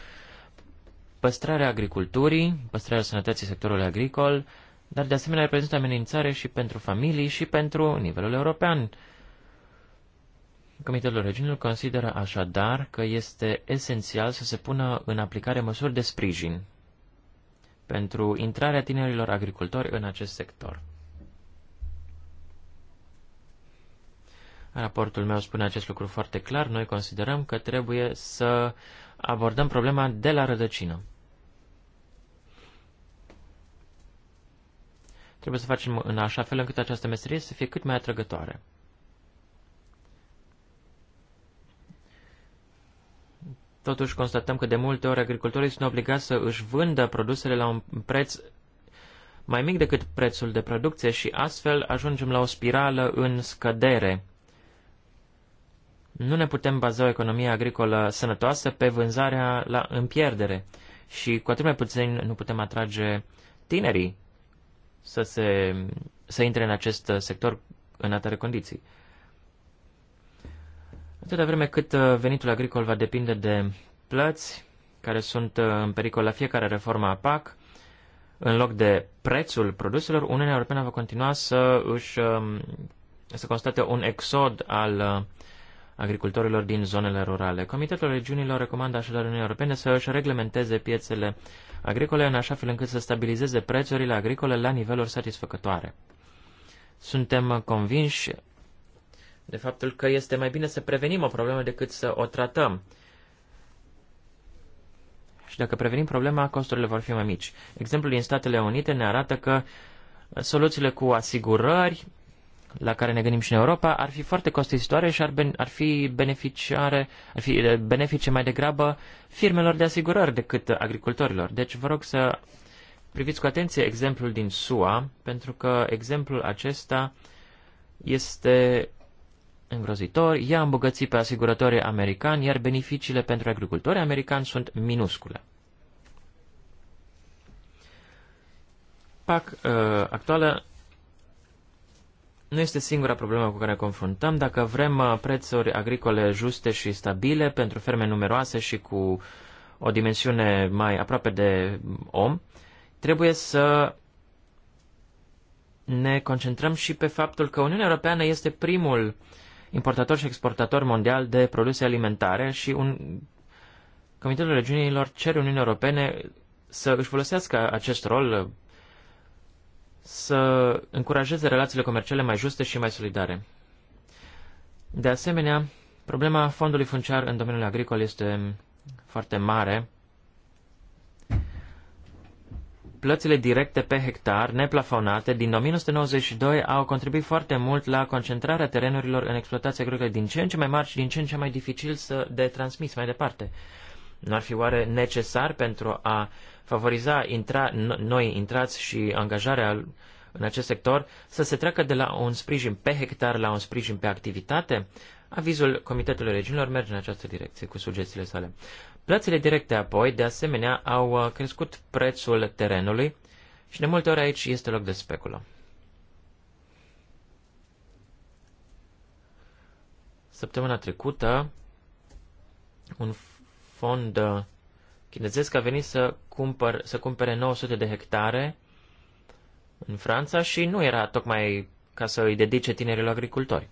Speaker 2: păstrarea agriculturii, păstrarea sănătății sectorului agricol, dar de asemenea reprezintă amenințare și pentru familii și pentru nivelul european. Comitetul Regiunilor consideră așadar că este esențial să se pună în aplicare măsuri de sprijin pentru intrarea tinerilor agricultori în acest sector. Raportul meu spune acest lucru foarte clar. Noi considerăm că trebuie să abordăm problema de la rădăcină. Trebuie să facem în așa fel încât această meserie să fie cât mai atrăgătoare. Totuși, constatăm că de multe ori agricultorii sunt obligați să își vândă produsele la un preț mai mic decât prețul de producție și astfel ajungem la o spirală în scădere. Nu ne putem baza o economie agricolă sănătoasă pe vânzarea la în pierdere și cu atât mai puțin nu putem atrage tinerii să, se, să intre în acest sector în atare condiții. Atâta vreme cât uh, venitul agricol va depinde de plăți, care sunt uh, în pericol la fiecare reformă a PAC, în loc de prețul produselor, Uniunea Europeană va continua să își um, să constate un exod al uh, agricultorilor din zonele rurale. Comitetul Regiunilor recomandă așadar Uniunea Europeană să își reglementeze piețele agricole în așa fel încât să stabilizeze prețurile agricole la niveluri satisfăcătoare. Suntem convinși de faptul că este mai bine să prevenim o problemă decât să o tratăm. Și dacă prevenim problema, costurile vor fi mai mici. Exemplul din Statele Unite ne arată că soluțiile cu asigurări, la care ne gândim și în Europa, ar fi foarte costisitoare și ar, ben, ar fi beneficiare, ar fi eh, benefice mai degrabă firmelor de asigurări decât agricultorilor. Deci vă rog să priviți cu atenție exemplul din SUA, pentru că exemplul acesta este îngrozitor, ea a îmbogățit pe asigurătorii americani, iar beneficiile pentru agricultori americani sunt minuscule. PAC uh, actuală nu este singura problemă cu care ne confruntăm. Dacă vrem uh, prețuri agricole juste și stabile pentru ferme numeroase și cu o dimensiune mai aproape de om, trebuie să ne concentrăm și pe faptul că Uniunea Europeană este primul uh, importator și exportator mondial de produse alimentare și un... Comitetul Regiunilor cere Uniunii Europene să își folosească acest rol să încurajeze relațiile comerciale mai juste și mai solidare. De asemenea, problema fondului funciar în domeniul agricol este foarte mare plățile directe pe hectar, neplafonate, din 1992 au contribuit foarte mult la concentrarea terenurilor în exploatații agricole din ce în ce mai mari și din ce în ce mai dificil să de transmis mai departe. Nu ar fi oare necesar pentru a favoriza intra, noi intrați și angajarea în acest sector să se treacă de la un sprijin pe hectar la un sprijin pe activitate? Avizul Comitetului Regiunilor merge în această direcție cu sugestiile sale. Plățile directe apoi, de asemenea, au uh, crescut prețul terenului și de multe ori aici este loc de speculă. Săptămâna trecută, un fond uh, chinezesc a venit să, cumpăr, să cumpere 900 de hectare în Franța și nu era tocmai ca să îi dedice tinerilor agricultori.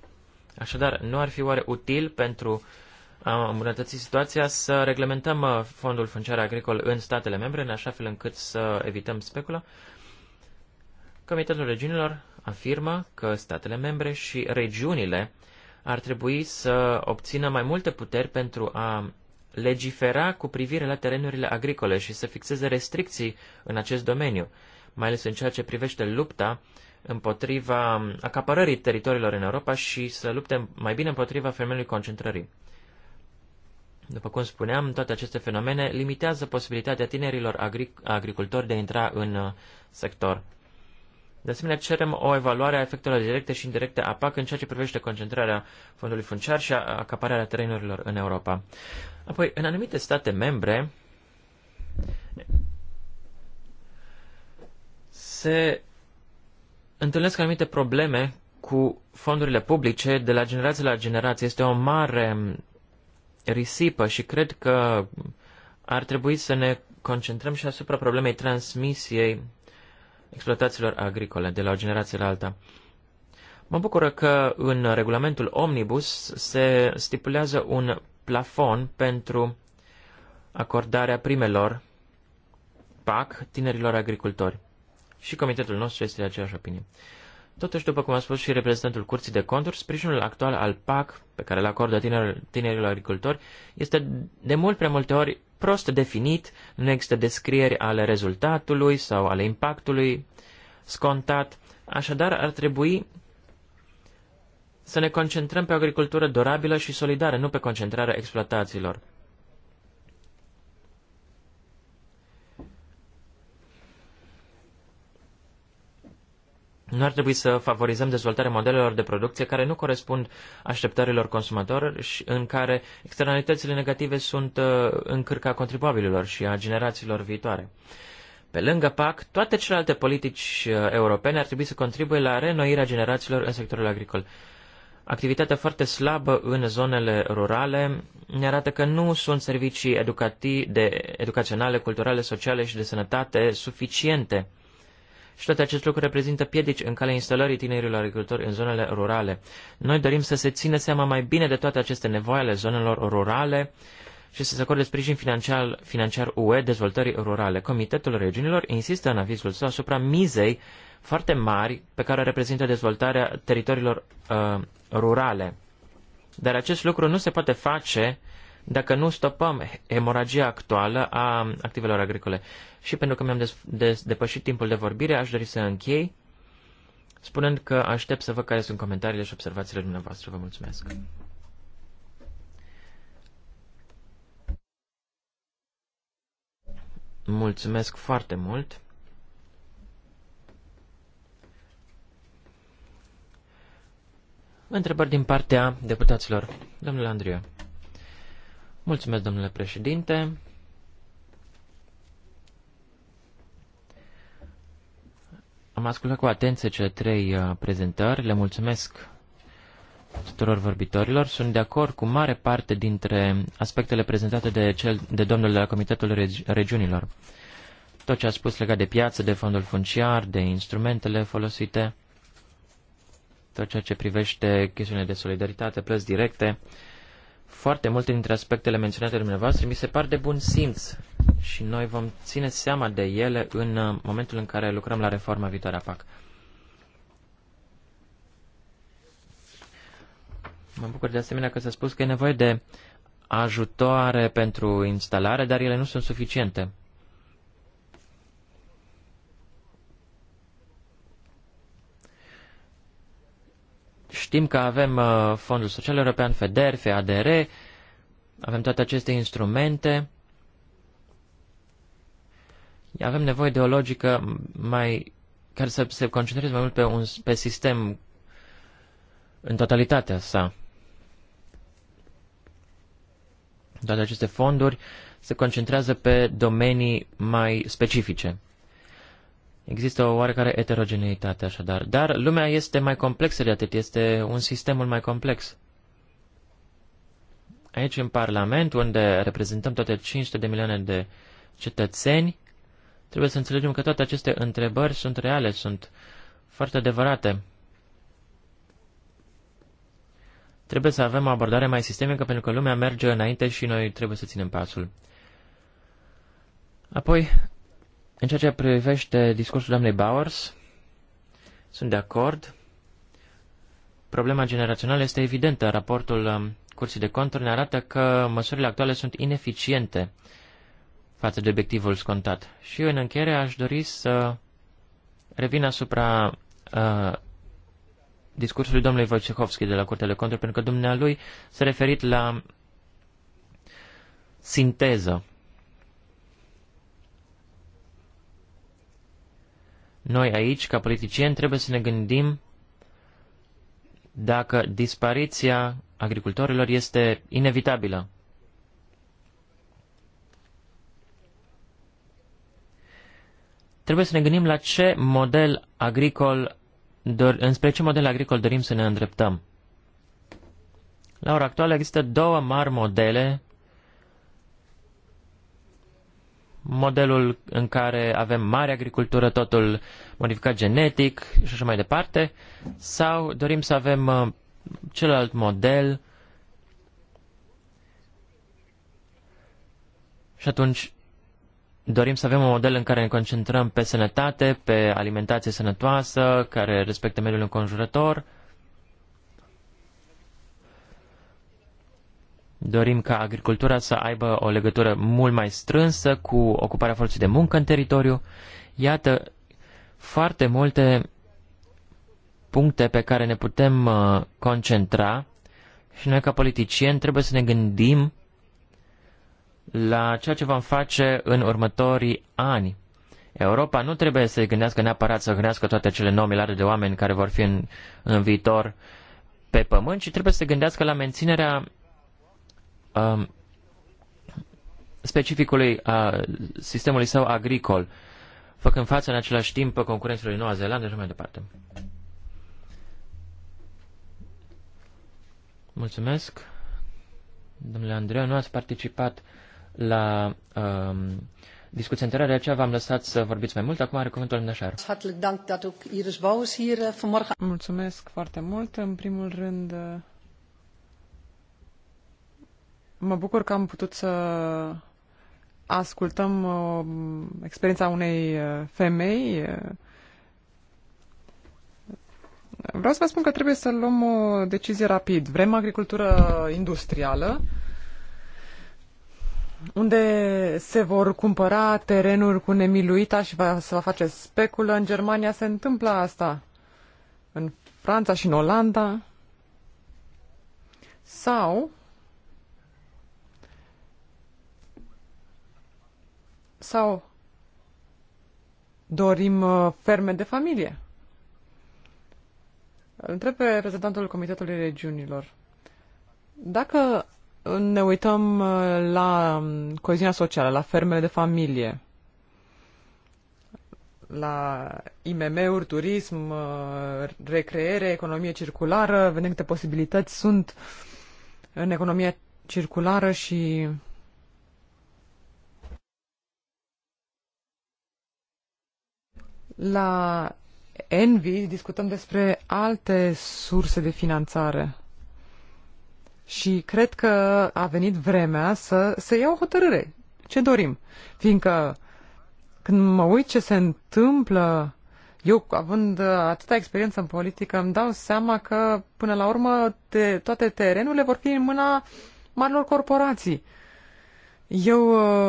Speaker 2: Așadar, nu ar fi oare util pentru uh, am îmbunătățit situația să reglementăm uh, fondul funciar agricol în statele membre, în așa fel încât să evităm specula. Comitetul Regiunilor afirmă că statele membre și regiunile ar trebui să obțină mai multe puteri pentru a legifera cu privire la terenurile agricole și să fixeze restricții în acest domeniu, mai ales în ceea ce privește lupta împotriva acapărării teritoriilor în Europa și să lupte mai bine împotriva fenomenului concentrării. După cum spuneam, toate aceste fenomene limitează posibilitatea tinerilor agric- agricultori de a intra în uh, sector. De asemenea, cerem o evaluare a efectelor directe și indirecte a PAC în ceea ce privește concentrarea fondului funciar și acapararea terenurilor în Europa. Apoi, în anumite state membre se întâlnesc anumite probleme cu fondurile publice de la generație la generație. Este o mare risipă și cred că ar trebui să ne concentrăm și asupra problemei transmisiei exploatațiilor agricole de la o generație la alta. Mă bucură că în regulamentul Omnibus se stipulează un plafon pentru acordarea primelor PAC tinerilor agricultori. Și comitetul nostru este de aceeași opinie. Totuși, după cum a spus și reprezentantul Curții de Conturi, sprijinul actual al PAC, pe care îl acordă tinerilor, tinerilor agricultori, este de mult prea multe ori prost definit, nu există descrieri ale rezultatului sau ale impactului scontat, așadar ar trebui să ne concentrăm pe o agricultură durabilă și solidară, nu pe concentrarea exploatațiilor. Nu ar trebui să favorizăm dezvoltarea modelelor de producție care nu corespund așteptărilor consumatorilor și în care externalitățile negative sunt uh, în cârca contribuabililor și a generațiilor viitoare. Pe lângă PAC, toate celelalte politici uh, europene ar trebui să contribuie la reînnoirea generațiilor în sectorul agricol. Activitatea foarte slabă în zonele rurale ne arată că nu sunt servicii educati- de, educaționale, culturale, sociale și de sănătate suficiente și toate acest lucru reprezintă piedici în calea instalării tinerilor agricultori în zonele rurale. Noi dorim să se țină seama mai bine de toate aceste nevoi ale zonelor rurale și să se acorde sprijin financiar, financiar UE dezvoltării rurale. Comitetul Regiunilor insistă în avizul său asupra mizei foarte mari pe care reprezintă dezvoltarea teritoriilor uh, rurale. Dar acest lucru nu se poate face dacă nu stopăm hemoragia actuală a activelor agricole. Și pentru că mi-am des- des- depășit timpul de vorbire, aș dori să închei spunând că aștept să văd care sunt comentariile și observațiile dumneavoastră. Vă mulțumesc! Mulțumesc foarte mult! Întrebări din partea deputaților. domnule Andriu. Mulțumesc, domnule președinte. Am ascultat cu atenție cele trei uh, prezentări. Le mulțumesc tuturor vorbitorilor. Sunt de acord cu mare parte dintre aspectele prezentate de, cel, de domnul de la Comitetul Regi- Regiunilor. Tot ce a spus legat de piață, de fondul funciar, de instrumentele folosite, tot ceea ce privește chestiunile de solidaritate, plăți directe, foarte multe dintre aspectele menționate de dumneavoastră mi se par de bun simț și noi vom ține seama de ele în uh, momentul în care lucrăm la reforma viitoare a PAC. Mă bucur de asemenea că s-a spus că e nevoie de ajutoare pentru instalare, dar ele nu sunt suficiente. Știm că avem uh, Fondul Social European, FEDER, FADR, avem toate aceste instrumente. Avem nevoie de o logică mai care să se concentreze mai mult pe, un, pe sistem în totalitatea sa. Toate aceste fonduri se concentrează pe domenii mai specifice. Există o oarecare eterogeneitate așadar, dar lumea este mai complexă de atât, este un sistem mult mai complex. Aici în Parlament, unde reprezentăm toate 500 de milioane de cetățeni, trebuie să înțelegem că toate aceste întrebări sunt reale, sunt foarte adevărate. Trebuie să avem o abordare mai sistemică pentru că lumea merge înainte și noi trebuie să ținem pasul. Apoi, în ceea ce privește discursul doamnei Bowers, sunt de acord. Problema generațională este evidentă. Raportul um, Curții de Conturi ne arată că măsurile actuale sunt ineficiente față de obiectivul scontat. Și eu, în încheiere, aș dori să revin asupra uh, discursului domnului Wojciechowski de la Curtea de Conturi, pentru că dumnealui s-a referit la sinteză. Noi aici, ca politicieni, trebuie să ne gândim dacă dispariția agricultorilor este inevitabilă. Trebuie să ne gândim la ce model agricol, dor, înspre ce model agricol dorim să ne îndreptăm. La ora actuală există două mari modele modelul în care avem mare agricultură, totul modificat genetic și așa mai departe, sau dorim să avem uh, celălalt model și atunci dorim să avem un model în care ne concentrăm pe sănătate, pe alimentație sănătoasă, care respectă mediul înconjurător, Dorim ca agricultura să aibă o legătură mult mai strânsă cu ocuparea forței de muncă în teritoriu. Iată foarte multe puncte pe care ne putem uh, concentra și noi ca politicieni trebuie să ne gândim la ceea ce vom face în următorii ani. Europa nu trebuie să gândească neapărat să hrănească toate cele 9 miliarde de oameni care vor fi în, în viitor pe pământ, ci trebuie să se gândească la menținerea Um, specificului a uh, sistemului său agricol, făcând față în același timp concurenților din Noua Zeelandă și mai departe. Mulțumesc. Domnule Andrei, nu ați participat la um, discuția anterioară, de aceea v-am lăsat să vorbiți mai mult. Acum are cuvântul Nășar.
Speaker 4: Eh, Mulțumesc foarte mult. În primul rând, eh, Mă bucur că am putut să ascultăm uh, experiența unei uh, femei. Uh, vreau să vă spun că trebuie să luăm o decizie rapid. Vrem agricultură industrială, unde se vor cumpăra terenuri cu nemiluita și va, se va face speculă. În Germania se întâmplă asta. În Franța și în Olanda. Sau Sau dorim uh, ferme de familie? Îl întreb pe reprezentantul Comitetului Regiunilor. Dacă ne uităm uh, la um, coeziunea socială, la fermele de familie, la IMM-uri, turism, uh, recreere, economie circulară, vedem câte posibilități sunt în economia circulară și La Envy discutăm despre alte surse de finanțare. Și cred că a venit vremea să, să iau o hotărâre. Ce dorim? Fiindcă când mă uit ce se întâmplă, eu având atâta experiență în politică, îmi dau seama că până la urmă te, toate terenurile vor fi în mâna marilor corporații. Uh, eu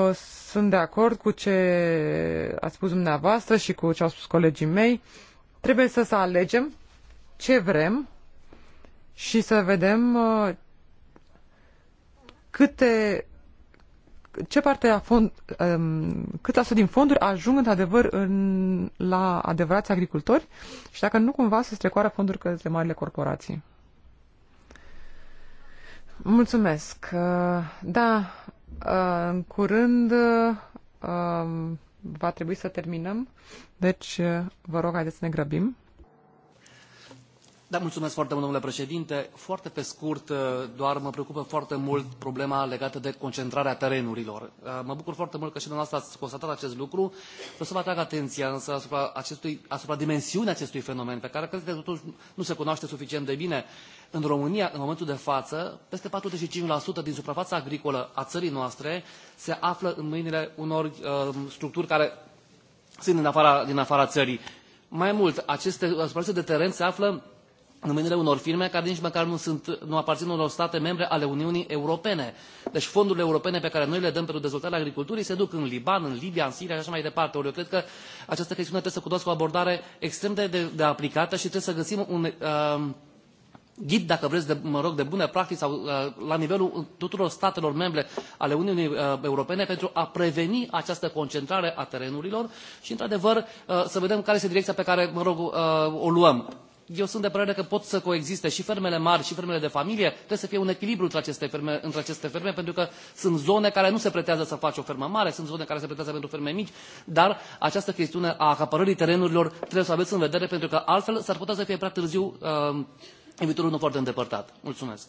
Speaker 4: uh, sunt de acord cu ce ați spus dumneavoastră și cu ce au spus colegii mei. Trebuie să, să alegem ce vrem și să vedem uh, câte ce parte a fond, um, cât asta din fonduri ajung într-adevăr în, la adevărați agricultori și dacă nu cumva se strecoară fonduri către marile corporații. Mulțumesc. Uh, da, Uh, în curând uh, va trebui să terminăm, deci uh, vă rog, haideți să ne grăbim.
Speaker 5: Da, mulțumesc foarte mult, domnule președinte. Foarte pe scurt, uh, doar mă preocupă foarte mult problema legată de concentrarea terenurilor. Uh, mă bucur foarte mult că și dumneavoastră ați constatat acest lucru. Vreau să vă atrag atenția însă asupra, acestui, asupra dimensiunii acestui fenomen, pe care cred că totuși nu se cunoaște suficient de bine. În România, în momentul de față, peste 45% din suprafața agricolă a țării noastre se află în mâinile unor uh, structuri care sunt din afara, din afara țării. Mai mult, aceste suprafețe de teren se află în mâinile unor firme care nici măcar nu, sunt, nu aparțin unor state membre ale Uniunii Europene. Deci fondurile europene pe care noi le dăm pentru dezvoltarea agriculturii se duc în Liban, în Libia, în Siria și așa mai departe. Ori eu cred că această chestiune trebuie să cunoască o abordare extrem de, de, de aplicată și trebuie să găsim un... Uh, ghid, dacă vreți, de, mă rog, de bune practici sau uh, la nivelul tuturor statelor membre ale Uniunii uh, Europene pentru a preveni această concentrare a terenurilor și, într-adevăr, uh, să vedem care este direcția pe care, mă rog, uh, o luăm eu sunt de părere că pot să coexiste și fermele mari și fermele de familie. Trebuie să fie un echilibru între aceste ferme, între aceste ferme pentru că sunt zone care nu se pretează să faci o fermă mare, sunt zone care se pretează pentru ferme mici, dar această chestiune a acapărării terenurilor trebuie să o aveți în vedere pentru că altfel s-ar putea să fie prea târziu uh, în viitorul nu foarte îndepărtat. Mulțumesc.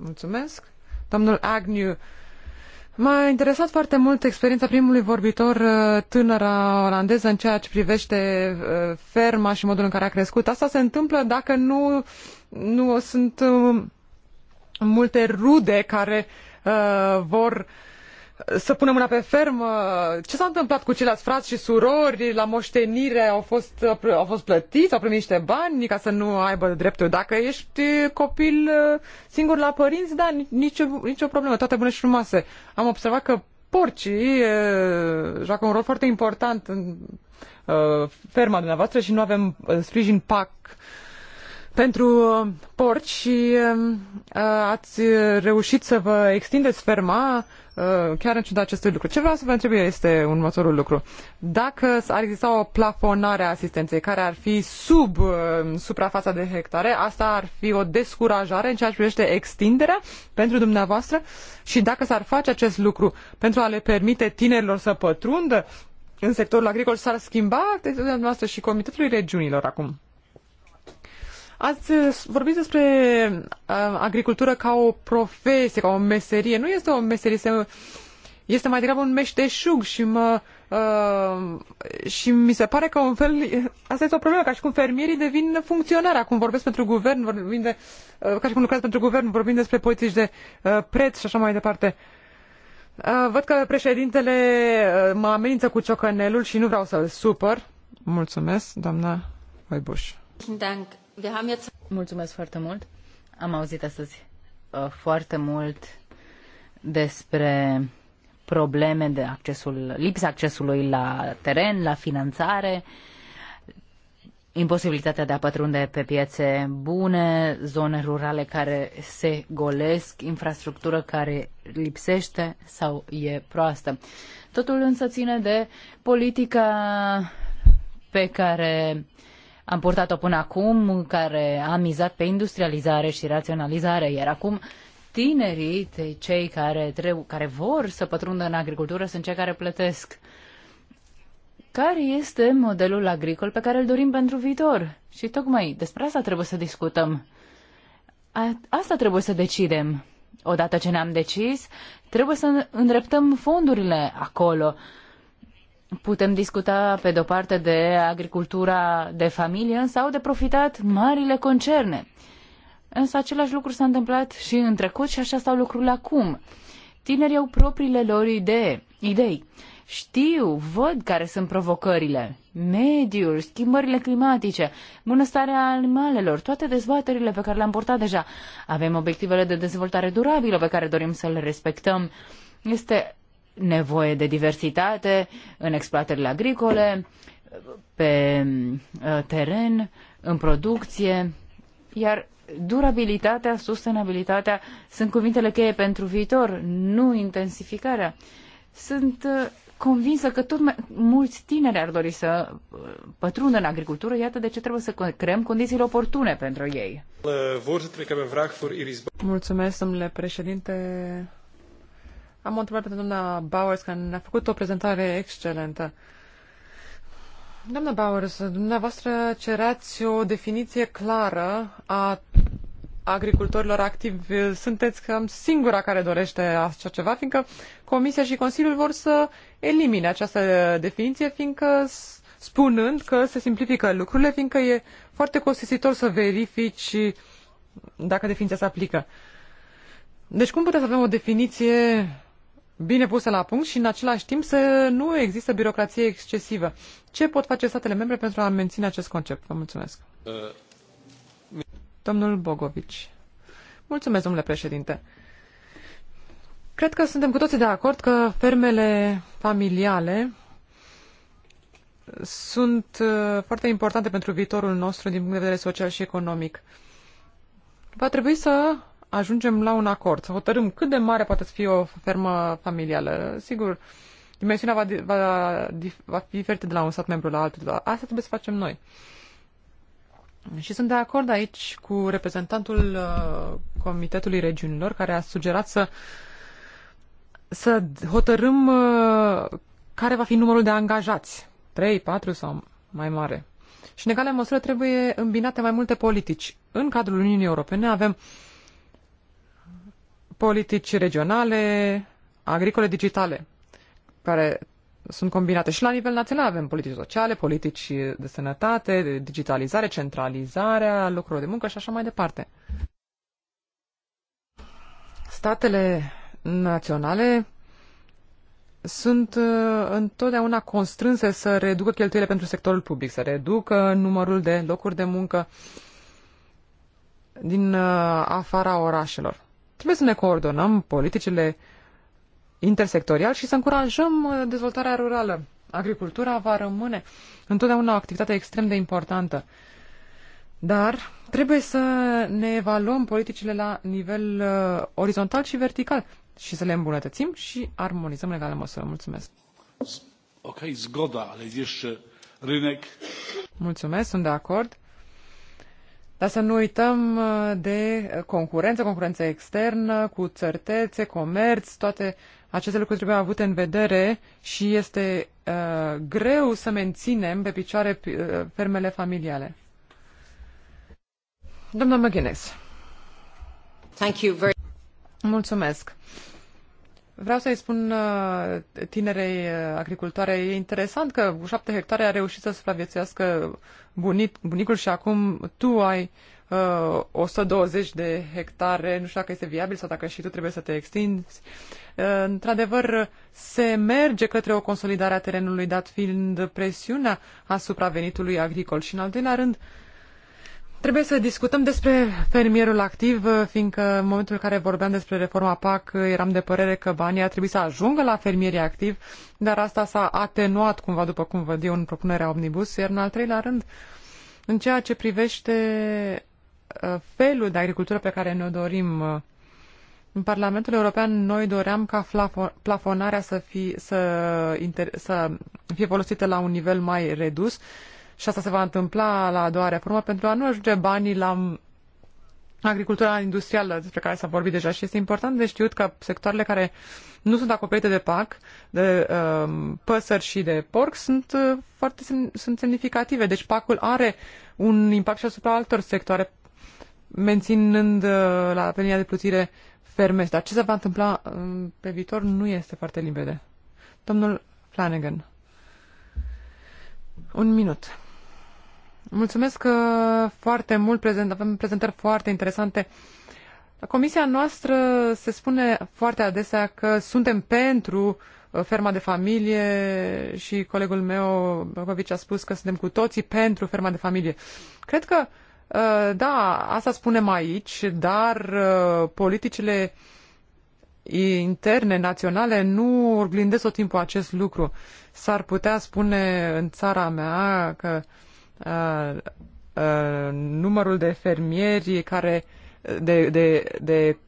Speaker 4: Mulțumesc. Domnul Agnew, M-a interesat foarte mult experiența primului vorbitor uh, tânăra olandeză în ceea ce privește uh, ferma și modul în care a crescut. Asta se întâmplă dacă nu, nu sunt um, multe rude care uh, vor uh, să punem mâna pe fermă. Ce s-a întâmplat cu ceilalți frați și surori la moștenire? Au fost, uh, au fost plătiți, au primit niște bani ca să nu aibă drepturi. Dacă ești uh, copil uh, singur la părinți, da, nicio, nicio problemă, toate bune și frumoase. Am observat că porcii e, joacă un rol foarte important în e, ferma dumneavoastră și nu avem sprijin PAC pentru porci și ați reușit să vă extindeți ferma Uh, chiar în ciuda acestui lucru. Ce vreau să vă întreb eu este următorul lucru. Dacă ar exista o plafonare a asistenței care ar fi sub uh, suprafața de hectare, asta ar fi o descurajare în ceea ce privește extinderea pentru dumneavoastră și dacă s-ar face acest lucru pentru a le permite tinerilor să pătrundă în sectorul agricol, s-ar schimba atitudinea noastră și Comitetului Regiunilor acum. Ați eh, vorbit despre uh, agricultură ca o profesie, ca o meserie. Nu este o meserie, este, este mai degrabă un meșteșug și mă... Uh, și mi se pare că un fel, asta este o problemă, ca și cum fermierii devin funcționari. Acum vorbesc pentru guvern, vorbim de, uh, ca și cum lucrați pentru guvern, vorbim despre politici de uh, preț și așa mai departe. Văd că președintele mă amenință cu ciocănelul și nu vreau să-l supăr. Mulțumesc, doamna
Speaker 3: Oibuș. Mulțumesc foarte mult. Am auzit astăzi uh, foarte mult despre probleme de accesul, lipsa accesului la teren, la finanțare, imposibilitatea de a pătrunde pe piețe bune, zone rurale care se golesc, infrastructură care lipsește sau e proastă. Totul însă ține de politica pe care uh, am purtat-o până acum, care a mizat pe industrializare și raționalizare, iar acum tinerii, cei care, trebuie, care vor să pătrundă în agricultură, sunt cei care plătesc. Care este modelul agricol pe care îl dorim pentru viitor? Și tocmai despre asta trebuie să discutăm. A, asta trebuie să decidem. Odată ce ne-am decis, trebuie să îndreptăm fondurile acolo. Putem discuta, pe de-o parte, de agricultura de familie, însă au de profitat marile concerne. Însă același lucru s-a întâmplat și în trecut și așa stau lucrurile acum. Tinerii au propriile lor idee, idei. Știu, văd care sunt provocările. Mediul, schimbările climatice, bunăstarea animalelor, toate dezbaterile pe care le-am portat deja. Avem obiectivele de dezvoltare durabilă pe care dorim să le respectăm. Este nevoie de diversitate în exploatările agricole, pe uh, teren, în producție, iar durabilitatea, sustenabilitatea sunt cuvintele cheie pentru viitor, nu intensificarea. Sunt uh, convinsă că tot mai mulți tineri ar dori să uh, pătrundă în agricultură, iată de ce trebuie să creăm condițiile oportune pentru ei.
Speaker 4: Mulțumesc, domnule președinte. Am o întrebare pentru doamna Bowers, care ne-a făcut o prezentare excelentă. Doamna Bowers, dumneavoastră cereați o definiție clară a agricultorilor activi. Sunteți cam singura care dorește așa ceva, fiindcă Comisia și Consiliul vor să elimine această definiție, fiindcă spunând că se simplifică lucrurile, fiindcă e foarte costisitor să verifici dacă definiția se aplică. Deci cum puteți să avem o definiție bine puse la punct și în același timp să nu există birocrație excesivă. Ce pot face statele membre pentru a menține acest concept? Vă mulțumesc. Domnul Bogovici. Mulțumesc, domnule președinte. Cred că suntem cu toții de acord că fermele familiale sunt uh, foarte importante pentru viitorul nostru din punct de vedere social și economic. Va trebui să ajungem la un acord, să hotărâm cât de mare poate să fie o fermă familială. Sigur, dimensiunea va, va, va fi diferită de la un stat membru la altul, dar asta trebuie să facem noi. Și sunt de acord aici cu reprezentantul uh, Comitetului Regiunilor, care a sugerat să, să hotărâm uh, care va fi numărul de angajați. 3, 4 sau mai mare. Și în egală măsură trebuie îmbinate mai multe politici. În cadrul Uniunii Europene avem uh, politici regionale, agricole, digitale, care sunt combinate și la nivel național. Avem politici sociale, politici de sănătate, de digitalizare, centralizarea locurilor de muncă și așa mai departe. Statele naționale sunt uh, întotdeauna constrânse să reducă cheltuielile pentru sectorul public, să reducă numărul de locuri de muncă din uh, afara orașelor. Trebuie să ne coordonăm politicile intersectorial și să încurajăm uh, dezvoltarea rurală. Agricultura va rămâne întotdeauna o activitate extrem de importantă. Dar trebuie să ne evaluăm politicile la nivel uh, orizontal și vertical și să le îmbunătățim și armonizăm în egală măsură. Mulțumesc.
Speaker 1: Ok, zgoda, ale jeszcze
Speaker 4: Mulțumesc, sunt de acord. Dar să nu uităm uh, de concurență, concurență externă, cu țărtețe, comerț, toate aceste lucruri trebuie avute în vedere și este uh, greu să menținem pe picioare uh, fermele familiale. Domnul McGuinness. Thank you very... Mulțumesc. Vreau să-i spun uh, tinerei uh, agricultoare, e interesant că cu șapte hectare a reușit să supraviețuiască bunic, bunicul și acum tu ai uh, 120 de hectare, nu știu dacă este viabil sau dacă și tu trebuie să te extinzi. Uh, într-adevăr, se merge către o consolidare a terenului, dat fiind presiunea asupra venitului agricol. Și în al doilea rând, uh, Trebuie să discutăm despre fermierul activ, fiindcă în momentul în care vorbeam despre reforma PAC eram de părere că banii ar trebui să ajungă la fermierii activi, dar asta s-a atenuat cumva, după cum văd eu, în propunerea Omnibus, iar în al treilea rând, în ceea ce privește uh, felul de agricultură pe care ne-o dorim uh, în Parlamentul European noi doream ca plafonarea să, fie, să, inter, să fie folosită la un nivel mai redus și asta se va întâmpla la a doua reformă pentru a nu ajunge banii la agricultura industrială despre care s-a vorbit deja și este important de știut că sectoarele care nu sunt acoperite de PAC, de uh, păsări și de porc, sunt uh, foarte sunt semnificative. Deci PAC-ul are un impact și asupra altor sectoare, menținând uh, la linia de plutire ferme. Dar ce se va întâmpla uh, pe viitor nu este foarte limpede. Domnul Flanagan. Un minut. Mulțumesc uh, foarte mult, avem prezentări foarte interesante. comisia noastră se spune foarte adesea că suntem pentru uh, ferma de familie și colegul meu, Bogovici, a spus că suntem cu toții pentru ferma de familie. Cred că, uh, da, asta spunem aici, dar politicile interne, naționale, nu oglindesc tot timpul acest lucru. S-ar putea spune în țara mea că uh, Uh, uh, numărul de fermieri care de, de, de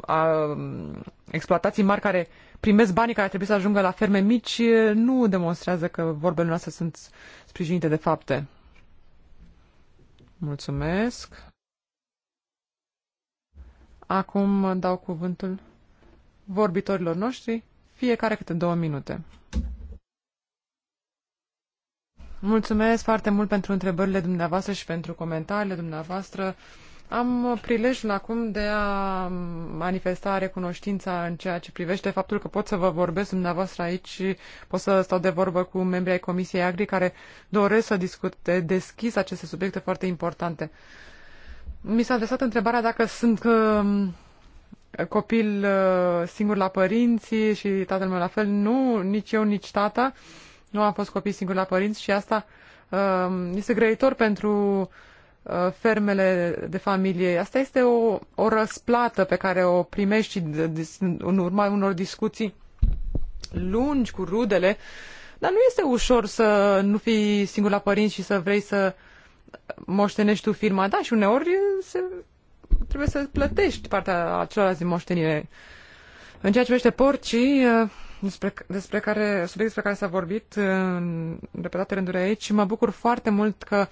Speaker 4: a, um, exploatații mari care primesc banii care trebuie să ajungă la ferme mici uh, nu demonstrează că vorbele noastre sunt sprijinite de fapte. Mulțumesc. Acum dau cuvântul vorbitorilor noștri, fiecare câte două minute. Mulțumesc foarte mult pentru întrebările dumneavoastră și pentru comentariile dumneavoastră. Am prilejul acum de a manifesta recunoștința în ceea ce privește faptul că pot să vă vorbesc dumneavoastră aici, pot să stau de vorbă cu membrii ai Comisiei Agri care doresc să discute deschis aceste subiecte foarte importante. Mi s-a adresat întrebarea dacă sunt că um, copil uh, singur la părinții și tatăl meu la fel. Nu, nici eu, nici tata. Uh, nu am fost copii singuri la părinți și asta um, este grăitor pentru uh, fermele de familie. Asta este o, o răsplată pe care o primești în urma unor discuții lungi cu rudele, dar nu este ușor să nu fii singur la părinți și să vrei să moștenești tu firma. Da, și uneori se, trebuie să plătești partea acelorlalți din moștenire. În ceea ce privește porcii, uh, despre, despre care, subiect despre care s-a vorbit uh, în repetate rânduri aici mă bucur foarte mult că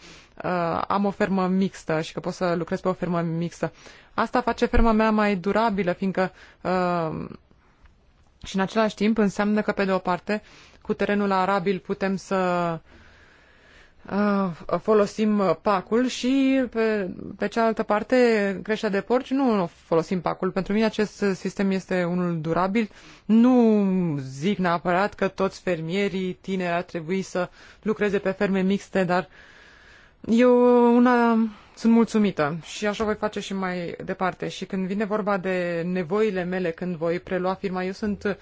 Speaker 4: uh, am o fermă mixtă și că pot să lucrez pe o fermă mixtă. Asta face ferma mea mai durabilă, fiindcă uh, și în același timp înseamnă că, pe de o parte, cu terenul arabil putem să uh, Ah, folosim uh, pacul și pe, pe cealaltă parte creștea de porci nu folosim pacul. Pentru mine acest sistem este unul durabil. Nu zic neapărat că toți fermierii tineri ar trebui să lucreze pe ferme mixte, dar eu una sunt mulțumită și așa voi face și mai departe. Și când vine vorba de nevoile mele, când voi prelua firma, eu sunt uh,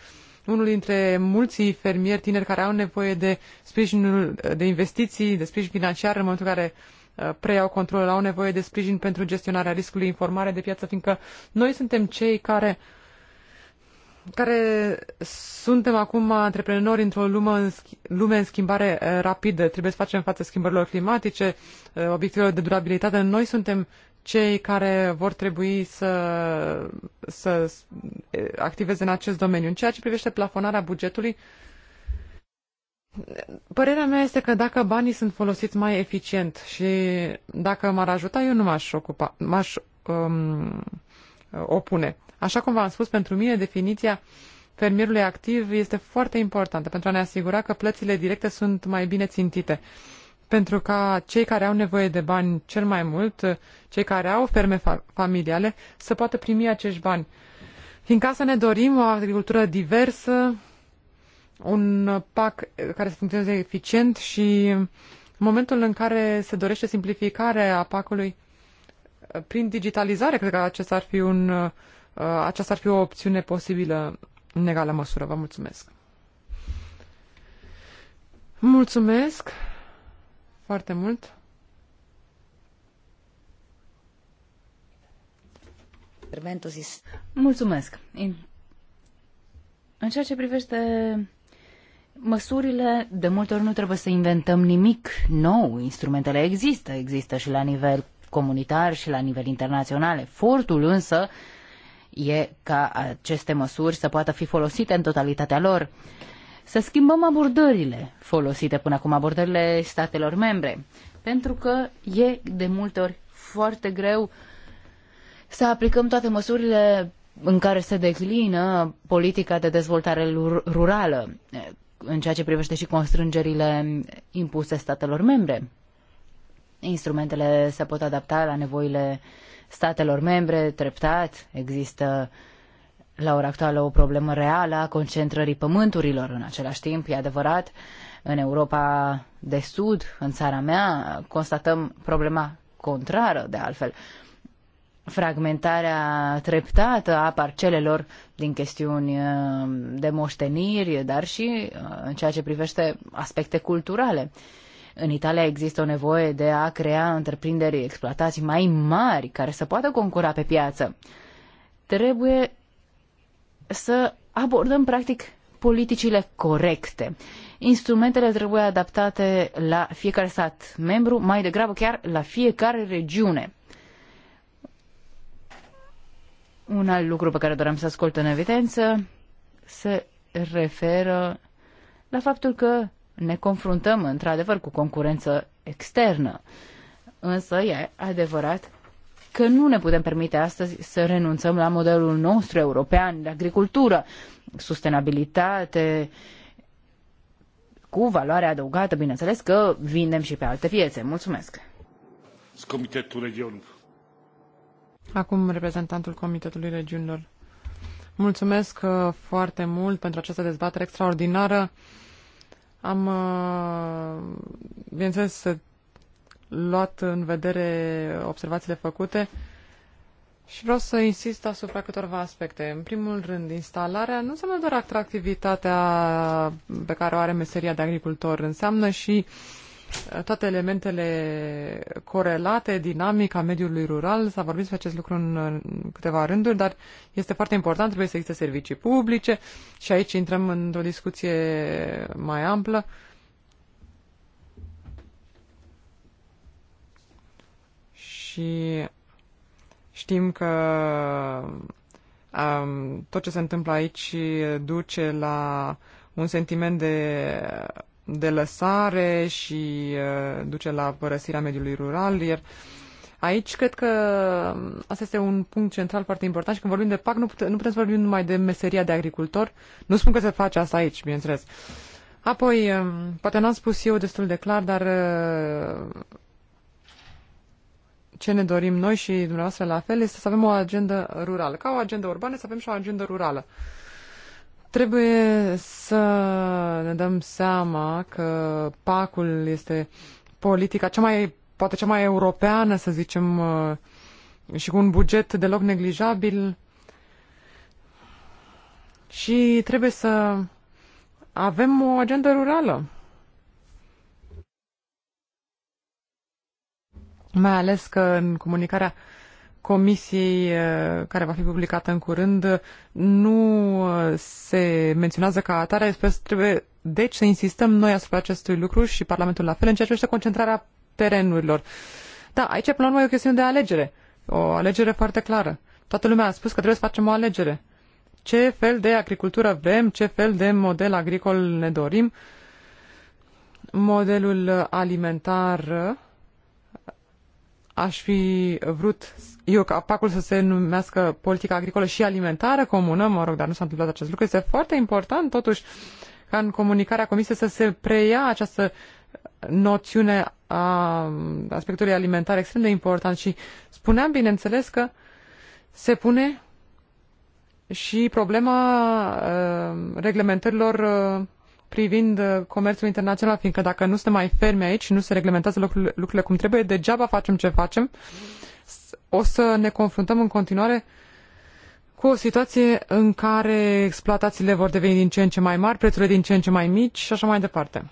Speaker 4: unul dintre mulții fermieri tineri care au nevoie de sprijinul de investiții, de sprijin financiar în momentul în care uh, preiau controlul, au nevoie de sprijin pentru gestionarea riscului, informare de piață, fiindcă noi suntem cei care care suntem acum antreprenori într-o lume, în lume în schimbare uh, rapidă. Trebuie să facem față schimbărilor climatice, uh, obiectivelor de durabilitate. Noi suntem cei care vor trebui să, să activeze în acest domeniu. În ceea ce privește plafonarea bugetului, părerea mea este că dacă banii sunt folosiți mai eficient și dacă m-ar ajuta, eu nu m-aș ocupa, m-aș um, opune. Așa cum v-am spus, pentru mine definiția fermierului activ este foarte importantă pentru a ne asigura că plățile directe sunt mai bine țintite. Uh, pentru ca cei care au nevoie de bani cel mai mult, cei care au ferme fa familiale, să poată primi acești bani. Fiindcă casa ne dorim, o agricultură diversă, un PAC care să funcționeze eficient și în momentul în care se dorește simplificarea PAC-ului prin digitalizare, cred că acesta ar fi un, uh, aceasta ar fi o opțiune posibilă în egală măsură. Vă mulțumesc! Mulțumesc! foarte mult.
Speaker 3: Mulțumesc. În ceea ce privește măsurile, de multe ori nu trebuie să inventăm nimic nou. Instrumentele există, există și la nivel comunitar și la nivel internațional. Efortul însă e ca aceste măsuri să poată fi folosite în totalitatea lor să schimbăm abordările folosite până acum, abordările statelor membre, pentru că e de multe ori foarte greu să aplicăm toate măsurile în care se declină politica de dezvoltare rurală, în ceea ce privește și constrângerile impuse statelor membre. Instrumentele se pot adapta la nevoile statelor membre, treptat, există uh, la ora actuală o problemă reală a concentrării pământurilor. În același timp, e adevărat, în Europa de Sud, în țara mea, constatăm problema contrară, de altfel, fragmentarea treptată a parcelelor din chestiuni uh, de moșteniri, dar și uh, în ceea ce privește aspecte culturale. În Italia există o nevoie de a crea întreprinderi, exploatații mai mari care să poată concura pe piață. Trebuie să abordăm practic politicile corecte. Instrumentele trebuie adaptate la fiecare stat membru, mai degrabă chiar la fiecare regiune. Un alt lucru pe care doream să ascolt în evidență se referă la faptul că ne confruntăm într-adevăr cu concurență externă. Însă e adevărat că nu ne putem permite astăzi să renunțăm la modelul nostru european de agricultură, sustenabilitate, cu valoare adăugată, bineînțeles că vindem și pe alte piețe. Mulțumesc!
Speaker 1: Comitetul regiunilor.
Speaker 3: Acum reprezentantul Comitetului Regiunilor.
Speaker 4: Mulțumesc uh, foarte mult pentru această dezbatere extraordinară. Am, uh, bineînțeles, luat în vedere observațiile făcute și vreau să insist asupra câtorva aspecte. În primul rând, instalarea nu înseamnă doar atractivitatea pe care o are meseria de agricultor, înseamnă și uh, toate elementele corelate, dinamica mediului rural. S-a vorbit despre acest lucru în câteva rânduri, dar este foarte important, trebuie să existe servicii publice și aici intrăm într-o discuție mai amplă. Uh, și știm că um, tot ce se întâmplă aici duce la un sentiment de, de lăsare și uh, duce la părăsirea mediului rural, iar Aici cred că asta este un punct central foarte important și când vorbim de PAC nu, putem, nu putem să vorbim numai de meseria de agricultor. Nu spun că se face asta aici, bineînțeles. Apoi, um, poate n-am spus eu destul de clar, dar uh, ce ne dorim noi și dumneavoastră la fel este să avem o agendă rurală. Ca o agendă urbană să avem și o agendă rurală. Trebuie să ne dăm seama că pacul este politica cea mai, poate cea mai europeană, să zicem, uh, și cu un buget deloc neglijabil. Și trebuie să avem o agendă rurală. mai ales că în comunicarea comisiei uh, care va fi publicată în curând nu uh, se menționează ca atare, deci trebuie deci să insistăm noi asupra acestui lucru și Parlamentul la fel în ceea ce concentrarea terenurilor. Da, aici până la urmă e o chestiune de alegere, o alegere foarte clară. Toată lumea a spus că trebuie să facem o alegere. Ce fel de agricultură vrem, ce fel de model agricol ne dorim, modelul alimentar aș fi vrut eu ca să se numească politica agricolă și alimentară comună, mă rog, dar nu s-a întâmplat acest lucru. Este foarte important, totuși, ca în comunicarea comisiei să se preia această noțiune a aspectului alimentar extrem de important și spuneam, bineînțeles, că se pune și problema uh, reglementărilor uh, privind uh, comerțul internațional, fiindcă dacă nu suntem mai fermi aici și nu se reglementează lucrurile, lucrurile cum trebuie, degeaba facem ce facem, o să ne confruntăm în continuare cu o situație în care exploatațiile vor deveni din ce în ce mai mari, prețurile din ce în ce mai mici și așa mai departe.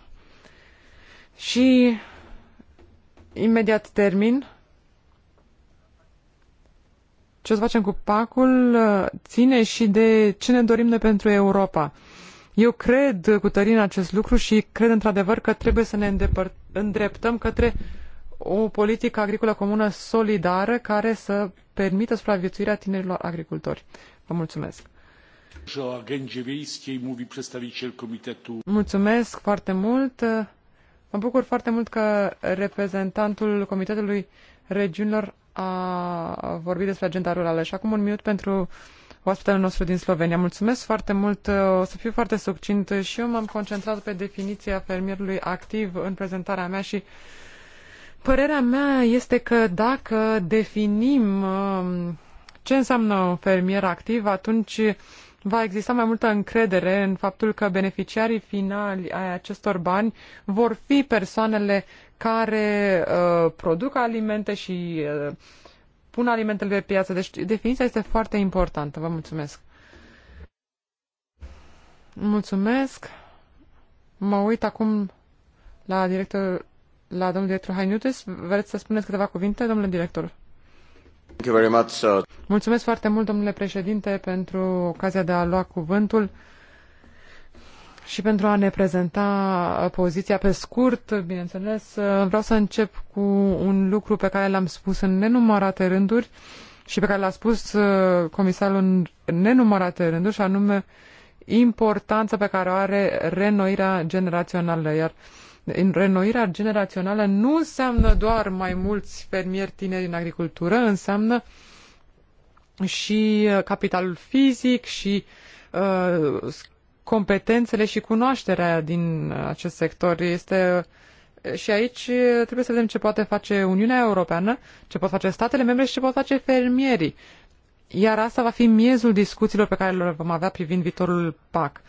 Speaker 4: Și imediat termin. Ce o să facem cu pacul ține și de ce ne dorim noi pentru Europa. Eu cred cu tărie în acest lucru și cred într-adevăr că trebuie să ne îndreptăm către o politică agricolă comună solidară care să permită supraviețuirea tinerilor agricultori. Vă mulțumesc! Mulțumesc foarte mult! Mă bucur foarte mult că reprezentantul Comitetului Regiunilor a vorbit despre agenda rurală. Și acum un minut pentru oaspetele nostru din Slovenia. Mulțumesc foarte mult, uh, o să fiu foarte succint și eu m-am concentrat pe definiția fermierului activ în prezentarea mea și părerea mea este că dacă definim um, ce înseamnă un fermier activ, atunci va exista mai multă încredere în faptul că beneficiarii finali ai acestor bani vor fi persoanele care uh, produc alimente și uh, pun alimentele pe piață. Deci definiția este foarte importantă. Vă mulțumesc. Mulțumesc. Mă uit acum la director, la domnul director Hainutis. Vreți să spuneți câteva cuvinte, domnule director? Mulțumesc foarte mult, domnule președinte, pentru ocazia de a lua cuvântul și pentru a ne prezenta uh, poziția pe scurt, bineînțeles, uh, vreau să încep cu un lucru pe care l-am spus în nenumărate rânduri și pe care l-a spus uh, comisarul în nenumărate rânduri, și anume importanța pe care o are renoirea generațională. Iar renoirea generațională nu înseamnă doar mai mulți fermieri tineri în agricultură, înseamnă și capitalul fizic și uh, competențele și cunoașterea din acest sector. Este și aici trebuie să vedem ce poate face Uniunea Europeană, ce pot face statele membre și ce pot face fermierii. Iar asta va fi miezul discuțiilor pe care le vom avea privind viitorul PAC.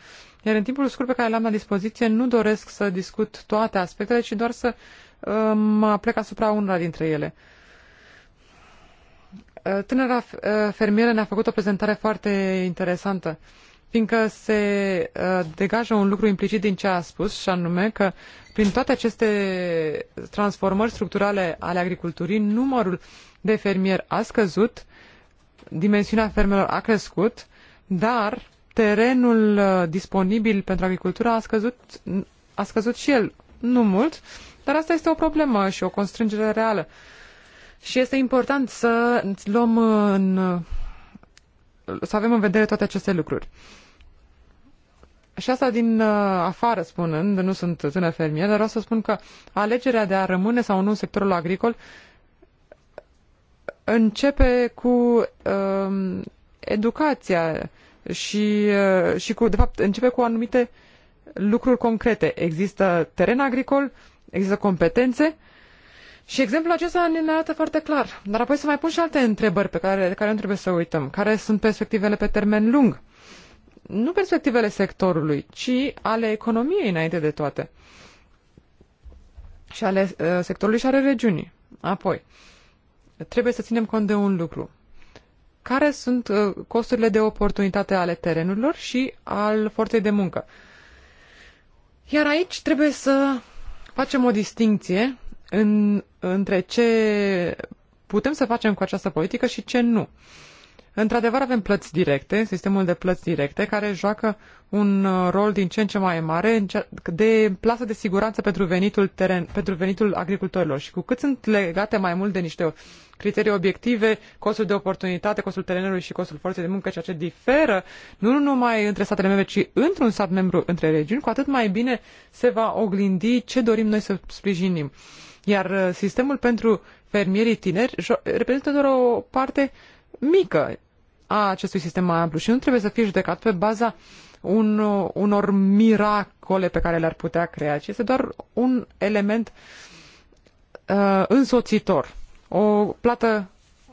Speaker 4: Iar în timpul scurt pe care l-am la dispoziție, nu doresc să discut toate aspectele, ci doar să uh, mă um, plec asupra unora dintre ele. Uh, tânăra uh, fermieră ne-a făcut o prezentare foarte interesantă. Uh, fiindcă se uh, degajă un lucru implicit din ce a spus, și anume că prin toate aceste transformări structurale ale agriculturii, numărul de fermieri a scăzut, dimensiunea fermelor a crescut, dar terenul uh, disponibil pentru agricultură a scăzut, a scăzut și el, nu mult, dar asta este o problemă și o constrângere reală. Și este important să luăm în, să avem în vedere toate aceste lucruri. Și asta din uh, afară spunând, nu sunt tânăr fermier, dar vreau să spun că alegerea de a rămâne sau nu în sectorul agricol începe cu uh, educația și, uh, și cu, de fapt, începe cu anumite lucruri concrete. Există teren agricol, există competențe și exemplul acesta ne arată foarte clar. Dar apoi să mai pun și alte întrebări pe care, de care nu trebuie să uităm. Care sunt perspectivele pe termen lung? nu perspectivele sectorului, ci ale economiei înainte de toate și ale uh, sectorului și ale regiunii. Apoi, trebuie să ținem cont de un lucru. Care sunt uh, costurile de oportunitate ale terenurilor și al forței de muncă? Iar aici trebuie să facem o distinție în, între ce putem să facem cu această politică și ce nu. Uh, Într-adevăr, avem plăți directe, sistemul de plăți directe, care joacă un uh, rol din ce în ce mai mare de plasă de siguranță pentru venitul, teren, pentru venitul agricultorilor. Și cu cât sunt legate mai mult de niște criterii obiective, costul de oportunitate, costul terenului și costul forței de muncă, ceea ce diferă nu numai între statele membre, ci într-un stat membru între regiuni, cu atât mai bine se va oglindi ce dorim noi să sprijinim. Iar uh, sistemul pentru fermierii tineri reprezintă doar o parte mică a acestui sistem mai amplu și nu trebuie să fie judecat pe baza un, unor miracole pe care le-ar putea crea, ci este doar un element uh, însoțitor, o plată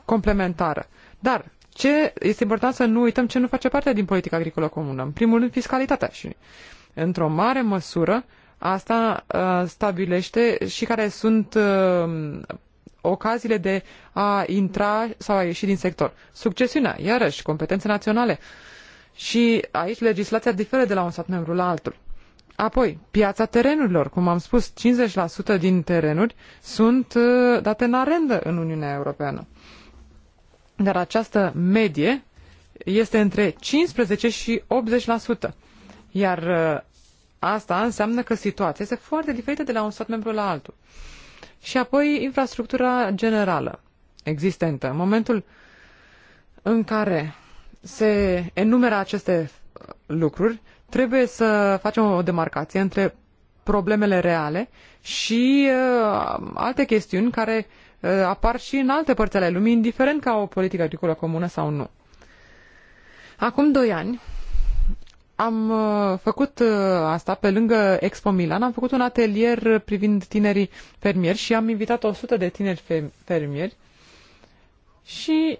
Speaker 4: complementară. Dar ce este important să nu uităm ce nu face parte din politica agricolă comună? În primul rând, fiscalitatea și, într-o mare măsură, asta uh, stabilește și care sunt uh, ocaziile de a intra sau a ieși din sector. Succesiunea, iarăși, competențe naționale. Și aici legislația diferă de la un stat membru la altul. Apoi, piața terenurilor. Cum am spus, 50% din terenuri sunt uh, date în arendă în Uniunea Europeană. Dar această medie este între 15 și 80%. Iar uh, asta înseamnă că situația este foarte diferită de la un stat membru la altul și apoi infrastructura generală existentă. În momentul în care se enumeră aceste lucruri, trebuie să facem o demarcație între problemele reale și uh, alte chestiuni care uh, apar și în alte părți ale lumii, indiferent ca o politică agricolă comună sau nu. Acum doi ani, am uh, făcut uh, asta pe lângă Expo Milan, am făcut un atelier privind tinerii fermieri și am invitat 100 de tineri fermieri și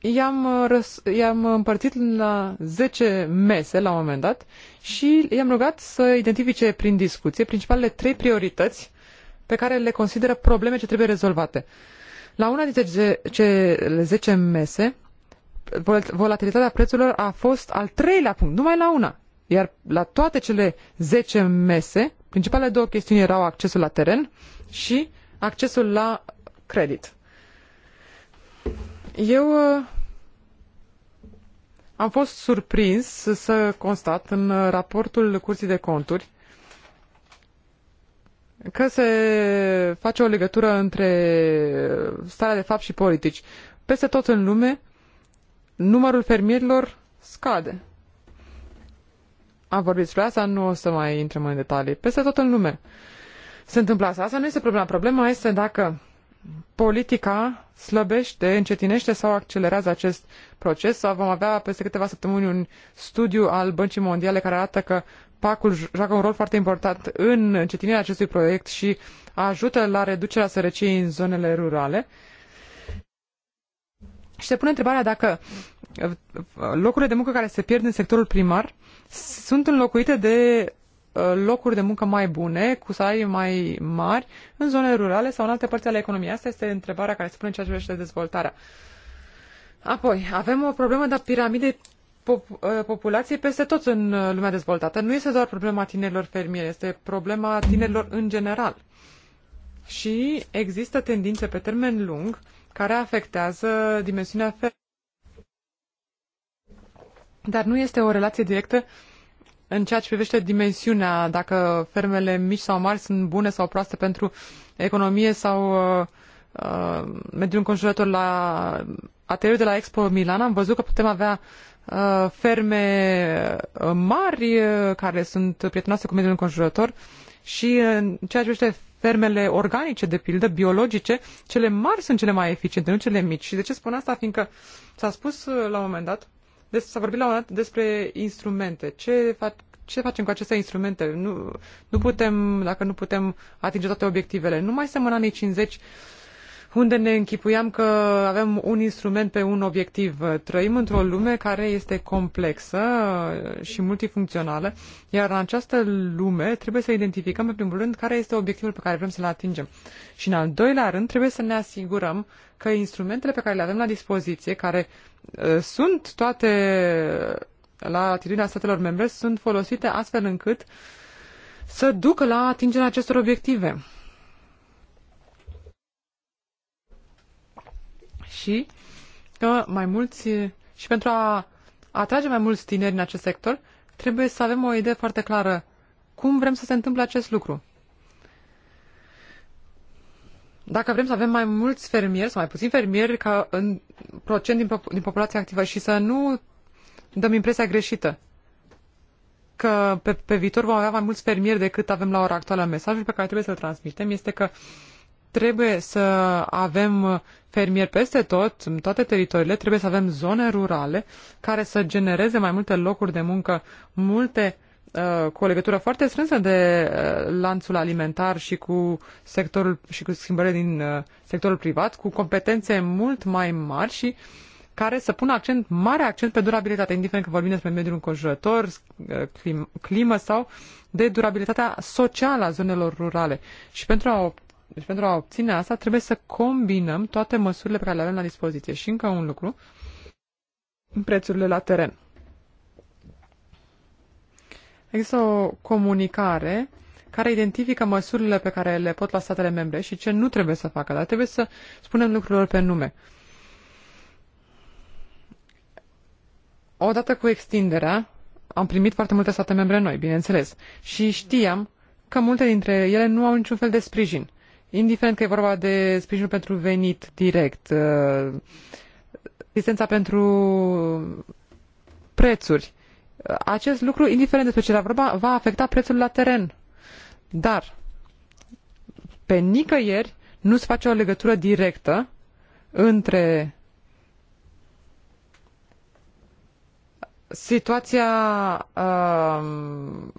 Speaker 4: i-am, uh, i-am împărțit la 10 mese la un moment dat și i-am rugat să identifice prin discuție principalele trei priorități pe care le consideră probleme ce trebuie rezolvate. La una dintre cele 10 mese, volatilitatea prețurilor a fost al treilea punct, numai la una. Iar la toate cele 10 mese, principalele două chestiuni erau accesul la teren și accesul la credit. Eu uh, am fost surprins să constat în uh, raportul Curții de Conturi că se face o legătură între uh, starea de fapt și politici. Peste tot în lume, numărul fermierilor scade. Am vorbit despre asta, nu o să mai intrăm în detalii. Peste tot în lume se întâmplă asta. Asta nu este problema. Problema este dacă politica slăbește, încetinește sau accelerează acest proces sau vom avea peste câteva săptămâni un studiu al Băncii Mondiale care arată că PAC-ul joacă un rol foarte important în încetinirea acestui proiect și ajută la reducerea sărăciei în zonele rurale. Uh, și se pune întrebarea dacă uh, uh, locurile de muncă care se pierd în sectorul primar sunt înlocuite de uh, locuri de muncă mai bune, cu salarii mai mari, în zone rurale sau în alte părți ale economiei. Asta este întrebarea care se pune în ceea ce privește dezvoltarea. Apoi, avem o problemă de piramide populației peste tot în lumea dezvoltată. Nu este doar problema tinerilor fermieri, este problema tinerilor în general. Și există tendințe pe termen lung care afectează dimensiunea femeii. Dar nu este o relație directă în ceea ce privește dimensiunea, dacă fermele mici sau mari sunt bune sau proaste pentru economie sau uh, uh, mediul înconjurător. La atelierul de la Expo Milan am văzut că putem avea uh, ferme uh, mari uh, care sunt prietenoase cu mediul înconjurător și în ceea ce privește fermele organice, de pildă, biologice, cele mari sunt cele mai eficiente, nu cele mici. Și de ce spun asta? Fiindcă s-a spus uh, la un moment dat, s-a vorbit la un moment dat despre instrumente. Ce, fac, ce facem cu aceste instrumente? Nu, nu putem, dacă nu putem atinge toate obiectivele, nu mai semăna anii 50 unde ne închipuiam că avem un instrument pe un obiectiv. Trăim într-o lume care este complexă și multifuncțională, iar în această lume trebuie să identificăm, în primul rând, care este obiectivul pe care vrem să-l atingem. Și, în al doilea rând, trebuie să ne asigurăm că instrumentele pe care le avem la dispoziție, care uh, sunt toate uh, la atitudinea statelor membre, sunt folosite astfel încât să ducă la atingerea acestor obiective. și că mai mulți și pentru a atrage mai mulți tineri în acest sector, trebuie să avem o idee foarte clară cum vrem să se întâmple acest lucru. Dacă vrem să avem mai mulți fermieri sau mai puțini fermieri ca în procent din, pop- din populația activă și să nu dăm impresia greșită că pe, pe viitor vom avea mai mulți fermieri decât avem la ora actuală, mesajul pe care trebuie să-l transmitem este că uh, Trebuie să avem fermieri peste tot, în toate teritoriile, trebuie să avem zone rurale care să genereze mai multe locuri de muncă, multe uh, cu o legătură foarte strânsă de uh, lanțul alimentar și cu sectorul și cu schimbările din uh, sectorul privat, cu competențe mult mai mari și care să pună accent, mare accent pe durabilitate, indiferent că vorbim despre mediul înconjurător, clim, climă sau de durabilitatea socială a zonelor rurale. Și pentru a deci pentru a obține asta trebuie să combinăm toate măsurile pe care le avem la dispoziție. Și încă un lucru, prețurile la teren. Există o comunicare care identifică măsurile pe care le pot la statele membre și ce nu trebuie să facă, dar trebuie să spunem lucrurilor pe nume. Odată cu extinderea, am primit foarte multe state membre noi, bineînțeles, și știam că multe dintre ele nu au niciun fel de sprijin indiferent că e vorba de sprijinul pentru venit direct, uh, asistența pentru prețuri, uh, acest lucru, indiferent despre ce era vorba, va afecta prețul la teren. Dar pe nicăieri nu se face o legătură directă între situația uh,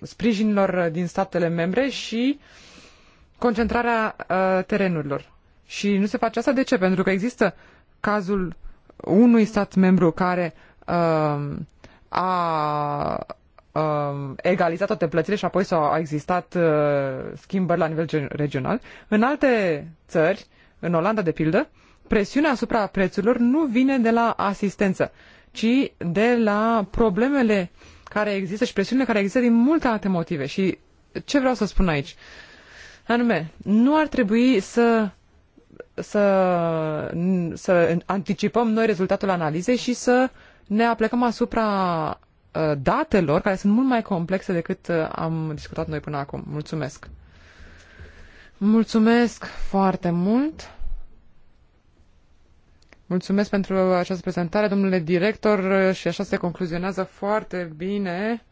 Speaker 4: sprijinilor din statele membre și uh, concentrarea uh, terenurilor. Și nu se face asta de ce? Pentru că există cazul unui stat membru care uh, a uh, egalizat toate plățile și apoi s-au existat uh, schimbări la nivel regional. În alte țări, în Olanda de pildă, presiunea asupra prețurilor nu vine de la asistență, ci de la problemele care există și presiunile care există din multe alte motive. Și ce vreau să spun aici? Uh, Anume, nu ar trebui să să, să anticipăm noi rezultatul analizei și să ne aplecăm asupra uh, datelor care sunt mult mai complexe decât uh, am discutat noi până acum. Mulțumesc! Mulțumesc foarte mult! Mulțumesc pentru această prezentare, domnule director, și așa se concluzionează foarte bine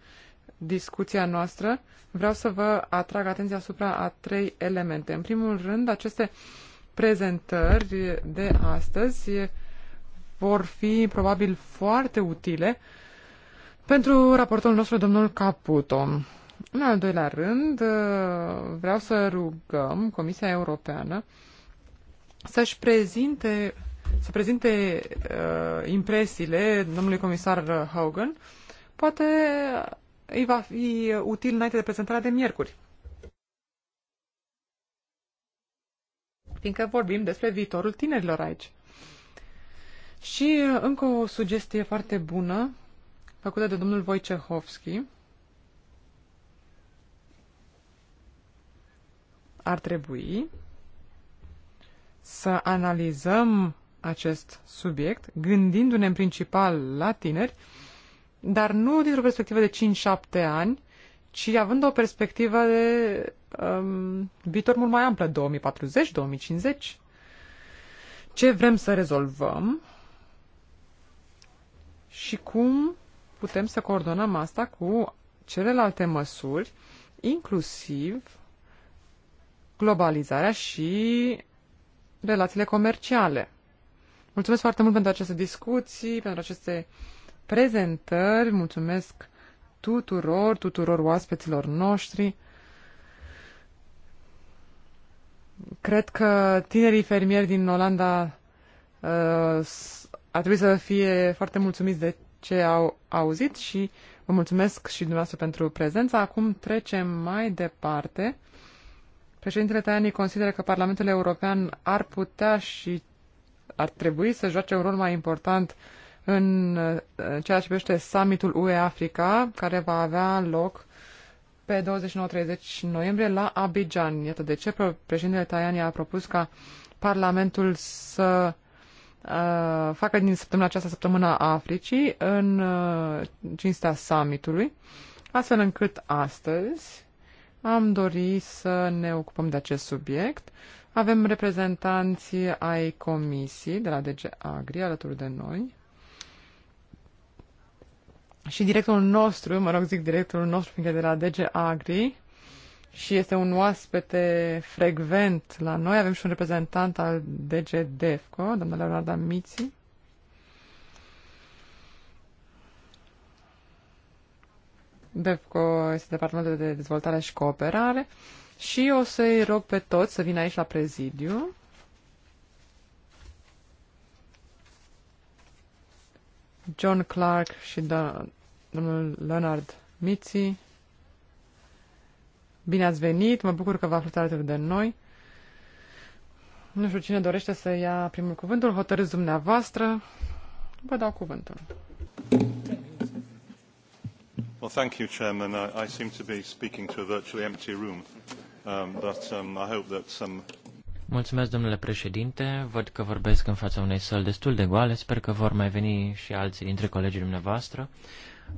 Speaker 4: discuția noastră, vreau să vă atrag atenția asupra a trei elemente. În primul rând, aceste prezentări de astăzi vor fi probabil foarte utile pentru raportul nostru, domnul Caputo. În al doilea rând, vreau să rugăm Comisia Europeană să-și prezinte, să prezinte uh, impresiile domnului comisar Hogan. Poate îi va fi util înainte de prezentarea de miercuri. Fiindcă vorbim despre viitorul tinerilor aici. Și încă o sugestie foarte bună, făcută de domnul Wojciechowski. Ar trebui să analizăm acest subiect, gândindu-ne în principal la tineri, dar nu dintr-o perspectivă de 5-7 ani, ci având o perspectivă de um, viitor mult mai amplă, 2040-2050. Ce vrem să rezolvăm și cum putem să coordonăm asta cu celelalte măsuri, inclusiv globalizarea și relațiile comerciale. Mulțumesc foarte mult pentru aceste discuții, pentru aceste uh, prezentări, mulțumesc tuturor, tuturor oaspeților noștri. Cred că tinerii fermieri din Olanda uh, ar trebui să fie foarte mulțumiți de ce au auzit și vă mulțumesc și dumneavoastră pentru prezența. Acum trecem mai departe. Președintele Tajani consideră că Parlamentul European ar putea și ar trebui să joace un rol mai important uh, în ceea ce privește summitul UE-Africa, care va avea loc pe 29-30 noiembrie la Abidjan. Iată de ce președintele Tajani a propus ca Parlamentul să uh, facă din săptămâna aceasta săptămâna Africii în uh, cinstea summitului, astfel încât astăzi am dori să ne ocupăm de acest subiect. Avem reprezentanții ai comisii de la DG Agri alături de noi și directorul nostru, mă rog zic directorul nostru, fiindcă de la DG Agri, și este un oaspete frecvent la noi. Avem și un reprezentant al DG DEFCO, doamna Leonarda Miți. DEFCO este Departamentul de Dezvoltare și Cooperare și o să-i rog pe toți să vină aici la prezidiu John Clark și domnul Leonard Mitzi. Bine ați venit, mă bucur că vă aflați alături de noi. Nu știu cine dorește să ia primul cuvântul, hotărâți dumneavoastră. Vă dau cuvântul.
Speaker 1: Well, thank you, Chairman. I, I seem to be speaking to a virtually empty room, um, but um, I hope that some um,
Speaker 2: Mulțumesc, domnule președinte. Văd că vorbesc în fața unei săli destul de goale. Sper că vor mai veni și alții dintre colegii dumneavoastră.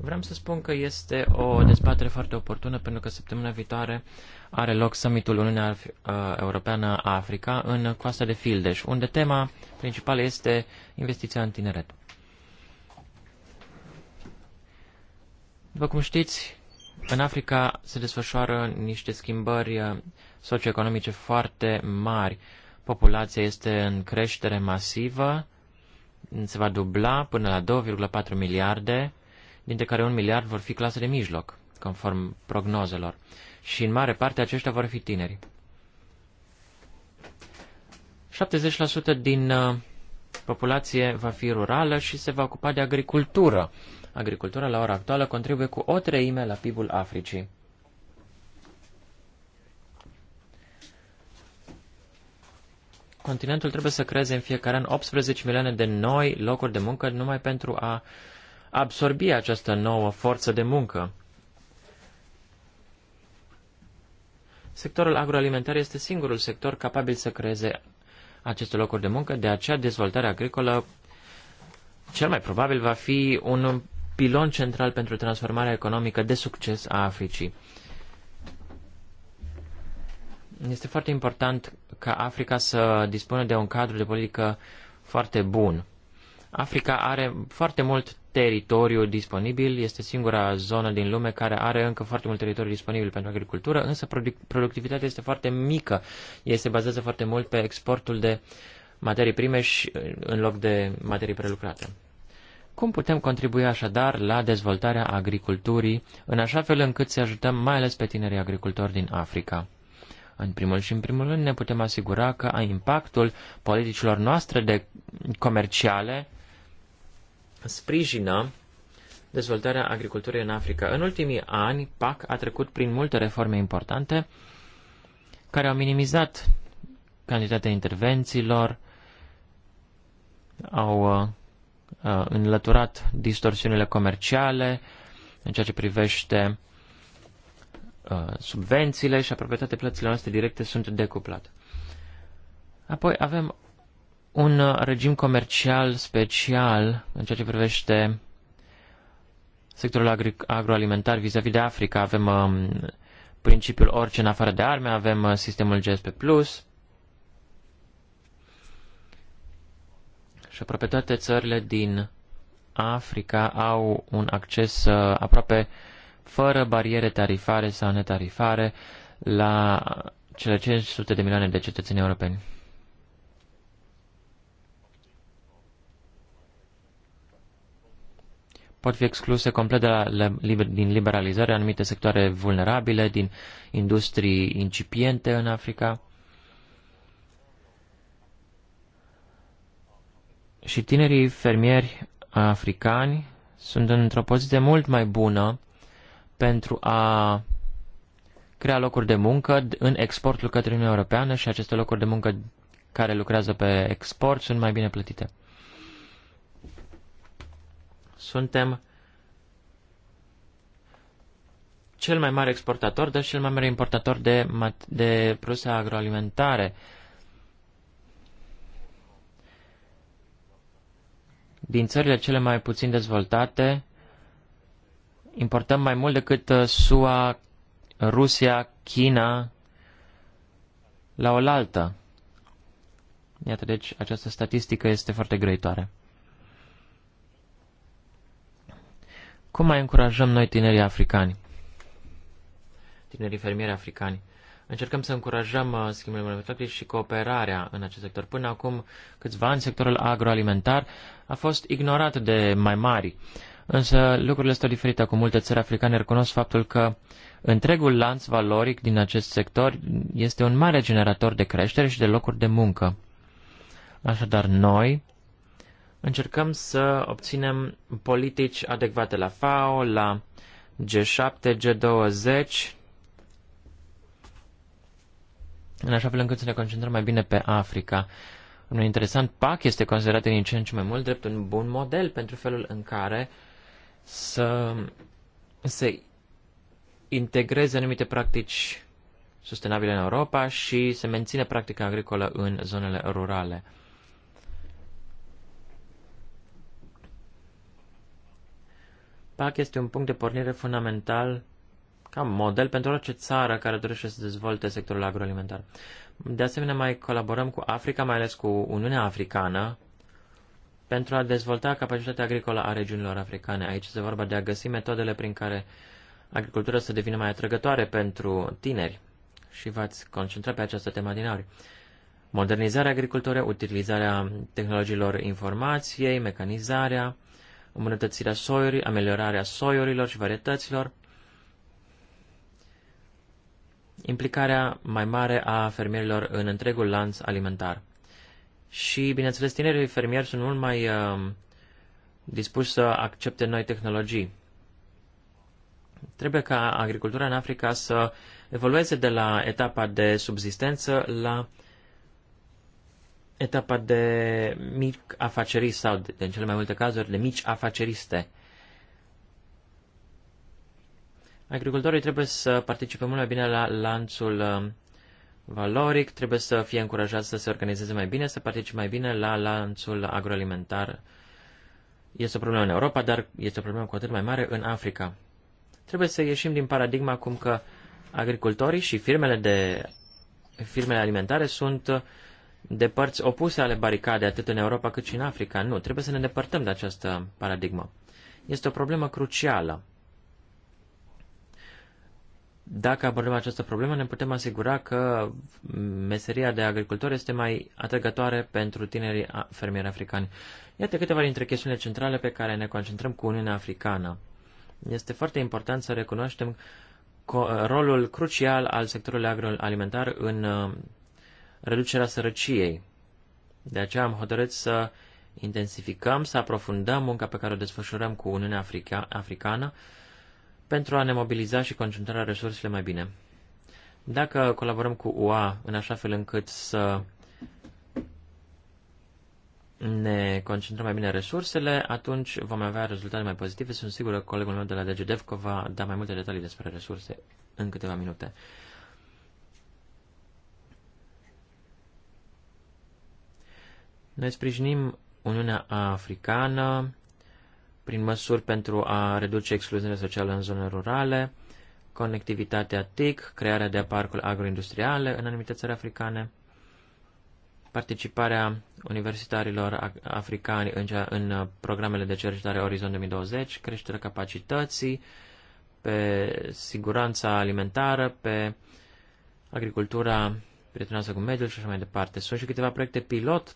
Speaker 2: Vreau să spun că este o dezbatere foarte oportună pentru că săptămâna viitoare are loc summitul Uniunea uh, Europeană a Africa în coasta de Fildeș, unde tema principală este investiția în tineret. După cum știți, în Africa se desfășoară niște schimbări uh, socioeconomice foarte mari. Populația este în creștere masivă, se va dubla până la 2,4 miliarde, dintre care un miliard vor fi clasă de mijloc, conform prognozelor. Și în mare parte aceștia vor fi tineri. 70% din uh, populație va fi rurală și se va ocupa de agricultură. Agricultura la ora actuală contribuie cu o treime la PIB-ul Africii. continentul trebuie să creeze în fiecare an 18 milioane de noi locuri de muncă numai pentru a absorbi această nouă forță de muncă. Sectorul agroalimentar este singurul sector capabil să creeze aceste locuri de muncă, de aceea dezvoltarea agricolă cel mai probabil va fi un pilon central pentru transformarea economică de succes a Africii. Este foarte important ca Africa să dispună de un cadru de politică foarte bun. Africa are foarte mult teritoriu disponibil, este singura zonă din lume care are încă foarte mult teritoriu disponibil pentru agricultură, însă productivitatea este foarte mică. Ei se bazează foarte mult pe exportul de materii prime și în loc de materii prelucrate. Cum putem contribui așadar la dezvoltarea agriculturii, în așa fel încât să ajutăm mai ales pe tinerii agricultori din Africa? În primul și în primul rând ne putem asigura că impactul politicilor noastre de comerciale sprijină dezvoltarea agriculturii în Africa. În ultimii ani, PAC a trecut prin multe reforme importante care au minimizat cantitatea intervențiilor, au uh, uh înlăturat distorsiunile comerciale în ceea ce privește uh, Uh, subvențiile și aproape toate plățile noastre directe sunt decuplate. Apoi avem un uh, regim comercial special în ceea ce privește sectorul agroalimentar vis-a-vis -vis de Africa. Avem um, principiul orice în afară de arme, avem uh, sistemul GSP+, Plus și aproape toate țările din Africa au un acces uh, aproape uh, fără bariere tarifare sau netarifare, la cele 500 de milioane de cetățeni europeni. Pot fi excluse complet de la, din liberalizare anumite sectoare vulnerabile, din industrii incipiente în Africa. Și tinerii fermieri africani sunt într-o poziție mult mai bună pentru a crea locuri de muncă în exportul către Uniunea Europeană și aceste locuri de muncă care lucrează pe export sunt mai bine plătite. Suntem cel mai mare exportator, dar și cel mai mare importator de, de produse agroalimentare. Din țările cele mai puțin dezvoltate, importăm mai mult decât uh, SUA, Rusia, China la oaltă. Iată, deci, această statistică este foarte greitoare. Cum mai încurajăm noi tinerii africani? Tinerii fermieri africani. Încercăm să încurajăm uh, schimbările manufacturiere și cooperarea în acest sector. Până acum câțiva ani, sectorul agroalimentar a fost ignorat de mai mari. Uh, Însă lucrurile stau diferite acum. Multe țări africane recunosc faptul că întregul lanț valoric din acest sector este un mare generator de creștere și de locuri de muncă. Așadar, noi încercăm să obținem politici adecvate la FAO, la G7, G20, în așa fel încât să ne concentrăm mai bine pe Africa. Un interesant PAC este considerat din ce în ce mai mult drept un bun model pentru felul în care uh, să se integreze anumite practici sustenabile în Europa și se menține practica agricolă în zonele rurale. PAC este un punct de pornire fundamental ca model pentru orice țară care dorește să dezvolte sectorul agroalimentar. De asemenea, mai colaborăm cu Africa, mai ales cu Uniunea Africană, pentru a dezvolta capacitatea agricolă a regiunilor africane. Aici se vorba de a găsi metodele prin care agricultura să devină mai atrăgătoare pentru tineri și v-ați concentra pe această temă din aur. Modernizarea agriculturii, utilizarea tehnologiilor informației, mecanizarea, îmbunătățirea soiurilor, ameliorarea soiurilor și varietăților, implicarea mai mare a fermierilor în întregul lanț alimentar și, bineînțeles, tinerii fermieri sunt mult mai uh, dispuși să accepte noi tehnologii. Trebuie ca agricultura în Africa să evolueze de la etapa de subzistență la etapa de mic afacerist sau, de, în cele mai multe cazuri, de mici afaceriste. Agricultorii trebuie să participe mult mai bine la lanțul um, valoric, trebuie să fie încurajat să se organizeze mai bine, să participe mai bine la lanțul agroalimentar. Este o problemă în Europa, dar este o problemă cu atât mai mare în Africa. Trebuie să ieșim din paradigma acum că agricultorii și firmele, de, firmele alimentare sunt de părți opuse ale baricadei, atât în Europa cât și în Africa. Nu, trebuie să ne depărtăm de această paradigmă. Este o problemă crucială dacă abordăm această problemă, ne putem asigura că meseria de agricultor este mai atrăgătoare pentru tinerii fermieri africani. Iată câteva dintre chestiunile centrale pe care ne concentrăm cu Uniunea Africană. Este foarte important să recunoaștem uh, rolul crucial al sectorului agroalimentar în uh, reducerea sărăciei. De aceea am hotărât să intensificăm, să aprofundăm munca pe care o desfășurăm cu Uniunea Africa- Africană pentru a ne mobiliza și concentra resursele mai bine. Dacă colaborăm cu UA în așa fel încât să ne concentrăm mai bine resursele, atunci vom avea rezultate mai pozitive. Sunt sigur că colegul meu de la DGDEVCO va da mai multe detalii despre resurse în câteva minute. Noi sprijinim Uniunea Africană prin măsuri pentru a reduce excluziunea socială în zone rurale, conectivitatea TIC, crearea de parcuri agroindustriale în anumite țări africane, participarea universitarilor africani în, cea, în uh, programele de cercetare Orizont 2020, creșterea capacității, pe siguranța alimentară, pe agricultura prietenoasă cu mediul și așa mai departe. Sunt și câteva proiecte pilot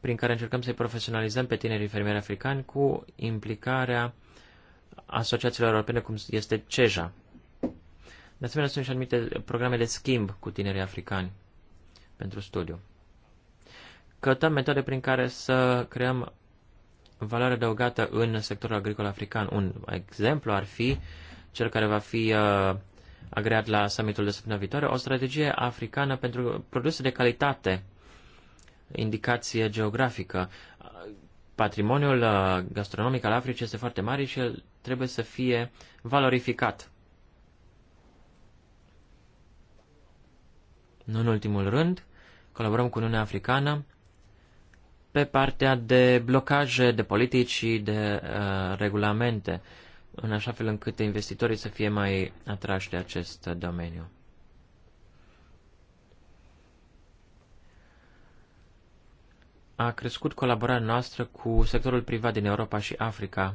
Speaker 2: prin care încercăm să-i profesionalizăm pe tinerii fermieri africani cu implicarea asociațiilor europene, cum este CEJA. De asemenea, sunt și anumite programe de schimb cu tinerii africani pentru studiu. Căutăm metode prin care să creăm valoare adăugată în sectorul agricol african. Un exemplu ar fi cel care va fi uh, agreat la summitul de săptămâna viitoare, o strategie africană pentru produse de calitate indicație geografică. Patrimoniul uh, gastronomic al Africii este foarte mare și el trebuie să fie valorificat. Nu în ultimul rând, colaborăm cu Uniunea Africană pe partea de blocaje de politici și de uh, regulamente, în așa fel încât investitorii să fie mai atrași de acest domeniu. a crescut colaborarea noastră cu sectorul privat din Europa și Africa.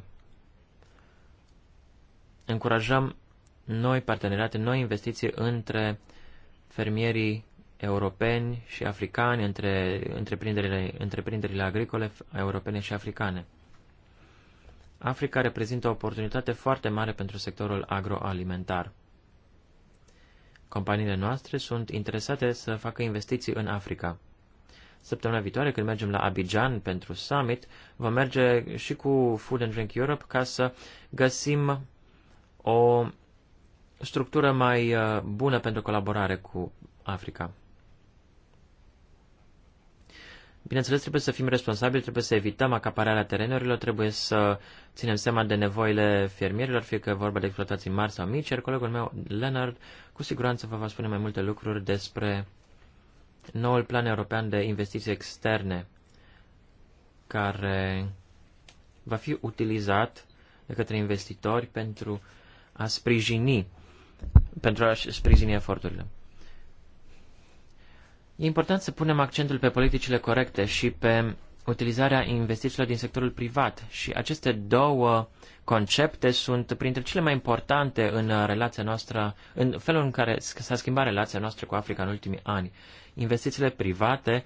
Speaker 2: Încurajăm noi parteneriate, noi investiții între fermierii europeni și africani, între întreprinderile, întreprinderile agricole europene și africane. Africa reprezintă o oportunitate foarte mare pentru sectorul agroalimentar. Companiile noastre sunt interesate să facă investiții în Africa. Săptămâna viitoare, când mergem la Abidjan pentru summit, vom merge și cu Food and Drink Europe ca să găsim o structură mai uh, bună pentru colaborare cu Africa. Bineînțeles, trebuie să fim responsabili, trebuie să evităm acapararea terenurilor, trebuie să ținem seama de nevoile fermierilor, fie că e vorba de exploatații mari sau mici, iar colegul meu, Leonard, cu siguranță vă va spune mai multe lucruri despre noul plan european de investiții externe, care va fi utilizat de către investitori pentru a sprijini, pentru a sprijini eforturile. E important să punem accentul pe politicile corecte și pe utilizarea investițiilor din sectorul privat. Și aceste două concepte sunt printre cele mai importante în relația noastră, în felul în care s-a schimbat relația noastră cu Africa în ultimii ani. Investițiile private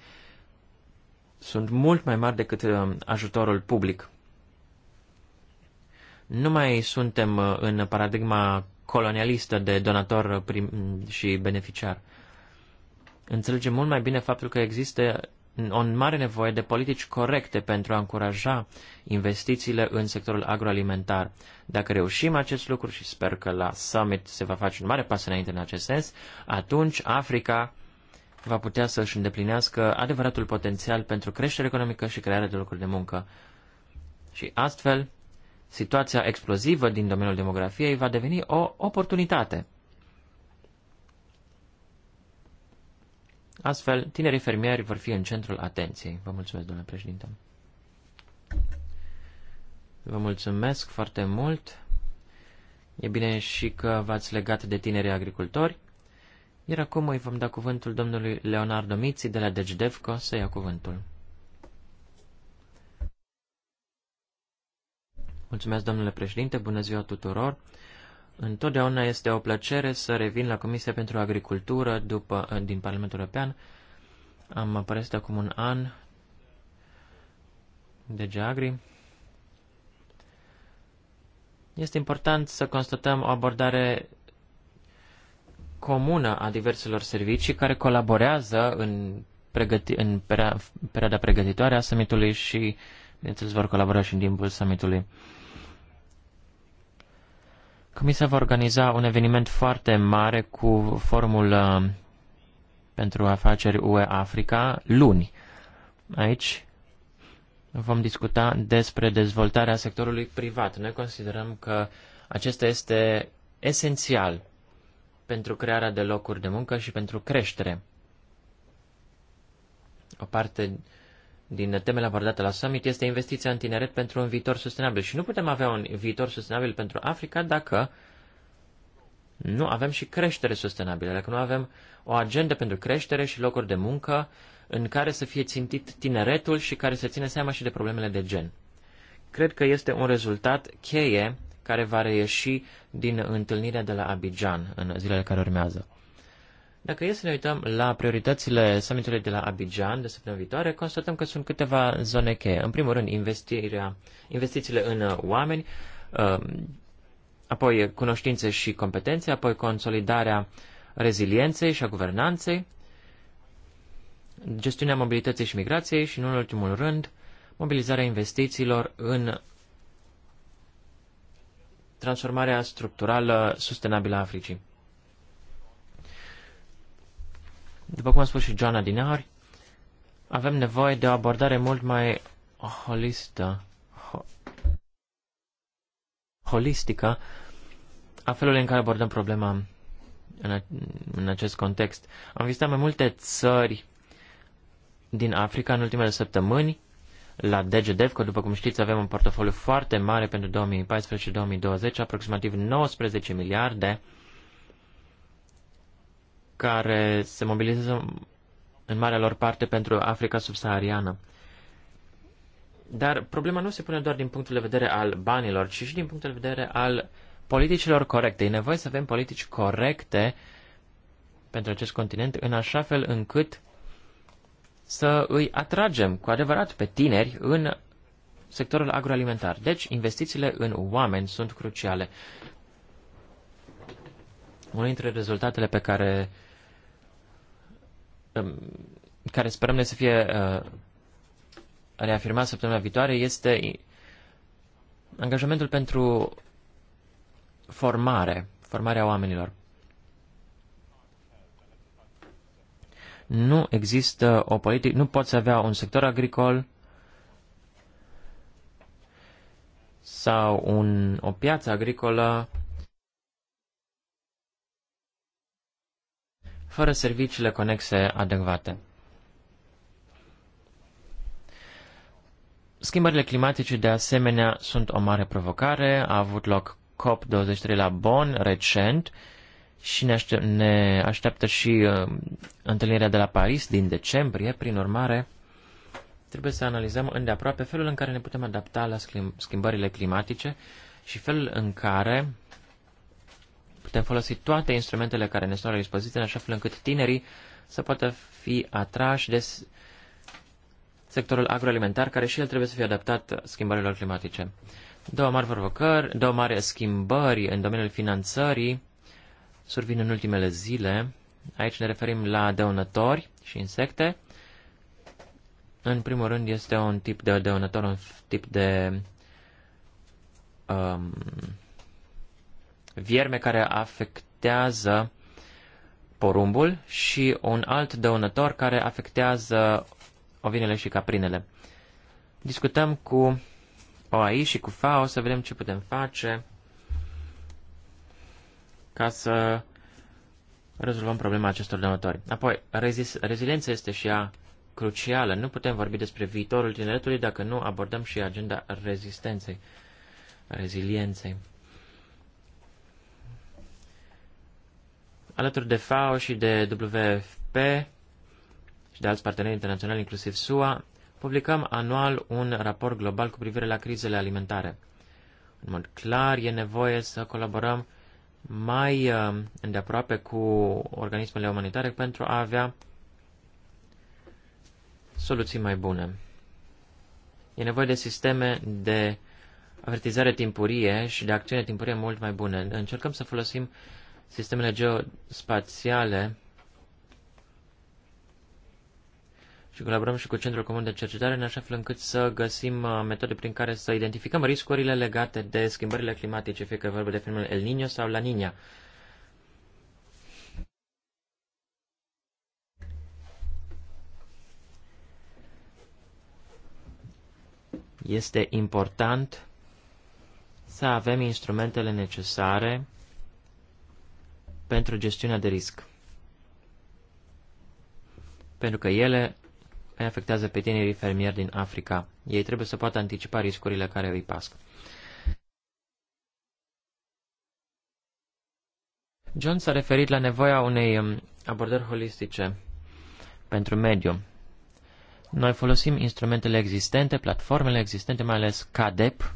Speaker 2: sunt mult mai mari decât uh, ajutorul public. Nu mai suntem uh, în paradigma colonialistă de donator uh, și beneficiar. Înțelegem mult mai bine faptul că există o mare nevoie de politici corecte pentru a încuraja investițiile în sectorul agroalimentar. Dacă reușim acest lucru și sper că la summit se va face un mare pas înainte în acest sens, atunci Africa va putea să își îndeplinească adevăratul potențial pentru creștere economică și crearea de locuri de muncă. Și astfel, situația explozivă din domeniul demografiei va deveni o oportunitate. Astfel, tinerii fermieri vor fi în centrul atenției. Vă mulțumesc, domnule președinte. Vă mulțumesc foarte mult. E bine și că v-ați legat de tinerii agricultori. Iar acum îi vom da cuvântul domnului Leonardo Miții de la Degdevco deci să ia cuvântul. Mulțumesc, domnule președinte, bună ziua tuturor. Întotdeauna este o plăcere să revin la Comisia pentru Agricultură după, din Parlamentul European. Am apărut acum un an de Geagri. Este important să constatăm o abordare comună a diverselor servicii care colaborează în, pregăti- în perioada pregătitoare a summitului și, bineînțeles, vor colabora și în timpul summitului. Comisia va organiza un eveniment foarte mare cu formul uh, pentru afaceri UE Africa luni. Aici vom discuta despre dezvoltarea sectorului privat. Noi considerăm că acesta este esențial pentru crearea de locuri de muncă și pentru creștere. O parte din temele abordate la summit este investiția în tineret pentru un viitor sustenabil. Și nu putem avea un viitor sustenabil pentru Africa dacă nu avem și creștere sustenabilă, dacă nu avem o agendă pentru creștere și locuri de muncă în care să fie țintit tineretul și care să ține seama și de problemele de gen. Cred că este un rezultat cheie care va reieși din întâlnirea de la Abidjan în zilele care urmează. Dacă e să ne uităm la prioritățile summitului de la Abidjan de săptămâna viitoare, constatăm că sunt câteva zone cheie. În primul rând, investirea, investițiile în uh, oameni, uh, apoi cunoștințe și competențe, apoi consolidarea rezilienței și a guvernanței, gestiunea mobilității și migrației și, în ultimul rând, mobilizarea investițiilor în transformarea structurală sustenabilă a Africii. După cum a spus și Joana Dinari, avem nevoie de o abordare mult mai holistă, ho, holistică a felului în care abordăm problema în, a, în acest context. Am vizitat mai multe țări din Africa în ultimele săptămâni. La Că după cum știți, avem un portofoliu foarte mare pentru 2014-2020, aproximativ 19 miliarde care se mobilizează în marea lor parte pentru Africa subsahariană. Dar problema nu se pune doar din punctul de vedere al banilor, ci și din punctul de vedere al politicilor corecte. E nevoie să avem politici corecte pentru acest continent, în așa fel încât să îi atragem cu adevărat pe tineri în sectorul agroalimentar. Deci, investițiile în oameni sunt cruciale. Unul dintre rezultatele pe care Um, care sperăm ne să fie uh, reafirmat săptămâna viitoare este angajamentul pentru formare, formarea oamenilor. Nu există o politică, nu poți avea un sector agricol sau un, o piață agricolă fără serviciile conexe adecvate. Schimbările climatice, de asemenea, sunt o mare provocare. A avut loc COP23 la Bonn recent și ne, aștept, ne așteaptă și uh, întâlnirea de la Paris din decembrie. Prin urmare, trebuie să analizăm îndeaproape felul în care ne putem adapta la schimbările climatice și felul în care Putem folosi toate instrumentele care ne sunt la dispoziție, în așa fel încât tinerii să poată fi atrași de sectorul agroalimentar, care și el trebuie să fie adaptat schimbărilor climatice. Două mari provocări, două mari schimbări în domeniul finanțării survin în ultimele zile. Aici ne referim la dăunători și insecte. În primul rând este un tip de dăunător, un tip de um, vierme care afectează porumbul și un alt dăunător care afectează ovinele și caprinele. Discutăm cu OAI și cu FAO să vedem ce putem face ca să rezolvăm problema acestor dăunători. Apoi, rezis, reziliența este și ea crucială. Nu putem vorbi despre viitorul tineretului dacă nu abordăm și agenda rezistenței, rezilienței. alături de FAO și de WFP și de alți parteneri internaționali, inclusiv SUA, publicăm anual un raport global cu privire la crizele alimentare. În mod clar, e nevoie să colaborăm mai uh, îndeaproape cu organismele umanitare pentru a avea soluții mai bune. E nevoie de sisteme de avertizare timpurie și de acțiune timpurie mult mai bune. Încercăm să folosim Sistemele geospațiale și colaborăm și cu Centrul Comun de Cercetare în așa fel încât să găsim uh, metode prin care să identificăm riscurile legate de schimbările climatice, fie că vorbim de fenomenul El Niño sau La Niña. Este important să avem instrumentele necesare pentru gestiunea de risc. Pentru că ele îi afectează pe tinerii fermieri din Africa. Ei trebuie să poată anticipa riscurile care îi pasc. John s-a referit la nevoia unei um, abordări holistice pentru mediu. Noi folosim instrumentele existente, platformele existente, mai ales CADEP.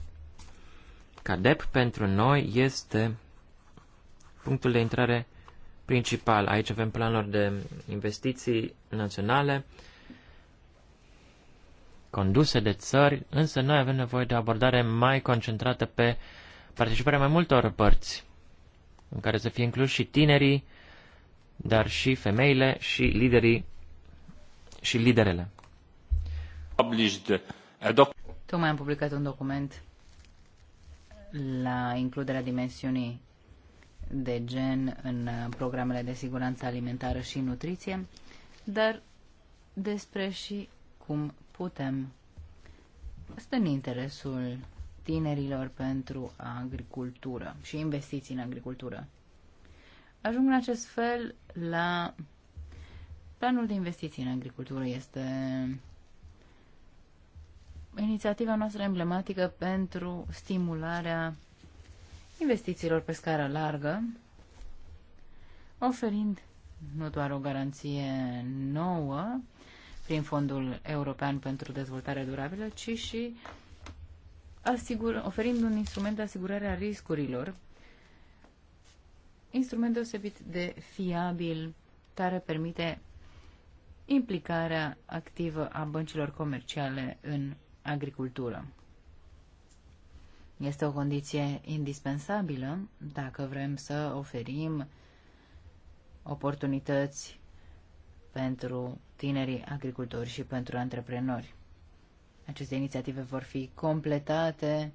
Speaker 2: CADEP pentru noi este punctul de intrare principal. Aici avem planuri de investiții naționale conduse de țări, însă noi avem nevoie de o abordare mai concentrată pe participarea mai multor părți, în care să fie inclus și tinerii, dar și femeile și liderii și liderele.
Speaker 3: Tocmai am publicat un document la includerea dimensiunii de gen în programele de siguranță alimentară și nutriție, dar despre și cum putem în interesul tinerilor pentru agricultură și investiții în agricultură. Ajung în acest fel la planul de investiții în agricultură. Este inițiativa noastră emblematică pentru stimularea investițiilor pe scară largă, oferind nu doar o garanție nouă prin Fondul European pentru Dezvoltare Durabilă, ci și asigur, oferind un instrument de asigurare a riscurilor, instrument deosebit de fiabil care permite implicarea activă a băncilor comerciale în agricultură. Este o condiție indispensabilă dacă vrem să oferim oportunități pentru tinerii agricultori și pentru antreprenori. Aceste inițiative vor fi completate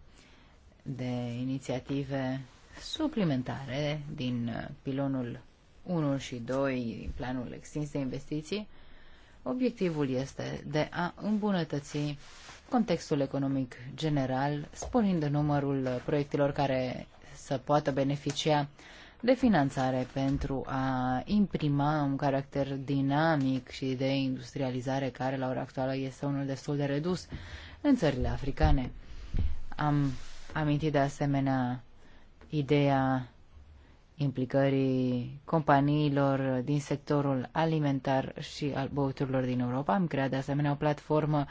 Speaker 3: de inițiative suplimentare din pilonul 1 și 2, planul extins de investiții, Obiectivul este de a îmbunătăți contextul economic general, sporind numărul proiectelor care să poată beneficia de finanțare pentru a imprima un caracter dinamic și de industrializare care la ora actuală este unul destul de redus în țările africane. Am amintit de asemenea ideea implicării companiilor din sectorul alimentar și al băuturilor din Europa. Am creat de asemenea o platformă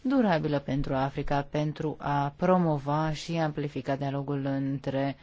Speaker 3: durabilă pentru Africa pentru a promova și amplifica dialogul între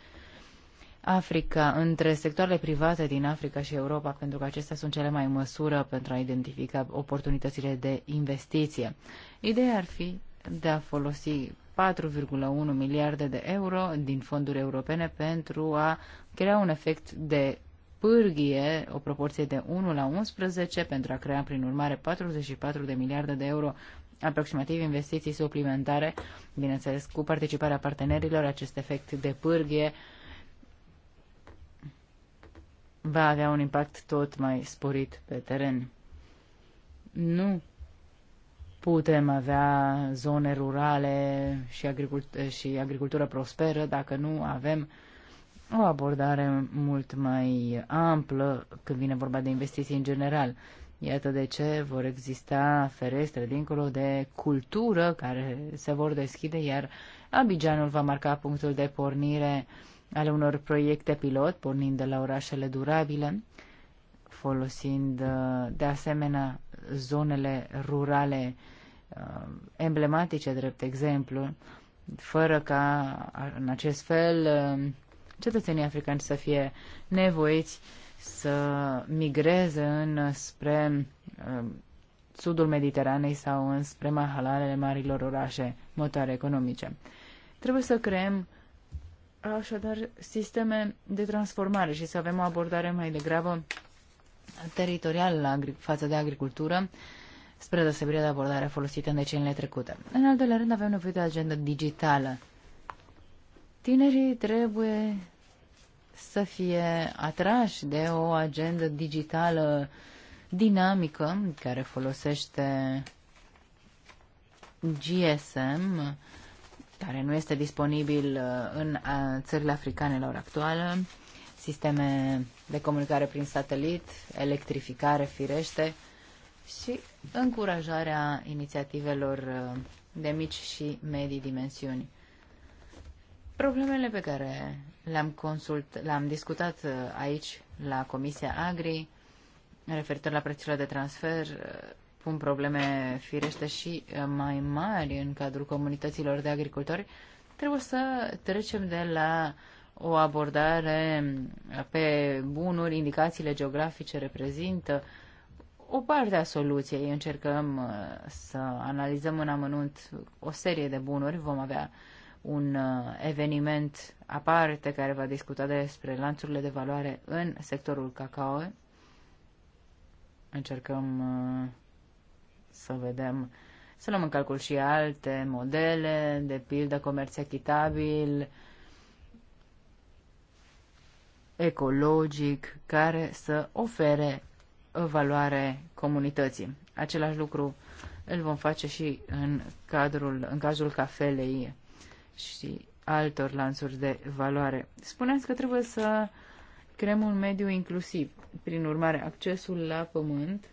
Speaker 3: Africa, între sectoarele private din Africa și Europa, pentru că acestea sunt cele mai în măsură pentru a identifica oportunitățile de investiție. Ideea ar fi de a folosi 4,1 miliarde de euro din fonduri europene pentru a crea un efect de pârghie, o proporție de 1 la 11, pentru a crea prin urmare 44 de miliarde de euro aproximativ investiții suplimentare, bineînțeles cu participarea partenerilor, acest efect de pârghie va avea un impact tot mai sporit pe teren. Nu putem avea zone rurale și, agricult- și agricultură prosperă dacă nu avem o abordare mult mai amplă când vine vorba de investiții în general. Iată de ce vor exista ferestre dincolo de cultură care se vor deschide, iar Abidjanul va marca punctul de pornire ale unor proiecte pilot, pornind de la orașele durabile, folosind uh, de asemenea zonele rurale uh, emblematice, drept exemplu, fără ca în acest fel uh, cetățenii africani să fie nevoiți să migreze în spre uh, sudul Mediteranei sau în spre mahalalele marilor orașe motoare economice. Trebuie să creăm așadar sisteme de transformare și să avem o abordare mai degrabă teritorial față de agricultură, spre deosebire de abordarea folosită în deceniile trecute. În al doilea rând, avem nevoie de o agendă digitală. Tinerii trebuie să fie atrași de o agendă digitală dinamică care folosește GSM, care nu este disponibil uh, în uh, țările africane la ora actuală, sisteme de comunicare prin satelit, electrificare firește și încurajarea inițiativelor uh, de mici și medii dimensiuni. Problemele pe care le-am, consult, le-am discutat uh, aici la Comisia Agri, referitor la prețurile de transfer, uh, pun probleme firește și mai mari în cadrul comunităților de agricultori, trebuie să trecem de la uh, o abordare pe bunuri, indicațiile geografice reprezintă o parte a soluției. Încercăm uh, să analizăm în amănunt o serie de bunuri. Vom avea un uh, eveniment aparte care va discuta despre lanțurile de valoare în sectorul cacao. Încercăm uh, să vedem, să luăm în calcul și alte modele, de pildă comerț echitabil, ecologic care să ofere valoare comunității. Același lucru îl vom face și în, cadrul, în cazul cafelei și altor lanțuri de valoare. Spuneați că trebuie să creăm un mediu inclusiv. Prin urmare, accesul la pământ,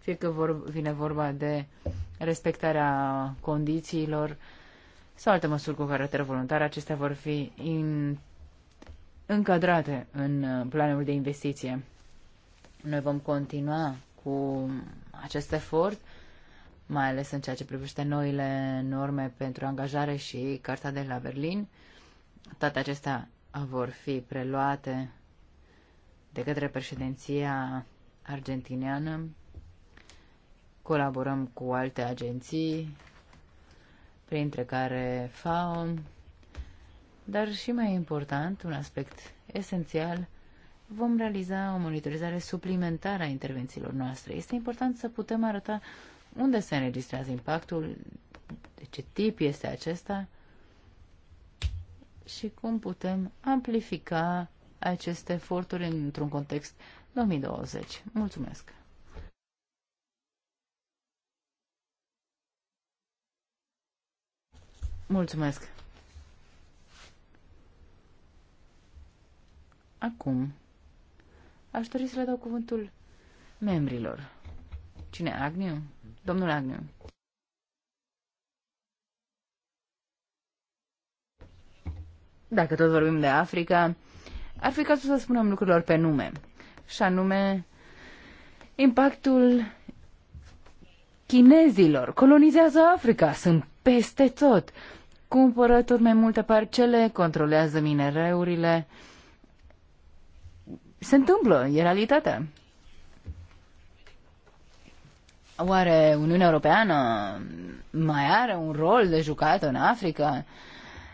Speaker 3: fie că vor, vine vorba de respectarea condițiilor sau alte măsuri cu caracter voluntar, acestea vor fi in, încadrate în uh, planul de investiție. Noi vom continua cu acest efort, mai ales în ceea ce privește noile norme pentru angajare și Carta de la Berlin. Toate acestea vor fi preluate de către președinția argentiniană. Colaborăm cu alte agenții, printre care FAO, dar și mai important, un aspect esențial, vom realiza o monitorizare suplimentară a intervențiilor noastre. Este important să putem arăta unde se înregistrează impactul, de ce tip este acesta și cum putem amplifica aceste eforturi într-un context 2020. Mulțumesc! Mulțumesc! Acum, aș dori să le dau cuvântul membrilor. Cine? Agniu? Domnul Agniu. Dacă tot vorbim de Africa, ar fi cazul să spunem lucrurilor pe nume. Și anume, impactul chinezilor. Colonizează Africa, sunt peste tot. Cumpără tot mai multe parcele, controlează minereurile, se întâmplă, e realitatea. Oare Uniunea Europeană mai are un rol de jucat în Africa?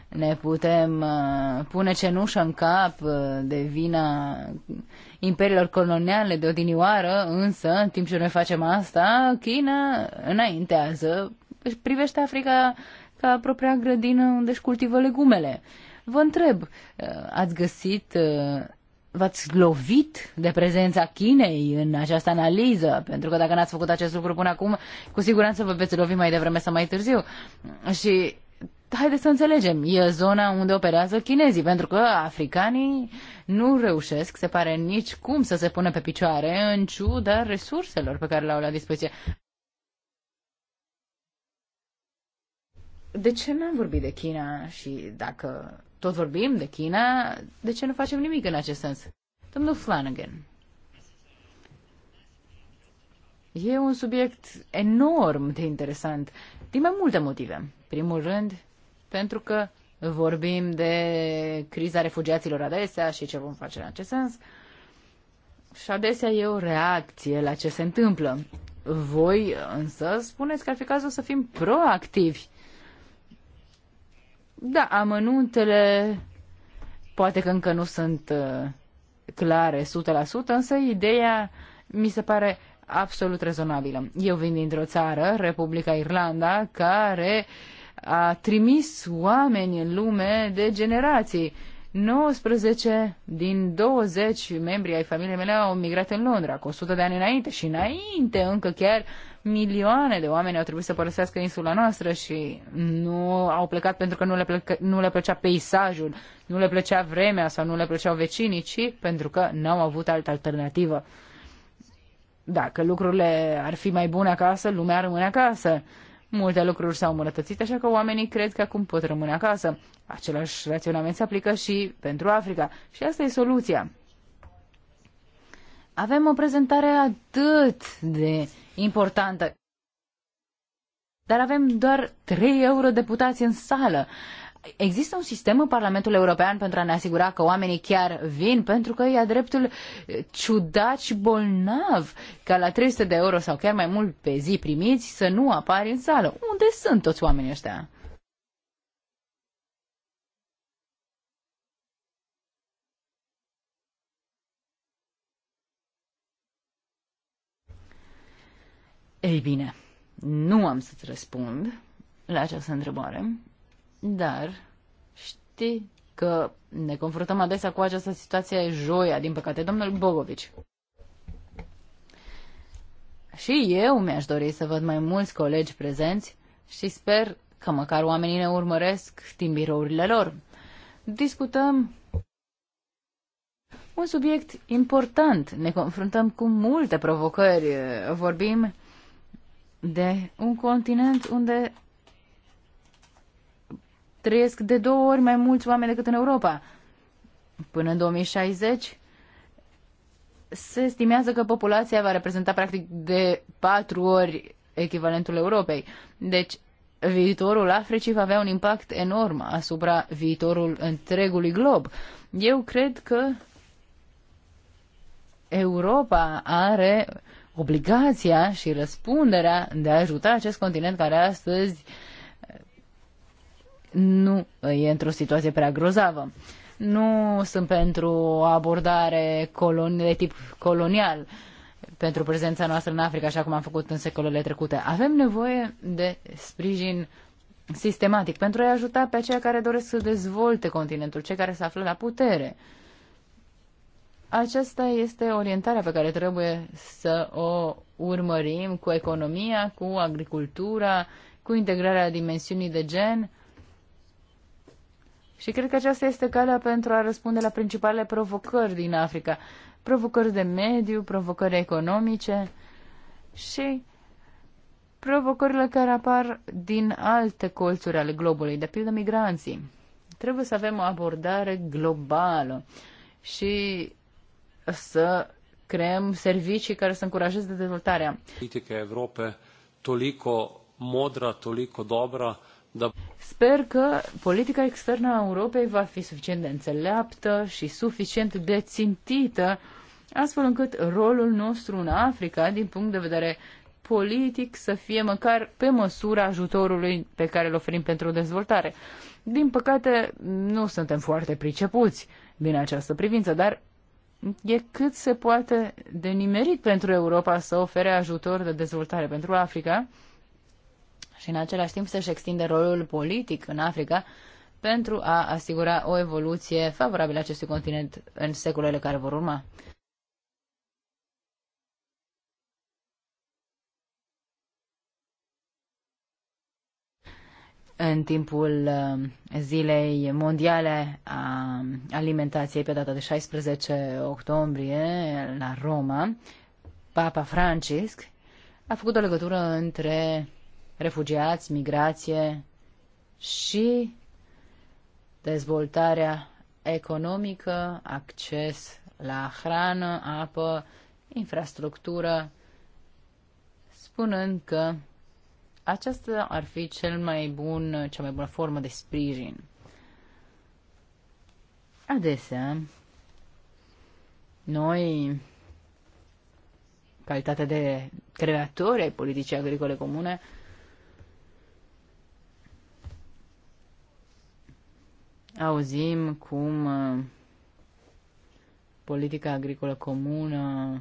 Speaker 3: Ne putem uh, pune cenușă în cap uh, de vina imperiilor coloniale de odinioară, însă, în timp ce noi facem asta, China înaintează, își privește Africa ca propria grădină unde își cultivă legumele. Vă întreb, uh, ați găsit v-ați lovit de prezența Chinei în această analiză? Pentru că dacă n-ați făcut acest lucru până acum, cu siguranță vă veți lovi mai devreme sau mai târziu. Și haideți să înțelegem, e zona unde operează chinezii, pentru că africanii nu reușesc, se pare nici cum să se pună pe picioare, în ciuda resurselor pe care le-au la dispoziție. De ce n-am vorbit de China și dacă tot vorbim de China, de ce nu facem nimic în acest sens? Domnul Flanagan, e un subiect enorm de interesant, din mai multe motive. Primul rând, pentru că vorbim de criza refugiaților adesea și ce vom face în acest sens. Și adesea e o reacție la ce se întâmplă. Voi însă spuneți că ar fi cazul să fim proactivi da, amănuntele poate că încă nu sunt uh, clare 100%, însă ideea mi se pare absolut rezonabilă. Eu vin dintr-o țară, Republica Irlanda, care a trimis oameni în lume de generații. 19 din 20 membri ai familiei mele au migrat în Londra, cu 100 de ani înainte și înainte încă chiar milioane de oameni au trebuit să părăsească insula noastră și nu au plecat pentru că nu le, plăcă, nu le plăcea peisajul, nu le plăcea vremea sau nu le plăceau vecinii, ci pentru că n-au avut altă alternativă. Dacă lucrurile ar fi mai bune acasă, lumea ar rămâne acasă. Multe lucruri s-au îmbunătățit, așa că oamenii cred că acum pot rămâne acasă. Același raționament se aplică și pentru Africa. Și asta e soluția. Avem o prezentare atât de importantă, dar avem doar 3 euro deputați în sală. Există un sistem în Parlamentul European pentru a ne asigura că oamenii chiar vin, pentru că ia dreptul ciudat și bolnav ca la 300 de euro sau chiar mai mult pe zi primiți să nu apari în sală. Unde sunt toți oamenii ăștia? Ei bine, nu am să-ți răspund la această întrebare, dar știi că ne confruntăm adesea cu această situație joia, din păcate, domnul Bogovici. Și eu mi-aș dori să văd mai mulți colegi prezenți și sper că măcar oamenii ne urmăresc din birourile lor. Discutăm un subiect important. Ne confruntăm cu multe provocări. Vorbim de un continent unde trăiesc de două ori mai mulți oameni decât în Europa. Până în 2060 se estimează că populația va reprezenta practic de patru ori echivalentul Europei. Deci viitorul Africii va avea un impact enorm asupra viitorul întregului glob. Eu cred că Europa are obligația și răspunderea de a ajuta acest continent care astăzi eh, nu e într-o situație prea grozavă. Nu sunt pentru o abordare colon- de tip colonial pentru prezența noastră în Africa, așa cum am făcut în secolele trecute. Avem nevoie de sprijin sistematic pentru a-i ajuta pe cei care doresc să dezvolte continentul, cei care se află la putere. Uh, aceasta este orientarea pe care trebuie să o urmărim cu economia, cu agricultura, cu integrarea dimensiunii de gen. Și cred că aceasta este calea pentru a răspunde la principalele provocări din Africa. Provocări de mediu, provocări economice și provocările care apar din alte colțuri ale globului, de pildă migranții. Trebuie să avem o abordare globală și să creăm servicii care să încurajeze dezvoltarea.
Speaker 2: Politica Europe toliko modra, toliko
Speaker 1: dobra, da...
Speaker 3: Sper că politica externă a Europei va fi suficient de înțeleaptă și suficient de țintită, astfel încât rolul nostru în Africa, din punct de vedere politic, să fie măcar pe măsura ajutorului pe care îl oferim pentru dezvoltare. Din păcate, nu suntem foarte pricepuți din această privință, dar e cât se poate de nimerit pentru Europa să ofere ajutor de dezvoltare pentru Africa și în același timp să-și extinde rolul politic în Africa pentru a asigura o evoluție favorabilă acestui continent în secolele care vor urma. în timpul uh, Zilei Mondiale a Alimentației pe data de 16 octombrie la Roma, Papa Francisc a făcut o legătură între refugiați, migrație și dezvoltarea economică, acces la hrană, apă, infrastructură, spunând că aceasta ar fi cel mai bun, cea mai bună formă de sprijin. Adesea, noi, calitatea de creatori ai politicii agricole comune, auzim cum uh, politica agricolă comună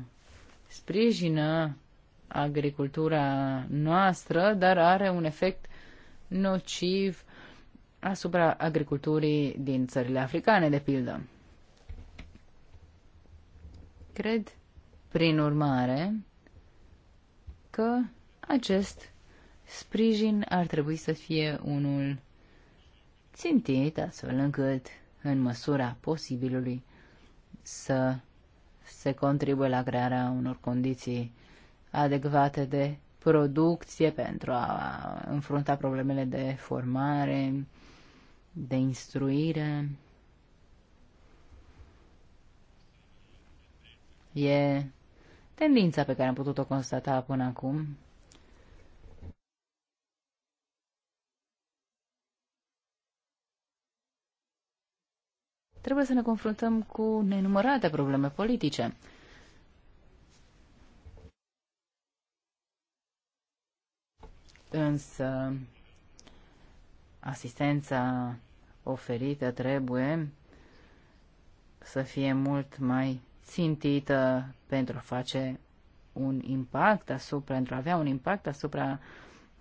Speaker 3: sprijină agricultura noastră, dar are un efect nociv asupra agriculturii din țările africane, de pildă. Cred, prin urmare, că acest sprijin ar trebui să fie unul țintit, astfel încât, în măsura posibilului, să se contribuie la crearea unor condiții adecvate de producție pentru a înfrunta problemele de formare, de instruire. E tendința pe care am putut-o constata până acum. Trebuie să ne confruntăm cu nenumărate probleme politice. Însă asistența oferită trebuie să fie mult mai țintită pentru a face un impact asupra, pentru a avea un impact asupra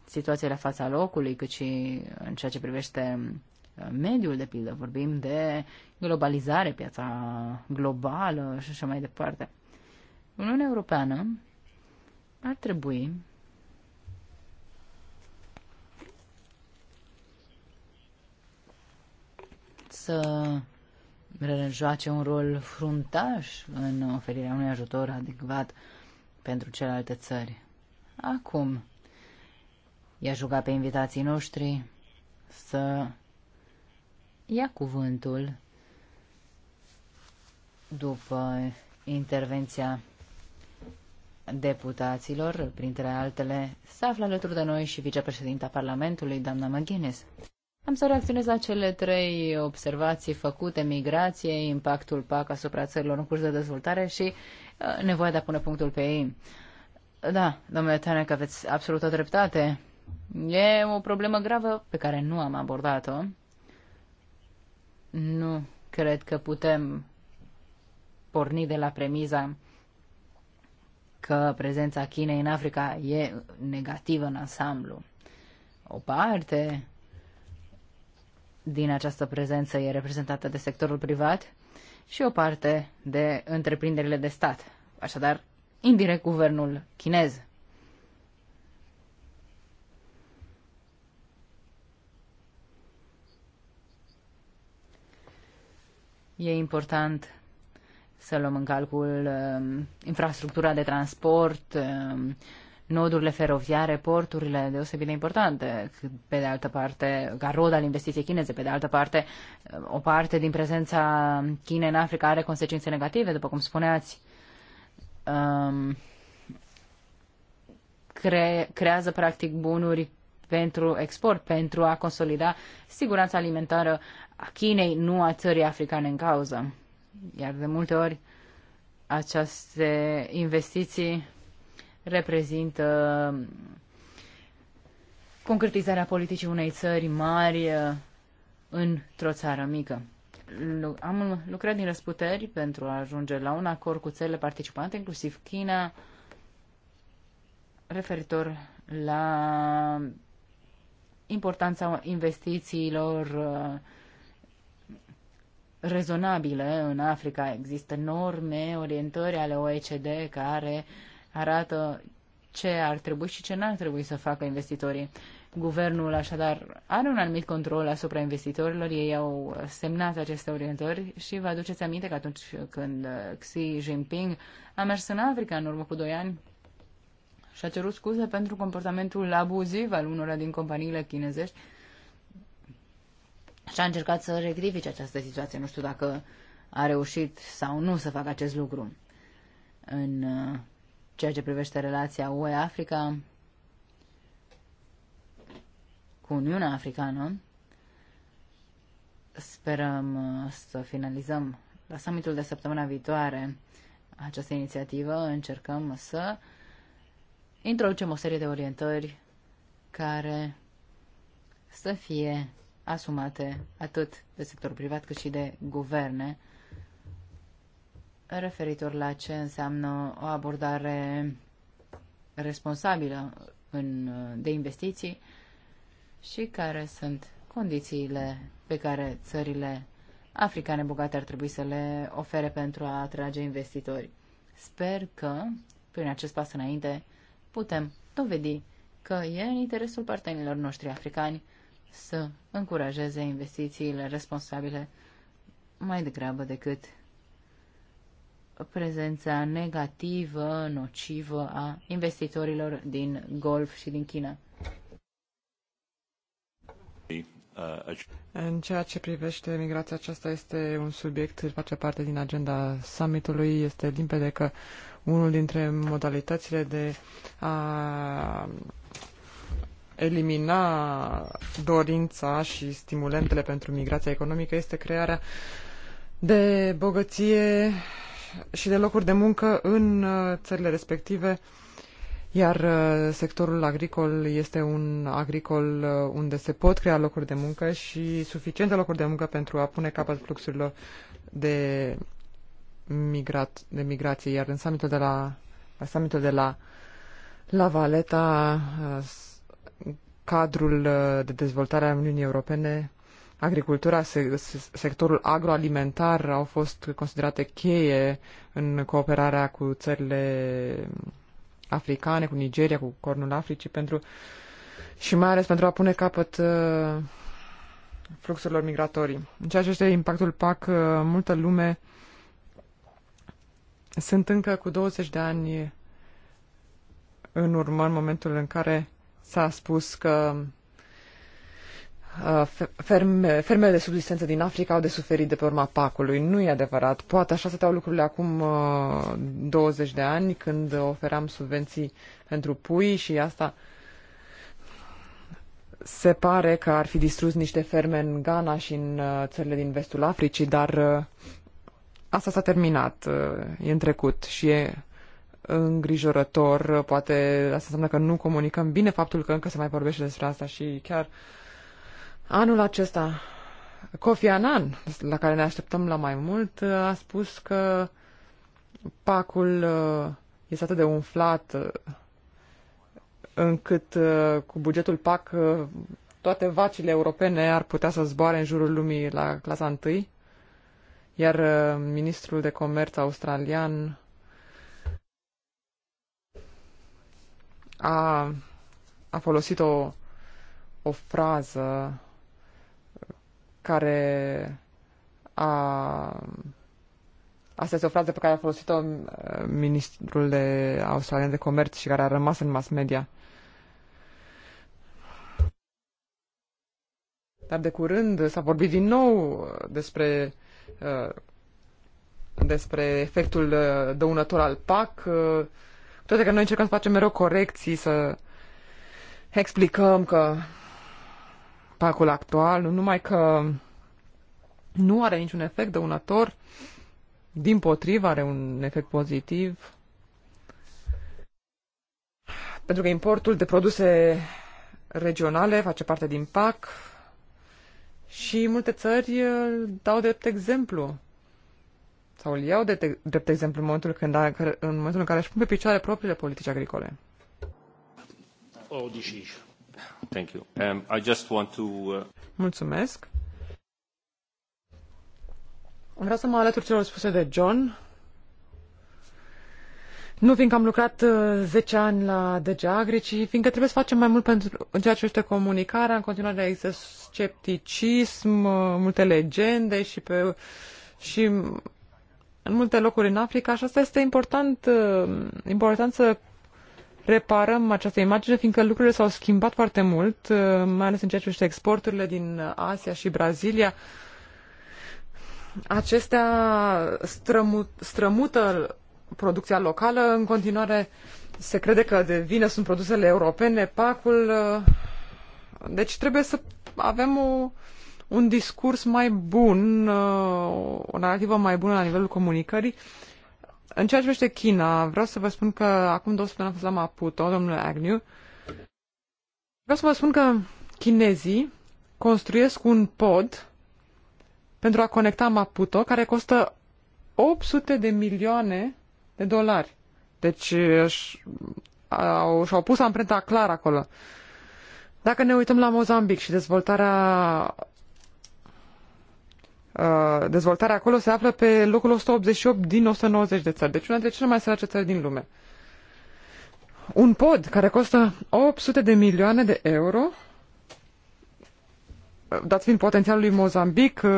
Speaker 3: situației la fața locului, cât și în ceea ce privește uh, mediul, de pildă. Vorbim de globalizare, piața globală și așa mai departe. Uniunea Europeană ar trebui să joace un rol fruntaș în oferirea unui ajutor adecvat pentru celelalte țări. Acum, i-a jucat pe invitații noștri să ia cuvântul după intervenția deputaților, printre altele, se află alături de noi și vicepreședinta Parlamentului, doamna McGuinness. Am să reacționez la cele trei observații făcute, migrație, impactul PAC asupra țărilor în curs de dezvoltare și uh, nevoia de a pune punctul pe ei. Da, domnule că aveți absolută dreptate. E o problemă gravă pe care nu am abordat-o. Nu cred că putem porni de la premiza că prezența Chinei în Africa e negativă în ansamblu. O parte din această prezență e reprezentată de sectorul privat și o parte de întreprinderile de stat, așadar, indirect guvernul chinez. E important să luăm în calcul uh, infrastructura de transport, uh, nodurile feroviare, porturile deosebit de importante, pe de altă parte, ca rod al investiției chineze, pe de altă parte, o parte din prezența Chinei în Africa are consecințe negative, după cum spuneați. Um, cre- creează practic bunuri pentru export, pentru a consolida siguranța alimentară a Chinei, nu a țării africane în cauză. Iar de multe ori aceste investiții reprezintă concretizarea politicii unei țări mari uh, într-o țară mică. Am lucrat din răsputeri pentru a ajunge la un acord cu țările participante, inclusiv China, referitor la importanța investițiilor uh, rezonabile în Africa. Există norme, orientări ale OECD care uh, arată ce ar trebui și ce n-ar trebui să facă investitorii. Guvernul așadar are un anumit control asupra investitorilor, ei au semnat aceste orientări și vă aduceți aminte că atunci când Xi Jinping a mers în Africa în urmă cu doi ani și a cerut scuze pentru comportamentul abuziv al unora din companiile chinezești și a încercat să rectifice această situație. Nu știu dacă a reușit sau nu să facă acest lucru. În uh, ceea ce privește relația UE-Africa cu Uniunea Africană. Sperăm uh, să finalizăm la summitul de săptămâna viitoare această inițiativă. Încercăm să introducem o serie de orientări care să fie asumate atât de sectorul privat cât și de guverne referitor la ce înseamnă o abordare responsabilă în, de investiții și care sunt condițiile pe care țările africane bogate ar trebui să le ofere pentru a atrage investitori. Sper că, prin acest pas înainte, putem dovedi că e în interesul partenerilor noștri africani să încurajeze investițiile responsabile mai degrabă decât prezența negativă, nocivă a investitorilor din Golf și din China. În ceea ce privește migrația, aceasta este un subiect,
Speaker 4: face parte din agenda summitului. Este limpede că unul dintre modalitățile de a elimina dorința și stimulentele pentru migrația economică este crearea de bogăție și de locuri de muncă în uh, țările respective, iar uh, sectorul agricol este un agricol uh, unde se pot crea locuri de muncă și suficiente locuri de muncă pentru a pune capăt fluxurilor de, migrat, de migrație. Iar în summitul de la, la summitul de la la Valeta, cadrul de dezvoltare a Uniunii Europene agricultura, sectorul agroalimentar au fost considerate cheie în cooperarea cu țările africane, cu Nigeria, cu Cornul Africii, pentru, și mai ales pentru a pune capăt uh, fluxurilor migratorii. În ceea ce este impactul PAC, uh, multă lume sunt încă cu 20 de ani în urmă, în momentul în care s-a spus că Uh, ferme, fermele de subsistență din Africa au de suferit de pe urma pacului. Nu e adevărat. Poate așa stăteau lucrurile acum 20 uh, de ani când oferam subvenții pentru pui și asta se pare că ar fi distrus niște ferme în Ghana și în uh, țările din vestul Africii, dar asta s-a terminat, e în trecut și e îngrijorător. Poate asta înseamnă că nu comunicăm bine faptul că încă se mai vorbește despre asta și chiar uh, Anul acesta, Kofi Annan, la care ne așteptăm la mai mult, a spus că pacul uh, este atât de umflat uh, încât uh, cu bugetul PAC toate vacile europene ar putea să zboare în jurul lumii la clasa 1, iar ministrul de comerț australian a, a folosit o, o frază care a Asta este o frază pe care a folosit-o uh, ministrul de australian de comerț și care a rămas în mass media. Dar de curând s-a vorbit din nou uh, despre, uh, despre efectul dăunător al PAC, toate că noi încercăm să facem mereu corecții, să explicăm că pacul actual, nu numai că nu are niciun efect dăunător, din potrivă are un efect pozitiv, pentru că importul de produse regionale face parte din PAC și multe țări uh, dau drept exemplu sau îl iau de drept exemplu în momentul, când, în momentul în care își pun pe picioare propriile politici agricole.
Speaker 2: Oh, Thank you. Um, I just
Speaker 1: want to... Uh...
Speaker 4: Mulțumesc. Vreau să mă alătur celor spuse de John. Nu, fiindcă am lucrat uh, zece 10 ani la DG Agri, ci fiindcă trebuie să facem mai mult pentru, în ceea ce este comunicarea. În continuare există scepticism, uh, multe legende și pe... și în multe locuri în Africa și asta este important, uh, important să reparăm această imagine, fiindcă lucrurile s-au schimbat foarte mult, uh, mai ales în ceea ce privește exporturile din Asia și Brazilia. Acestea strămut, strămută producția locală. În continuare se crede că de vină sunt produsele europene, pacul. Uh, deci trebuie să avem o, un discurs mai bun, uh, o narrativă mai bună la nivelul comunicării în ceea ce privește China, vreau să vă spun că acum două săptămâni am fost la Maputo, domnule Agnew. Vreau să vă spun că chinezii construiesc un pod pentru a conecta Maputo, care costă 800 de milioane de dolari. Deci au, și-au pus amprenta clar acolo. Dacă ne uităm la Mozambic și dezvoltarea Uh, dezvoltare acolo se află pe locul 188 din 190 de țări, deci una dintre cele mai sărace țări din lume. Un pod care costă 800 de milioane de euro, uh, dat fiind potențialul lui Mozambic, uh,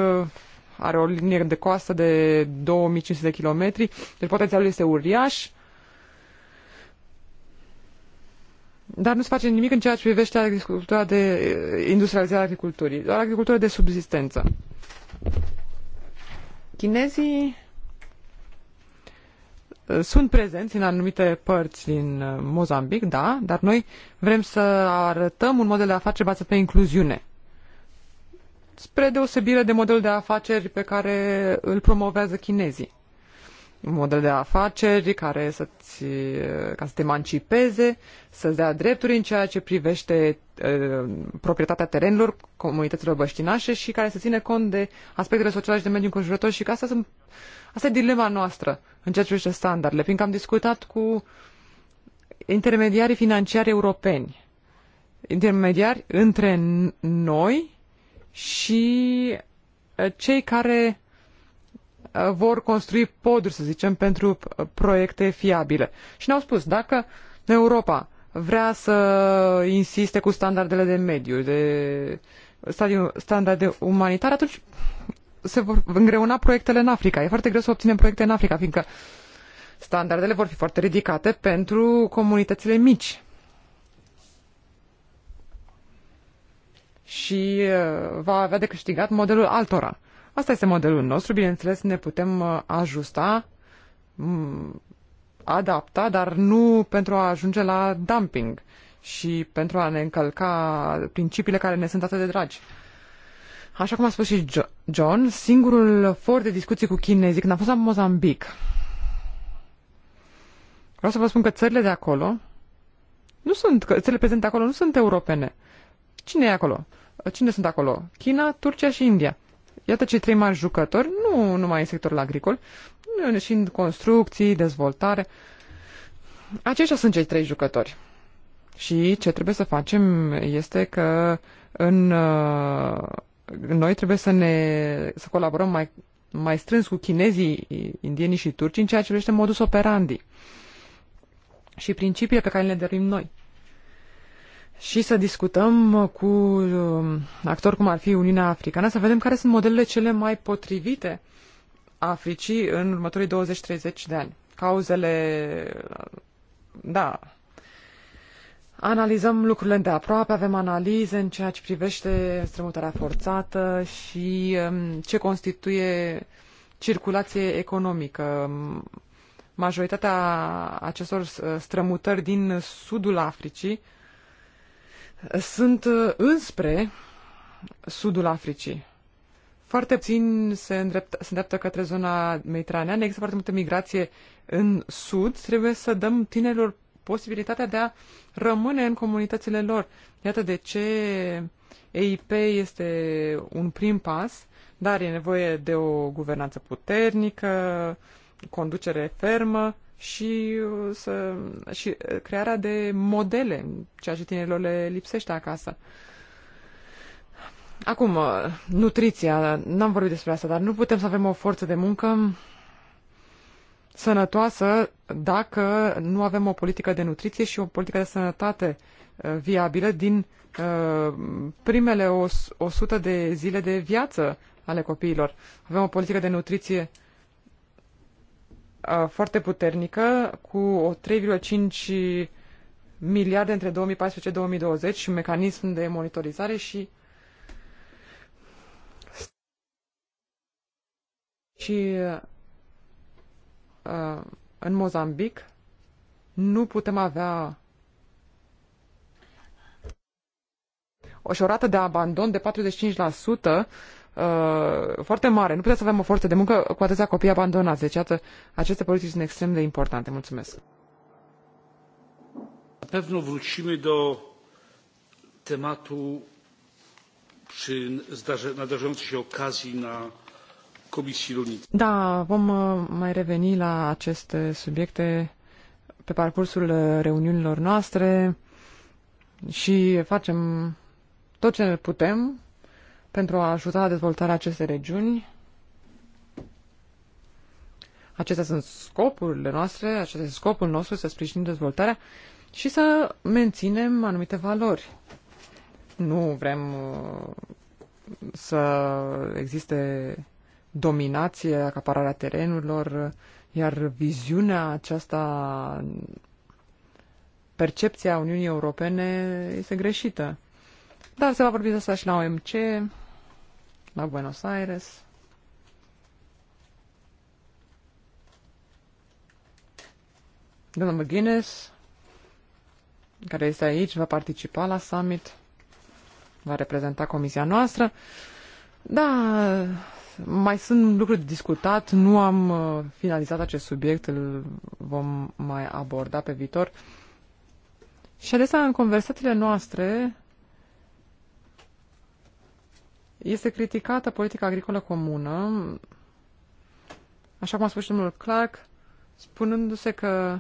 Speaker 4: are o linie de coastă de 2500 de kilometri, deci potențialul este uriaș. Dar nu se face nimic în ceea ce privește agricultura de industrializarea agriculturii, doar agricultura de subsistență. Chinezii uh, sunt prezenți în anumite părți din uh, Mozambic, da, dar noi vrem să arătăm un model de afaceri bazat pe incluziune. Spre deosebire de modelul de afaceri pe care îl promovează chinezii model de afaceri care să-ți, ca să te emancipeze, să-ți dea drepturi în ceea ce privește uh, proprietatea terenurilor comunităților băștinașe și care să ține cont de aspectele sociale și de mediul înconjurător și că asta, sunt, asta e dilema noastră în ceea ce privește standardele, fiindcă am discutat cu intermediarii financiari europeni, intermediari între noi și cei care Uh, vor construi poduri, să zicem, pentru uh, proiecte fiabile. Și ne-au spus, dacă Europa vrea să insiste cu standardele de mediu, de standarde umanitare, atunci se vor îngreuna proiectele în Africa. E foarte greu să obținem proiecte în Africa, fiindcă standardele vor fi foarte ridicate pentru comunitățile mici. Și uh, va avea de câștigat modelul altora. Asta este modelul nostru, bineînțeles ne putem uh, ajusta, adapta, dar nu pentru a ajunge la dumping și pentru a ne încălca principiile care ne sunt atât de dragi. Așa cum a spus și John, singurul for de discuții cu chinezii, când am fost la Mozambic, vreau să vă spun că țările de acolo nu sunt, că țările prezente acolo nu sunt europene. Cine e acolo? Cine sunt acolo? China, Turcia și India. Iată cei trei mari jucători, nu numai în sectorul agricol, și în construcții, dezvoltare. Aceștia sunt cei trei jucători. Și ce trebuie să facem este că în, uh, noi trebuie să ne să colaborăm mai, mai strâns cu chinezii, indienii și turcii în ceea ce privește modus operandi și principiile pe care le dărim noi și să discutăm cu um, actori cum ar fi Uniunea Africană, să vedem care sunt modelele cele mai potrivite Africii în următorii 20-30 de ani. Cauzele, da, analizăm lucrurile de aproape, avem analize în ceea ce privește strămutarea forțată și um, ce constituie circulație economică. Majoritatea acestor uh, strămutări din sudul Africii sunt uh, înspre sudul Africii. Foarte puțin se îndreptă, se îndreptă către zona mediteraneană, există foarte multă migrație în sud, trebuie să dăm tinerilor posibilitatea de a rămâne în comunitățile lor. Iată de ce EIP este un prim pas, dar e nevoie de o guvernanță puternică, conducere fermă și, uh, să, și uh, crearea de modele, ceea ce tinerilor le lipsește acasă. Acum, uh, nutriția, n-am vorbit despre asta, dar nu putem să avem o forță de muncă sănătoasă dacă nu avem o politică de nutriție și o politică de sănătate viabilă din primele 100 de zile de viață ale copiilor. Avem o politică de nutriție foarte puternică, cu 3,5 miliarde între 2014-2020 și un mecanism de monitorizare și și uh, în Mozambic nu putem avea o, șorată de abandon de 45% Uh, foarte mare. Nu putem să avem o forță de muncă cu atâția copii abandonați. Deci, atâta, aceste politici sunt extrem de importante. Mulțumesc.
Speaker 1: pewno wrócimy do tematu przy nadarzającej się okazji na Rolnictwa.
Speaker 4: Da, vom uh, mai reveni la aceste subiecte pe parcursul uh, reuniunilor noastre și facem tot ce putem pentru a ajuta la dezvoltarea acestei regiuni. Acestea sunt scopurile noastre, acesta este scopul nostru, să sprijinim dezvoltarea și să menținem anumite valori. Nu vrem uh, să existe dominație, acapararea terenurilor, iar viziunea aceasta, percepția Uniunii Europene este greșită. Dar se va vorbi de asta și la OMC la Buenos Aires. Domnul McGuinness, care este aici, va participa la summit, va reprezenta comisia noastră. Da, mai sunt lucruri de discutat, nu am uh, finalizat acest subiect, îl vom mai aborda pe viitor. Și adesea în conversațiile noastre este criticată politica agricolă comună, așa cum a spus și domnul Clark, spunându-se că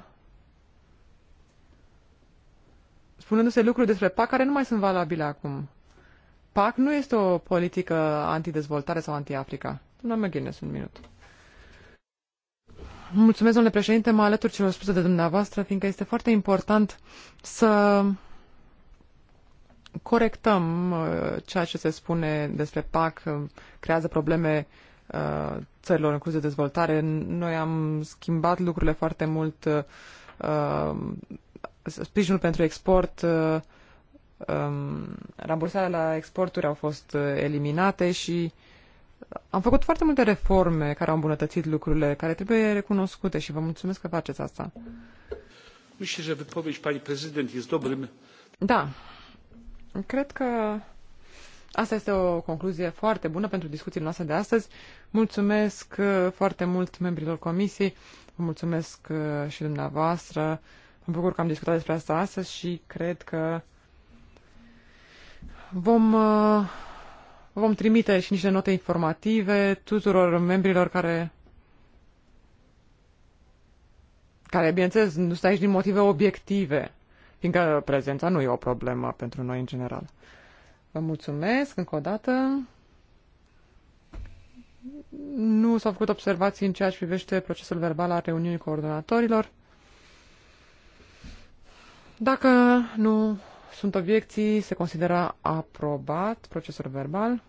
Speaker 4: spunându-se lucruri despre PAC care nu mai sunt valabile acum. PAC nu este o politică antidezvoltare sau anti-Africa. Nu am McGuinness, un minut. Mulțumesc, domnule președinte, mă alătur celor spuse de dumneavoastră, fiindcă este foarte important să corectăm uh, ceea ce se spune despre PAC, uh, creează probleme uh, țărilor în curs de dezvoltare. Noi am schimbat lucrurile foarte mult, sprijinul pentru export, um, rambursarea la exporturi au fost eliminate și am făcut foarte multe reforme care au îmbunătățit lucrurile, care trebuie recunoscute și vă mulțumesc că faceți asta. Da, Cred că asta este o concluzie foarte bună pentru discuțiile noastre de astăzi. Mulțumesc uh, foarte mult membrilor comisiei, vă mulțumesc uh, și dumneavoastră. Mă bucur că am discutat despre asta astăzi și cred că vom, uh, vom trimite și niște note informative tuturor membrilor care care, bineînțeles, nu stai aici din motive obiective fiindcă prezența nu e o problemă pentru noi în general. Vă mulțumesc încă o dată. Nu s-au făcut observații în ceea ce privește procesul verbal al reuniunii coordonatorilor. Dacă nu sunt obiecții, se consideră aprobat procesul verbal.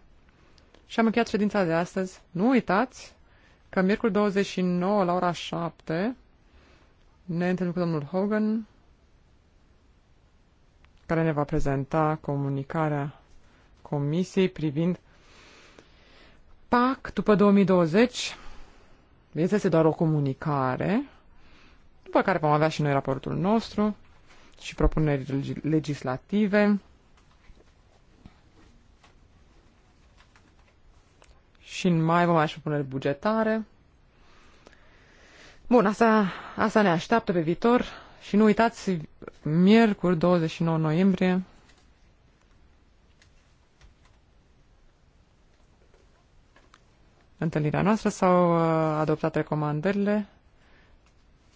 Speaker 4: Și am încheiat ședința de astăzi. Nu uitați că miercuri 29 la ora 7 ne întâlnim cu domnul Hogan, care ne va prezenta comunicarea Comisiei privind PAC după 2020. Este doar o comunicare, după care vom avea și noi raportul nostru și propuneri legislative. Și în mai vom avea și propuneri bugetare. Bun, asta, asta ne așteaptă pe viitor. Și nu uitați, miercuri 29 noiembrie, întâlnirea noastră, s-au uh, adoptat recomandările.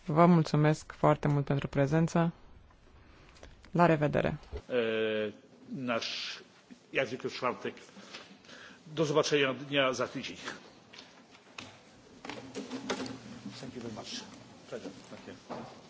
Speaker 4: Vă mulțumesc foarte mult pentru prezență. La revedere!
Speaker 1: Nasz, jak zwykle czwartek. Do zobaczenia dnia za tydzień. Thank you very much. Pleasure. Thank you.